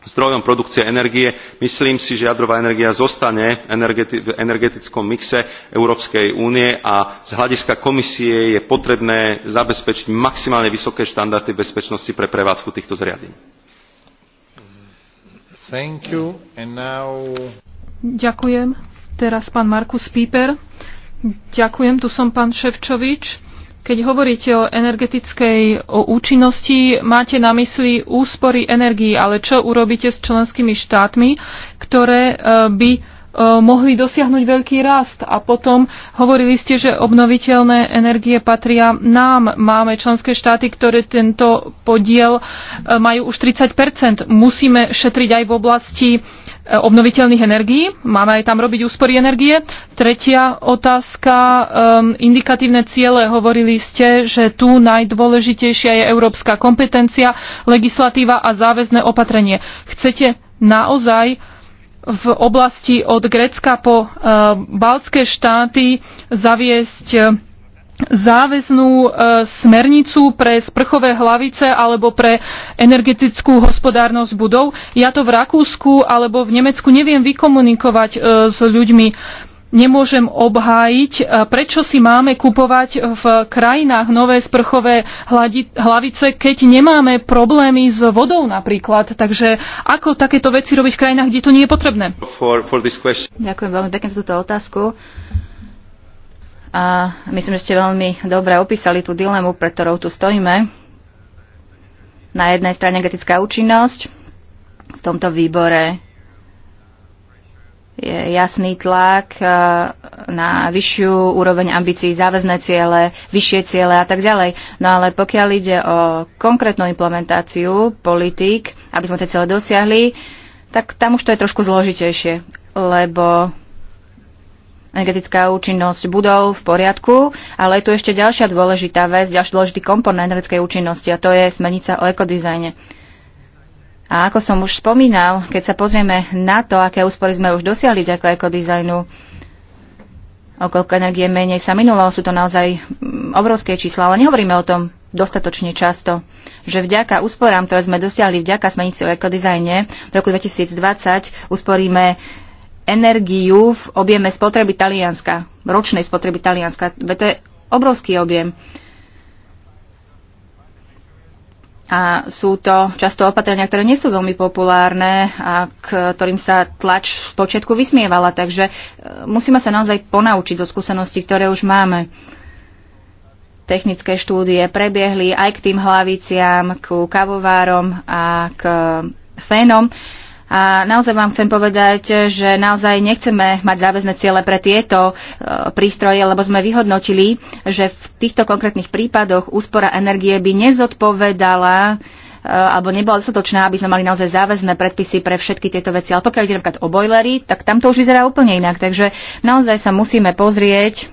zdrojom produkcie energie myslím si že jadrová energia zostane v energetickom mixe európskej únie a z hľadiska komisie je potrebné zabezpečiť maximálne vysoké štandardy bezpečnosti pre prevádzku týchto zariadení. Now... Ďakujem. Teraz pán Markus Píper. Ďakujem, tu som pán Ševčovič. Keď hovoríte o energetickej o účinnosti, máte na mysli úspory energii, ale čo urobíte s členskými štátmi, ktoré e, by e, mohli dosiahnuť veľký rast. A potom hovorili ste, že obnoviteľné energie patria nám. Máme členské štáty, ktoré tento podiel e, majú už 30 Musíme šetriť aj v oblasti E, obnoviteľných energií. Máme aj tam robiť úspory energie. Tretia otázka, um, indikatívne ciele. Hovorili ste, že tu najdôležitejšia je európska kompetencia, legislatíva a záväzné opatrenie. Chcete naozaj v oblasti od Grécka po uh, Baltské štáty zaviesť uh, záväznú e, smernicu pre sprchové hlavice alebo pre energetickú hospodárnosť budov. Ja to v Rakúsku alebo v Nemecku neviem vykomunikovať e, s ľuďmi. Nemôžem obhájiť, e, prečo si máme kupovať v krajinách nové sprchové hlavice, keď nemáme problémy s vodou napríklad. Takže ako takéto veci robiť v krajinách, kde to nie je potrebné? For, for Ďakujem veľmi pekne za túto otázku. A myslím, že ste veľmi dobre opísali tú dilemu, pre ktorou tu stojíme. Na jednej strane genetická účinnosť. V tomto výbore je jasný tlak e, na vyššiu úroveň ambícií, záväzné ciele, vyššie ciele a tak ďalej. No ale pokiaľ ide o konkrétnu implementáciu politík, aby sme tie ciele dosiahli, tak tam už to je trošku zložitejšie, lebo energetická účinnosť budov v poriadku, ale je tu ešte ďalšia dôležitá vec, ďalší dôležitý komponent energetickej účinnosti a to je smernica o ekodizajne. A ako som už spomínal, keď sa pozrieme na to, aké úspory sme už dosiahli vďaka ekodizajnu, o koľko energie menej sa minulo, sú to naozaj mm, obrovské čísla, ale nehovoríme o tom dostatočne často, že vďaka úsporám, ktoré sme dosiahli vďaka smernici o ekodizajne v roku 2020, usporíme energiu v objeme spotreby Talianska, ročnej spotreby Talianska. to je obrovský objem. A sú to často opatrenia, ktoré nie sú veľmi populárne a ktorým sa tlač v počiatku vysmievala. Takže e, musíme sa naozaj ponaučiť zo skúseností, ktoré už máme. Technické štúdie prebiehli aj k tým hlaviciam, k kavovárom a k fénom. A naozaj vám chcem povedať, že naozaj nechceme mať záväzne ciele pre tieto e, prístroje, lebo sme vyhodnotili, že v týchto konkrétnych prípadoch úspora energie by nezodpovedala e, alebo nebola dostatočná, aby sme mali naozaj záväzné predpisy pre všetky tieto veci. Ale pokiaľ ide napríklad o bojlery, tak tam to už vyzerá úplne inak. Takže naozaj sa musíme pozrieť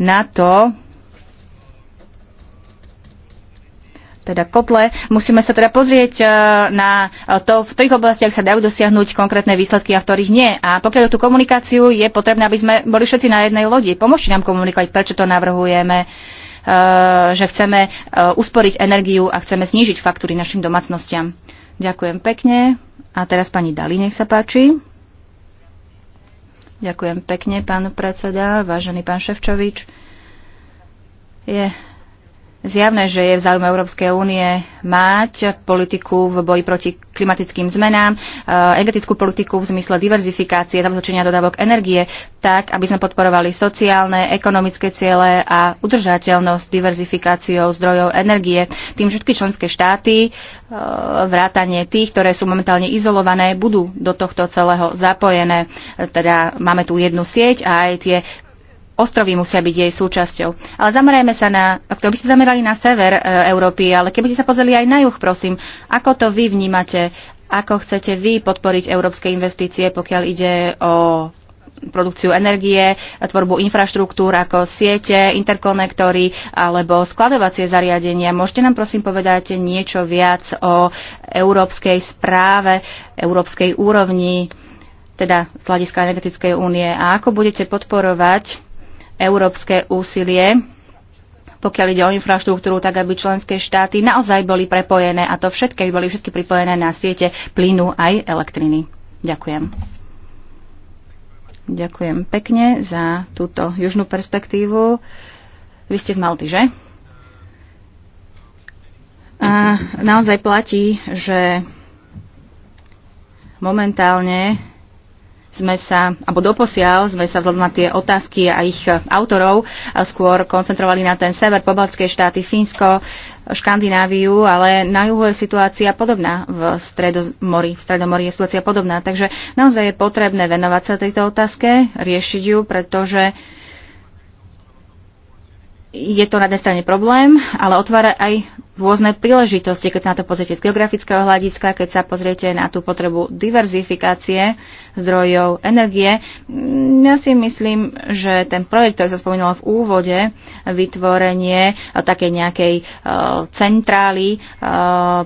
na to, teda kotle. Musíme sa teda pozrieť e, na e, to, v ktorých oblastiach sa dajú dosiahnuť konkrétne výsledky a v ktorých nie. A pokiaľ tú komunikáciu, je potrebné, aby sme boli všetci na jednej lodi. Pomôžte nám komunikovať, prečo to navrhujeme, e, že chceme usporiť energiu a chceme znížiť faktúry našim domácnostiam. Ďakujem pekne. A teraz pani Dali, nech sa páči. Ďakujem pekne, pán predseda, vážený pán Ševčovič. Je zjavné, že je v záujme Európskej únie mať politiku v boji proti klimatickým zmenám, e, energetickú politiku v zmysle diverzifikácie, zabezpečenia dodávok energie, tak, aby sme podporovali sociálne, ekonomické ciele a udržateľnosť diverzifikáciou zdrojov energie. Tým všetky členské štáty, e, vrátanie tých, ktoré sú momentálne izolované, budú do tohto celého zapojené. E, teda máme tu jednu sieť a aj tie ostrovy musia byť jej súčasťou. Ale zamerajme sa na, kto by ste zamerali na sever e, Európy, ale keby ste sa pozreli aj na juh, prosím, ako to vy vnímate, ako chcete vy podporiť európske investície, pokiaľ ide o produkciu energie, tvorbu infraštruktúr ako siete, interkonektory alebo skladovacie zariadenia. Môžete nám prosím povedať niečo viac o európskej správe, európskej úrovni, teda z hľadiska energetickej únie a ako budete podporovať európske úsilie, pokiaľ ide o infraštruktúru, tak aby členské štáty naozaj boli prepojené a to všetky boli všetky pripojené na siete plynu aj elektriny. Ďakujem. Ďakujem pekne za túto južnú perspektívu. Vy ste z Malty, že? A naozaj platí, že momentálne sme sa, alebo doposiaľ sme sa vzhľadom na tie otázky a ich e, autorov a e, skôr koncentrovali na ten sever, pobaltské štáty, Fínsko, Škandináviu, ale na juhu je situácia podobná v Stredomori. V Stredomori je situácia podobná, takže naozaj je potrebné venovať sa tejto otázke, riešiť ju, pretože uh, je to na jednej strane problém, ale otvára aj rôzne príležitosti, keď sa na to pozriete z geografického hľadiska, keď sa pozriete na tú potrebu diverzifikácie zdrojov energie. Mm, ja si myslím, že ten projekt, ktorý sa spomínal v úvode, vytvorenie e, takej nejakej uh, centrály uh,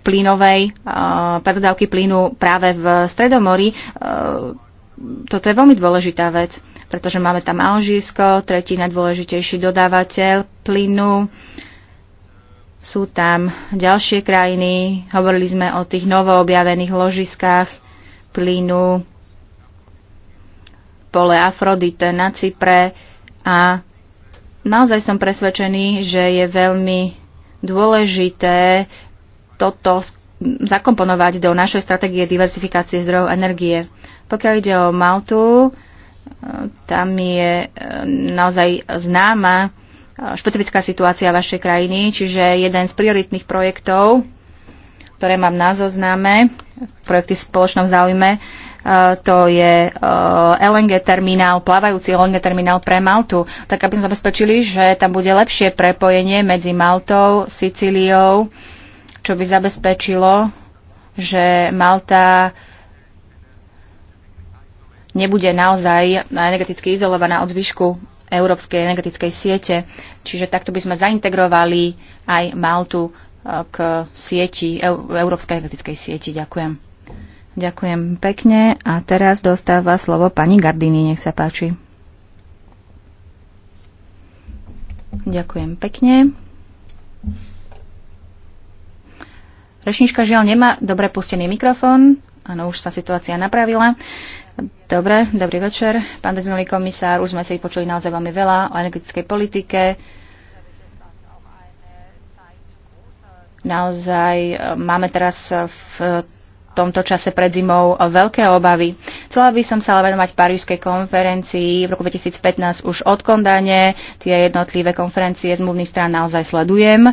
plynovej, uh, predodávky plynu práve v Stredomorí, uh, toto je veľmi dôležitá vec pretože máme tam Alžírsko, tretí najdôležitejší dodávateľ plynu. Sú tam ďalšie krajiny. Hovorili sme o tých novoobjavených ložiskách plynu, pole Afrodite na Cypre a naozaj som presvedčený, že je veľmi dôležité toto zakomponovať do našej stratégie diversifikácie zdrojov energie. Pokiaľ ide o Maltu, tam je e, naozaj známa e, špecifická situácia vašej krajiny, čiže jeden z prioritných projektov, ktoré mám na zozname, projekty v spoločnom záujme, e, to je LNG terminál, plávajúci LNG terminál pre Maltu, tak aby sme zabezpečili, že tam bude lepšie prepojenie medzi Maltou, Sicíliou, čo by zabezpečilo, že Malta nebude naozaj energeticky izolovaná od zvyšku európskej energetickej siete. Čiže takto by sme zaintegrovali aj Maltu e, k sieti, európskej energetickej sieti. Ďakujem. Ďakujem pekne a teraz dostáva slovo pani Gardini, nech sa páči. Ďakujem pekne. Rešnička žiaľ nemá dobre pustený mikrofón. Áno, už sa situácia napravila. Uh, Dobre, dobrý večer. Pán dezinový komisár, už sme si počuli naozaj veľmi veľa o energetickej politike. Naozaj e, máme teraz v tomto čase pred zimou veľké obavy. Chcela by som sa ale venovať Parížskej konferencii v roku 2015 už od Kondane. Tie jednotlivé konferencie zmluvných strán naozaj sledujem.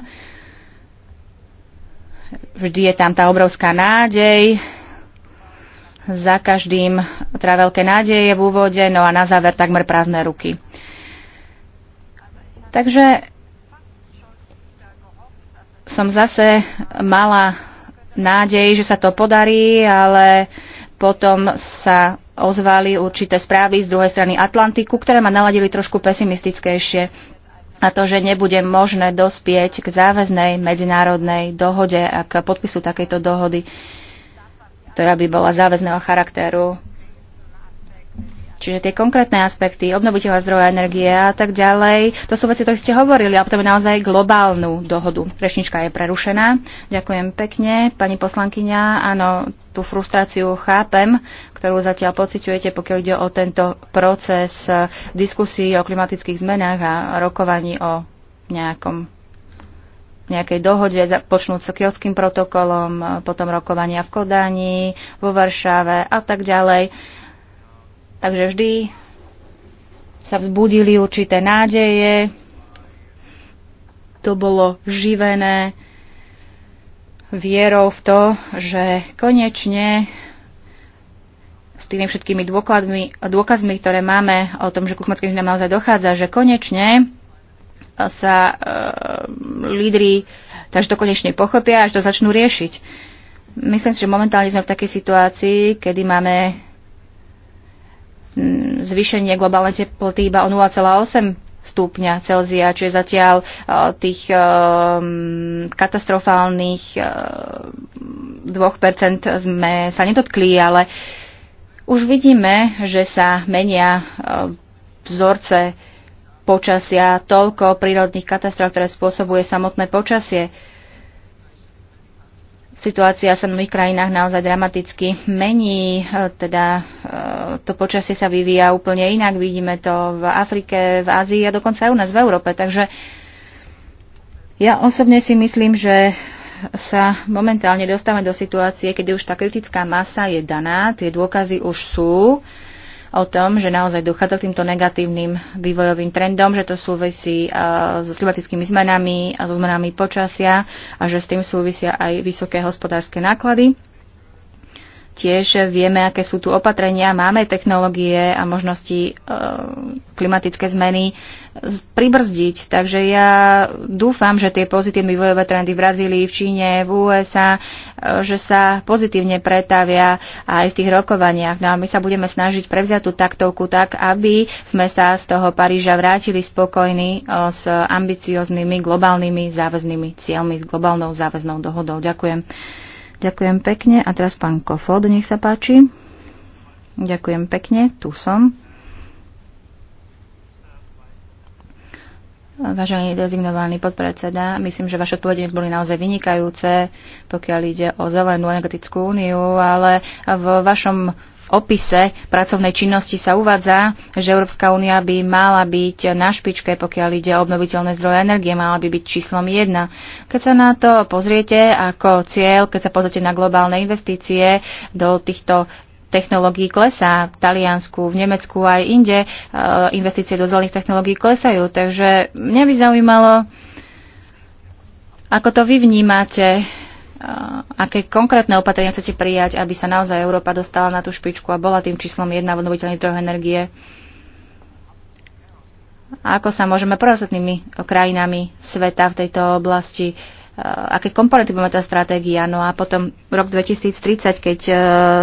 Vždy je tam tá obrovská nádej, za každým teda veľké nádeje v úvode, no a na záver takmer prázdne ruky. Takže som zase mala nádej, že sa to podarí, ale potom sa ozvali určité správy z druhej strany Atlantiku, ktoré ma naladili trošku pesimistickejšie a to, že nebude možné dospieť k záväznej medzinárodnej dohode a k podpisu takejto dohody. Uh, ktorá by bola záväzného charakteru. Čiže tie konkrétne aspekty, obnoviteľa zdroja energie a tak ďalej, to sú veci, ktoré ste hovorili, a potom naozaj globálnu dohodu. Rešnička je prerušená. Ďakujem pekne, pani poslankyňa. Áno, tú frustráciu chápem, ktorú zatiaľ pociťujete, pokiaľ ide o tento proces diskusí o klimatických zmenách a rokovaní o nejakom nejakej dohode, počnúť sa kiotským protokolom, e, potom rokovania v Kodani, vo Varšave a tak ďalej. Takže vždy sa vzbudili určité nádeje, to bolo živené vierou v to, že konečne s tými všetkými dôkladmi, dôkazmi, ktoré máme o tom, že ku chmotským naozaj dochádza, že konečne sa e, lídry až to konečne pochopia, až to začnú riešiť. Myslím si, že momentálne sme v takej situácii, kedy máme zvýšenie globálnej teploty iba o 0,8 stupňa Celzia, čo je zatiaľ e, tých um, katastrofálnych um, e, 2% sme sa nedotkli, ale už vidíme, že sa menia um, vzorce počasia, toľko prírodných katastrof, ktoré spôsobuje samotné počasie. Situácia sa v mnohých krajinách naozaj dramaticky mení, e, teda e, to počasie sa vyvíja úplne inak. Vidíme to v Afrike, v Ázii a dokonca aj u nás v Európe. Takže ja osobne si myslím, že sa momentálne dostávame do situácie, kedy už tá kritická masa je daná, tie dôkazy už sú o tom, že naozaj dochádza k týmto negatívnym vývojovým trendom, že to súvisí eh, so klimatickými zmenami a so zmenami počasia a že s tým súvisia aj vysoké hospodárske náklady. Tiež vieme, aké sú tu opatrenia, máme technológie a možnosti e, klimatické zmeny pribrzdiť. Takže ja dúfam, že tie pozitívne vývojové trendy v Brazílii, v Číne, v USA, e, že sa pozitívne pretavia aj v tých rokovaniach. No a my sa budeme snažiť prevziať tú taktovku tak, aby sme sa z toho Paríža vrátili spokojní e, s ambicioznými globálnymi záväznými cieľmi, s globálnou záväznou dohodou. Ďakujem. Ďakujem pekne. A teraz pán Kofod, nech sa páči. Ďakujem pekne, tu som. Vážený dezignovaný podpredseda, myslím, že vaše odpovede boli naozaj vynikajúce, pokiaľ ide o zelenú energetickú úniu, ale v vašom opise pracovnej činnosti sa uvádza, že Európska únia by mala byť na špičke, pokiaľ ide o obnoviteľné zdroje energie, mala by byť číslom 1. Keď sa na to pozriete ako cieľ, keď sa pozriete na globálne investície do týchto technológií klesá v Taliansku, v Nemecku aj inde. E, investície do zelených technológií klesajú. Takže mňa by zaujímalo, ako to vy vnímate, aké konkrétne opatrenia chcete prijať, aby sa naozaj Európa dostala na tú špičku a bola tým číslom jedna v obnoviteľných zdrojoch energie? A ako sa môžeme prvostatnými krajinami sveta v tejto oblasti aké komponenty bude tá stratégia. No a potom rok 2030, keď uh,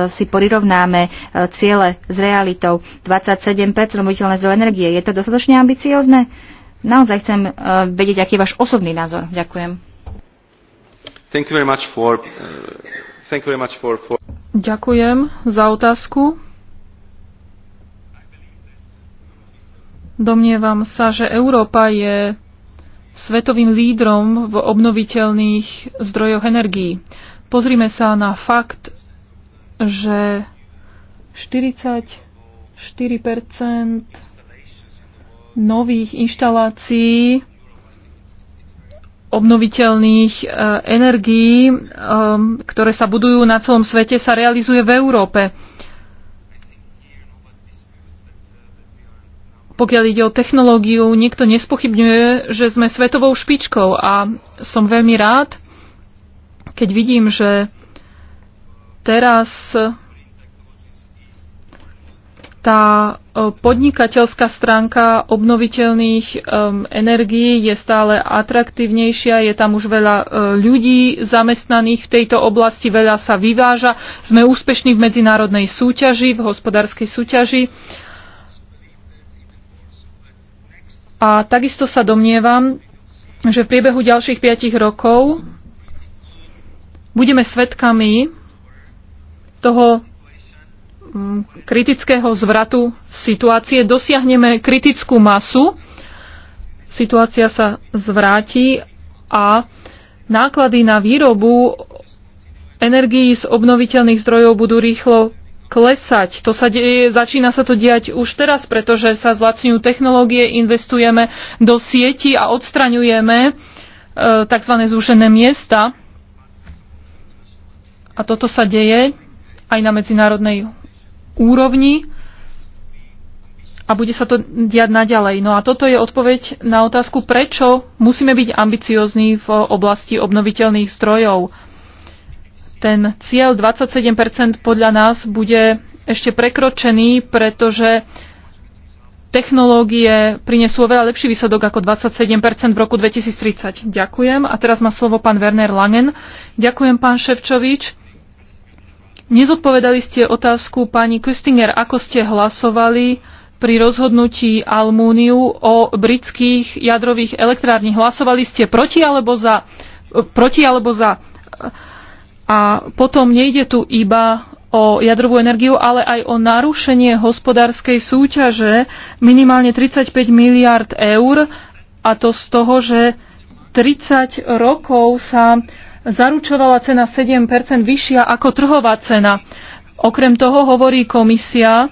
si porirovnáme uh, e, ciele s realitou 27 obnoviteľné zdroje energie, je to dostatočne ambiciozne? Naozaj chcem uh, vedieť, aký je váš osobný názor. Ďakujem. Thank you very much for, uh, thank you very much for, for... Ďakujem za otázku. Domnievam sa, že Európa je svetovým lídrom v obnoviteľných zdrojoch energií. Pozrime sa na fakt, že 44 nových inštalácií obnoviteľných e, energií, e, ktoré sa budujú na celom svete, sa realizuje v Európe. Pokiaľ ide o technológiu, nikto nespochybňuje, že sme svetovou špičkou a som veľmi rád, keď vidím, že teraz tá e, podnikateľská stránka obnoviteľných um, energií je stále atraktívnejšia, je tam už veľa uh, ľudí zamestnaných v tejto oblasti, veľa sa vyváža, sme úspešní v medzinárodnej súťaži, v hospodárskej súťaži. A takisto sa domnievam, že v priebehu ďalších 5 rokov budeme svedkami toho kritického zvratu situácie dosiahneme kritickú masu, situácia sa zvráti a náklady na výrobu energií z obnoviteľných zdrojov budú rýchlo klesať. To sa deje, začína sa to diať už teraz, pretože sa zlacňujú technológie, investujeme do sieti a odstraňujeme e, tzv. zúžené miesta. A toto sa deje aj na medzinárodnej úrovni a bude sa to diať naďalej. No a toto je odpoveď na otázku, prečo musíme byť ambiciozní v oblasti obnoviteľných zdrojov. Ten cieľ 27% podľa nás bude ešte prekročený, pretože technológie prinesú oveľa lepší výsledok ako 27% v roku 2030. Ďakujem. A teraz má slovo pán Werner Langen. Ďakujem, pán Ševčovič. Nezodpovedali ste otázku pani Köstinger, ako ste hlasovali pri rozhodnutí Almúniu o britských jadrových elektrárni. Hlasovali ste proti alebo za? Proti alebo za? A potom nejde tu iba o jadrovú energiu, ale aj o narušenie hospodárskej súťaže minimálne 35 miliard eur a to z toho, že 30 rokov sa zaručovala cena 7 vyššia ako trhová cena. Okrem toho hovorí komisia,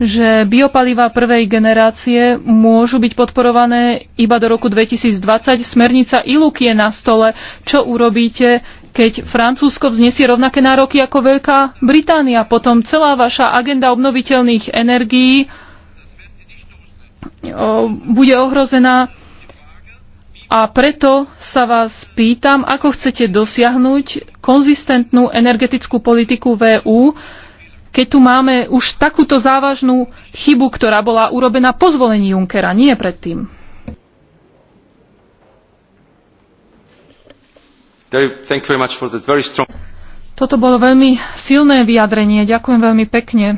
že biopaliva prvej generácie môžu byť podporované iba do roku 2020. Smernica ILUK je na stole. Čo urobíte, keď Francúzsko vznesie rovnaké nároky ako Veľká Británia? Potom celá vaša agenda obnoviteľných energií bude ohrozená a preto sa vás pýtam, ako chcete dosiahnuť konzistentnú energetickú politiku VÚ, e keď tu máme už takúto závažnú chybu, ktorá bola urobená po zvolení Junckera, nie predtým. Toto bolo veľmi silné vyjadrenie. Ďakujem veľmi pekne.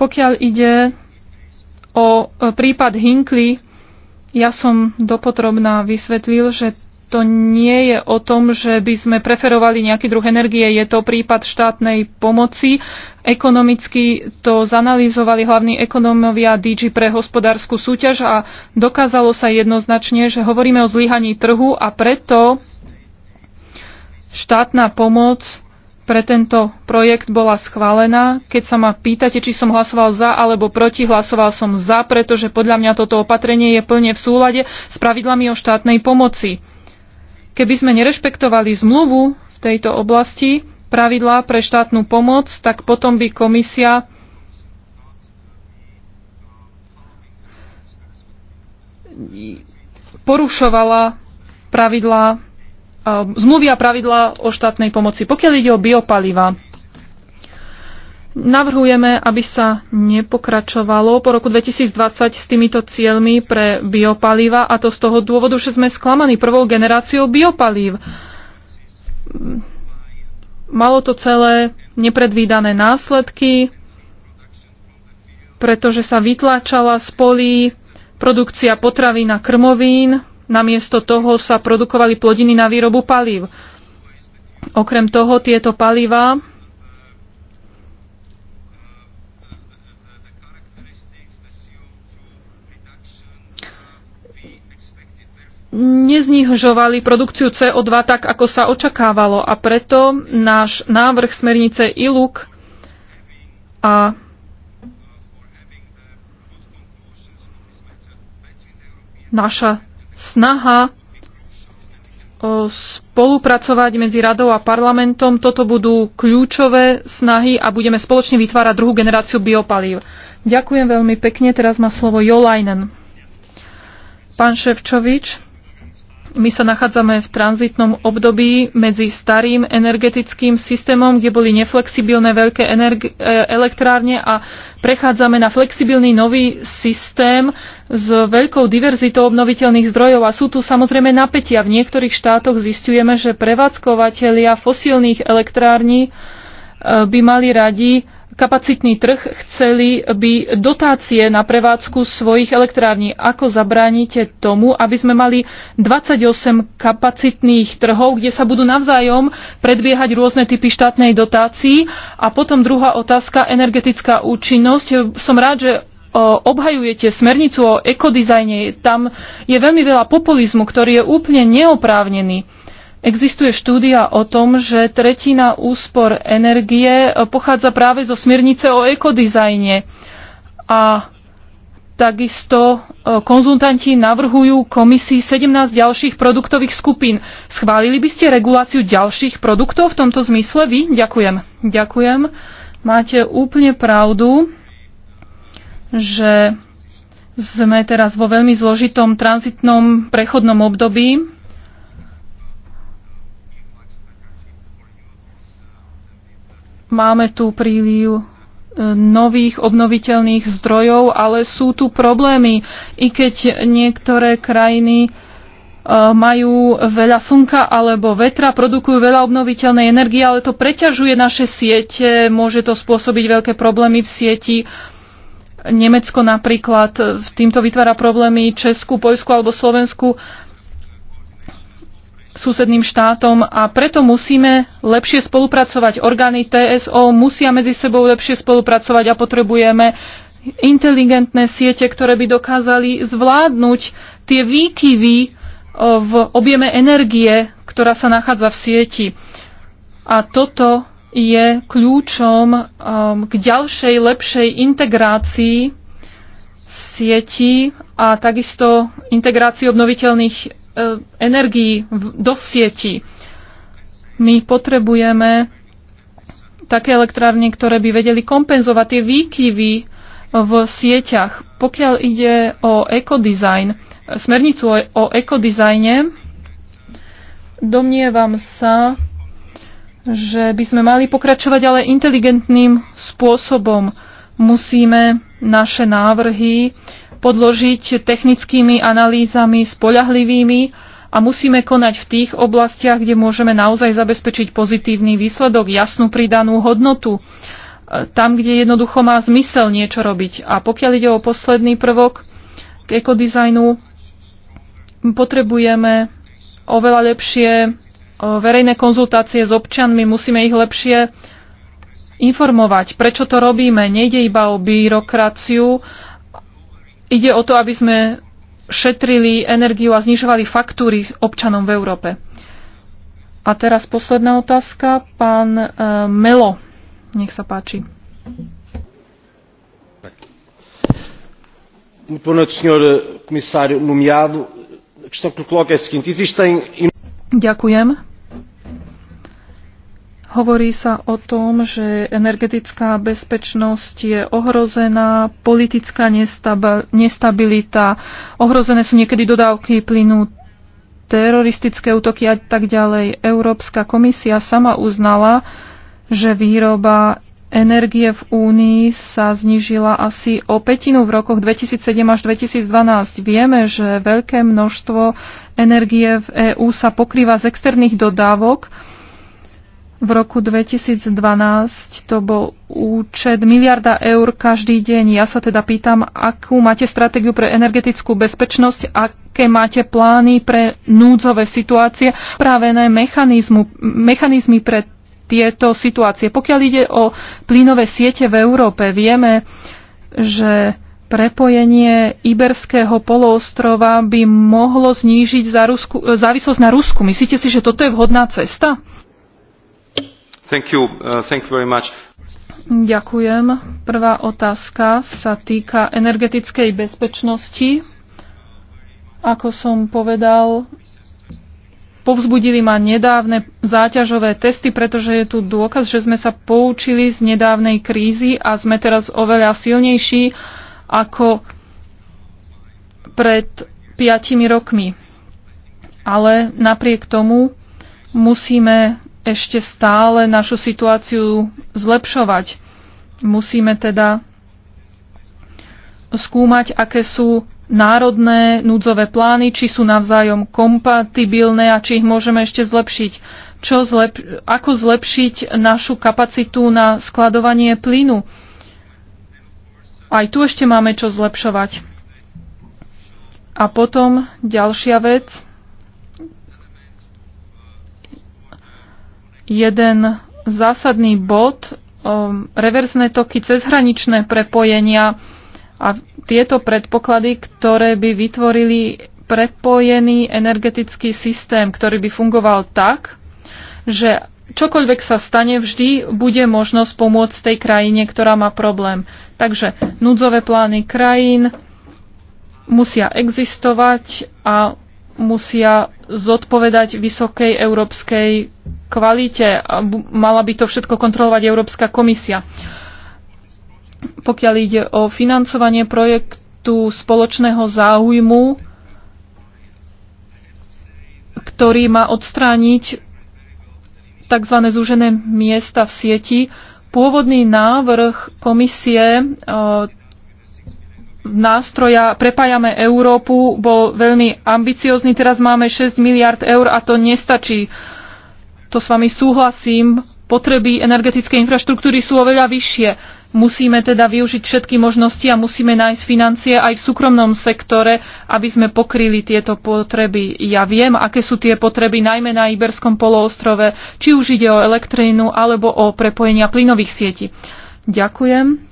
Pokiaľ ide o e, prípad Hinkley ja som dopotrobná vysvetlil, že to nie je o tom, že by sme preferovali nejaký druh energie. Je to prípad štátnej pomoci. Ekonomicky to zanalýzovali hlavní ekonómovia DG pre hospodárskú súťaž a dokázalo sa jednoznačne, že hovoríme o zlyhaní trhu a preto štátna pomoc pre tento projekt bola schválená. Keď sa ma pýtate, či som hlasoval za alebo proti, hlasoval som za, pretože podľa mňa toto opatrenie je plne v súlade s pravidlami o štátnej pomoci. Keby sme nerešpektovali zmluvu v tejto oblasti, pravidlá pre štátnu pomoc, tak potom by komisia porušovala pravidlá Ehm, zmluvy a pravidlá o štátnej pomoci. Pokiaľ ide o biopaliva, navrhujeme, aby sa nepokračovalo po roku 2020 s týmito cieľmi pre biopaliva a to z toho dôvodu, že sme sklamaní prvou generáciou biopalív. Malo to celé nepredvídané následky, pretože sa vytláčala z polí produkcia potravín a krmovín, namiesto toho sa produkovali plodiny na výrobu palív. Okrem toho tieto palíva neznižovali produkciu CO2 tak, ako sa očakávalo. A preto náš návrh smernice ILUK a naša snaha spolupracovať medzi radou a parlamentom. Toto budú kľúčové snahy a budeme spoločne vytvárať druhú generáciu biopalív. Ďakujem veľmi pekne. Teraz má slovo Jolajnen. Pán Ševčovič, my sa nachádzame v tranzitnom období medzi starým energetickým systémom, kde boli neflexibilné veľké e, elektrárne a prechádzame na flexibilný nový systém s veľkou diverzitou obnoviteľných zdrojov a sú tu samozrejme napätia. V niektorých štátoch zistujeme, že prevádzkovateľia fosílnych elektrární e, by mali radi kapacitný trh, chceli by dotácie na prevádzku svojich elektrární. Ako zabránite tomu, aby sme mali 28 kapacitných trhov, kde sa budú navzájom predbiehať rôzne typy štátnej dotácií? A potom druhá otázka, energetická účinnosť. Som rád, že obhajujete smernicu o ekodizajne. Tam je veľmi veľa populizmu, ktorý je úplne neoprávnený. Existuje štúdia o tom, že tretina úspor energie eh, pochádza práve zo smernice o ekodizajne. A takisto eh, konzultanti navrhujú komisii 17 ďalších produktových skupín. Schválili by ste reguláciu ďalších produktov v tomto zmysle vy? Ďakujem. Ďakujem. Máte úplne pravdu, že sme teraz vo veľmi zložitom tranzitnom prechodnom období Máme tu príliv e, nových obnoviteľných zdrojov, ale sú tu problémy. I keď niektoré krajiny e, majú veľa slnka alebo vetra, produkujú veľa obnoviteľnej energie, ale to preťažuje naše siete, môže to spôsobiť veľké problémy v sieti. Nemecko napríklad e, týmto vytvára problémy Česku, Poľsku alebo Slovensku susedným štátom a preto musíme lepšie spolupracovať. Orgány TSO musia medzi sebou lepšie spolupracovať a potrebujeme inteligentné siete, ktoré by dokázali zvládnuť tie výkyvy e, v objeme energie, ktorá sa nachádza v sieti. A toto je kľúčom e, k ďalšej, lepšej integrácii sieti a takisto integrácii obnoviteľných Eh, energii do sieti. My potrebujeme také elektrárne, ktoré by vedeli kompenzovať tie výkyvy eh, v sieťach. Pokiaľ ide o ekodizajn, smernicu o, o ekodizajne, domnievam sa, že by sme mali pokračovať ale inteligentným spôsobom. Musíme naše návrhy podložiť technickými analýzami spoľahlivými a musíme konať v tých oblastiach, kde môžeme naozaj zabezpečiť pozitívny výsledok, jasnú pridanú hodnotu, e, tam, kde jednoducho má zmysel niečo robiť. A pokiaľ ide o posledný prvok k ekodizajnu, potrebujeme oveľa lepšie e, verejné konzultácie s občanmi, musíme ich lepšie informovať, prečo to robíme. Nejde iba o byrokraciu, Ide o to, aby sme šetrili energiu a znižovali faktúry občanom v Európe. A teraz posledná otázka. Pán eh, Melo, nech sa páči. Eh, Ďakujem. Hovorí sa o tom, že energetická bezpečnosť je ohrozená, politická nestabilita, ohrozené sú niekedy dodávky plynu, teroristické útoky a tak ďalej. Európska komisia sama uznala, že výroba energie v Únii sa znižila asi o petinu v rokoch 2007 až 2012. Vieme, že veľké množstvo energie v EÚ sa pokrýva z externých dodávok, v roku 2012 to bol účet miliarda eur každý deň. Ja sa teda pýtam, akú máte stratégiu pre energetickú bezpečnosť, aké máte plány pre núdzové situácie, právené mechanizmy pre tieto situácie. Pokiaľ ide o plynové siete v Európe, vieme, že prepojenie Iberského poloostrova by mohlo znížiť e, závislosť na Rusku. Myslíte si, že toto je vhodná cesta? Thank you, uh, thank you very much. Ďakujem. Prvá otázka sa týka energetickej bezpečnosti. Ako som povedal, povzbudili ma nedávne záťažové testy, pretože je tu dôkaz, že sme sa poučili z nedávnej krízy a sme teraz oveľa silnejší ako pred piatimi rokmi. Ale napriek tomu musíme ešte stále našu situáciu zlepšovať. Musíme teda skúmať, aké sú národné núdzové plány, či sú navzájom kompatibilné a či ich môžeme ešte zlepšiť. Čo zlep- ako zlepšiť našu kapacitu na skladovanie plynu? Aj tu ešte máme čo zlepšovať. A potom ďalšia vec. jeden zásadný bod, um, reverzné toky, cezhraničné prepojenia a tieto predpoklady, ktoré by vytvorili prepojený energetický systém, ktorý by fungoval tak, že čokoľvek sa stane, vždy bude možnosť pomôcť tej krajine, ktorá má problém. Takže núdzové plány krajín musia existovať a musia zodpovedať vysokej európskej kvalite. Mala by to všetko kontrolovať Európska komisia. Pokiaľ ide o financovanie projektu spoločného záujmu, ktorý má odstrániť tzv. zúžené miesta v sieti, pôvodný návrh komisie e, nástroja Prepájame Európu bol veľmi ambiciózny. Teraz máme 6 miliard eur a to nestačí. To s vami súhlasím. Potreby energetickej infraštruktúry sú oveľa vyššie. Musíme teda využiť všetky možnosti a musíme nájsť financie aj v súkromnom sektore, aby sme pokryli tieto potreby. Ja viem, aké sú tie potreby najmä na Iberskom poloostrove, či už ide o elektrínu alebo o prepojenia plynových sietí. Ďakujem.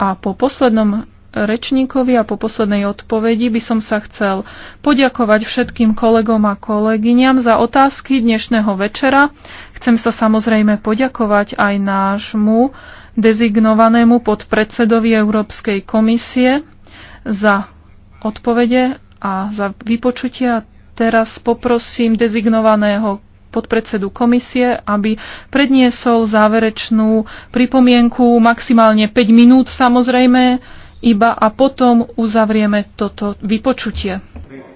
A po poslednom rečníkovi a po poslednej odpovedi by som sa chcel poďakovať všetkým kolegom a kolegyňam za otázky dnešného večera. Chcem sa samozrejme poďakovať aj nášmu dezignovanému podpredsedovi Európskej komisie za odpovede a za vypočutia. Teraz poprosím dezignovaného podpredsedu komisie, aby predniesol záverečnú pripomienku maximálne 5 minút samozrejme iba a potom uzavrieme toto vypočutie.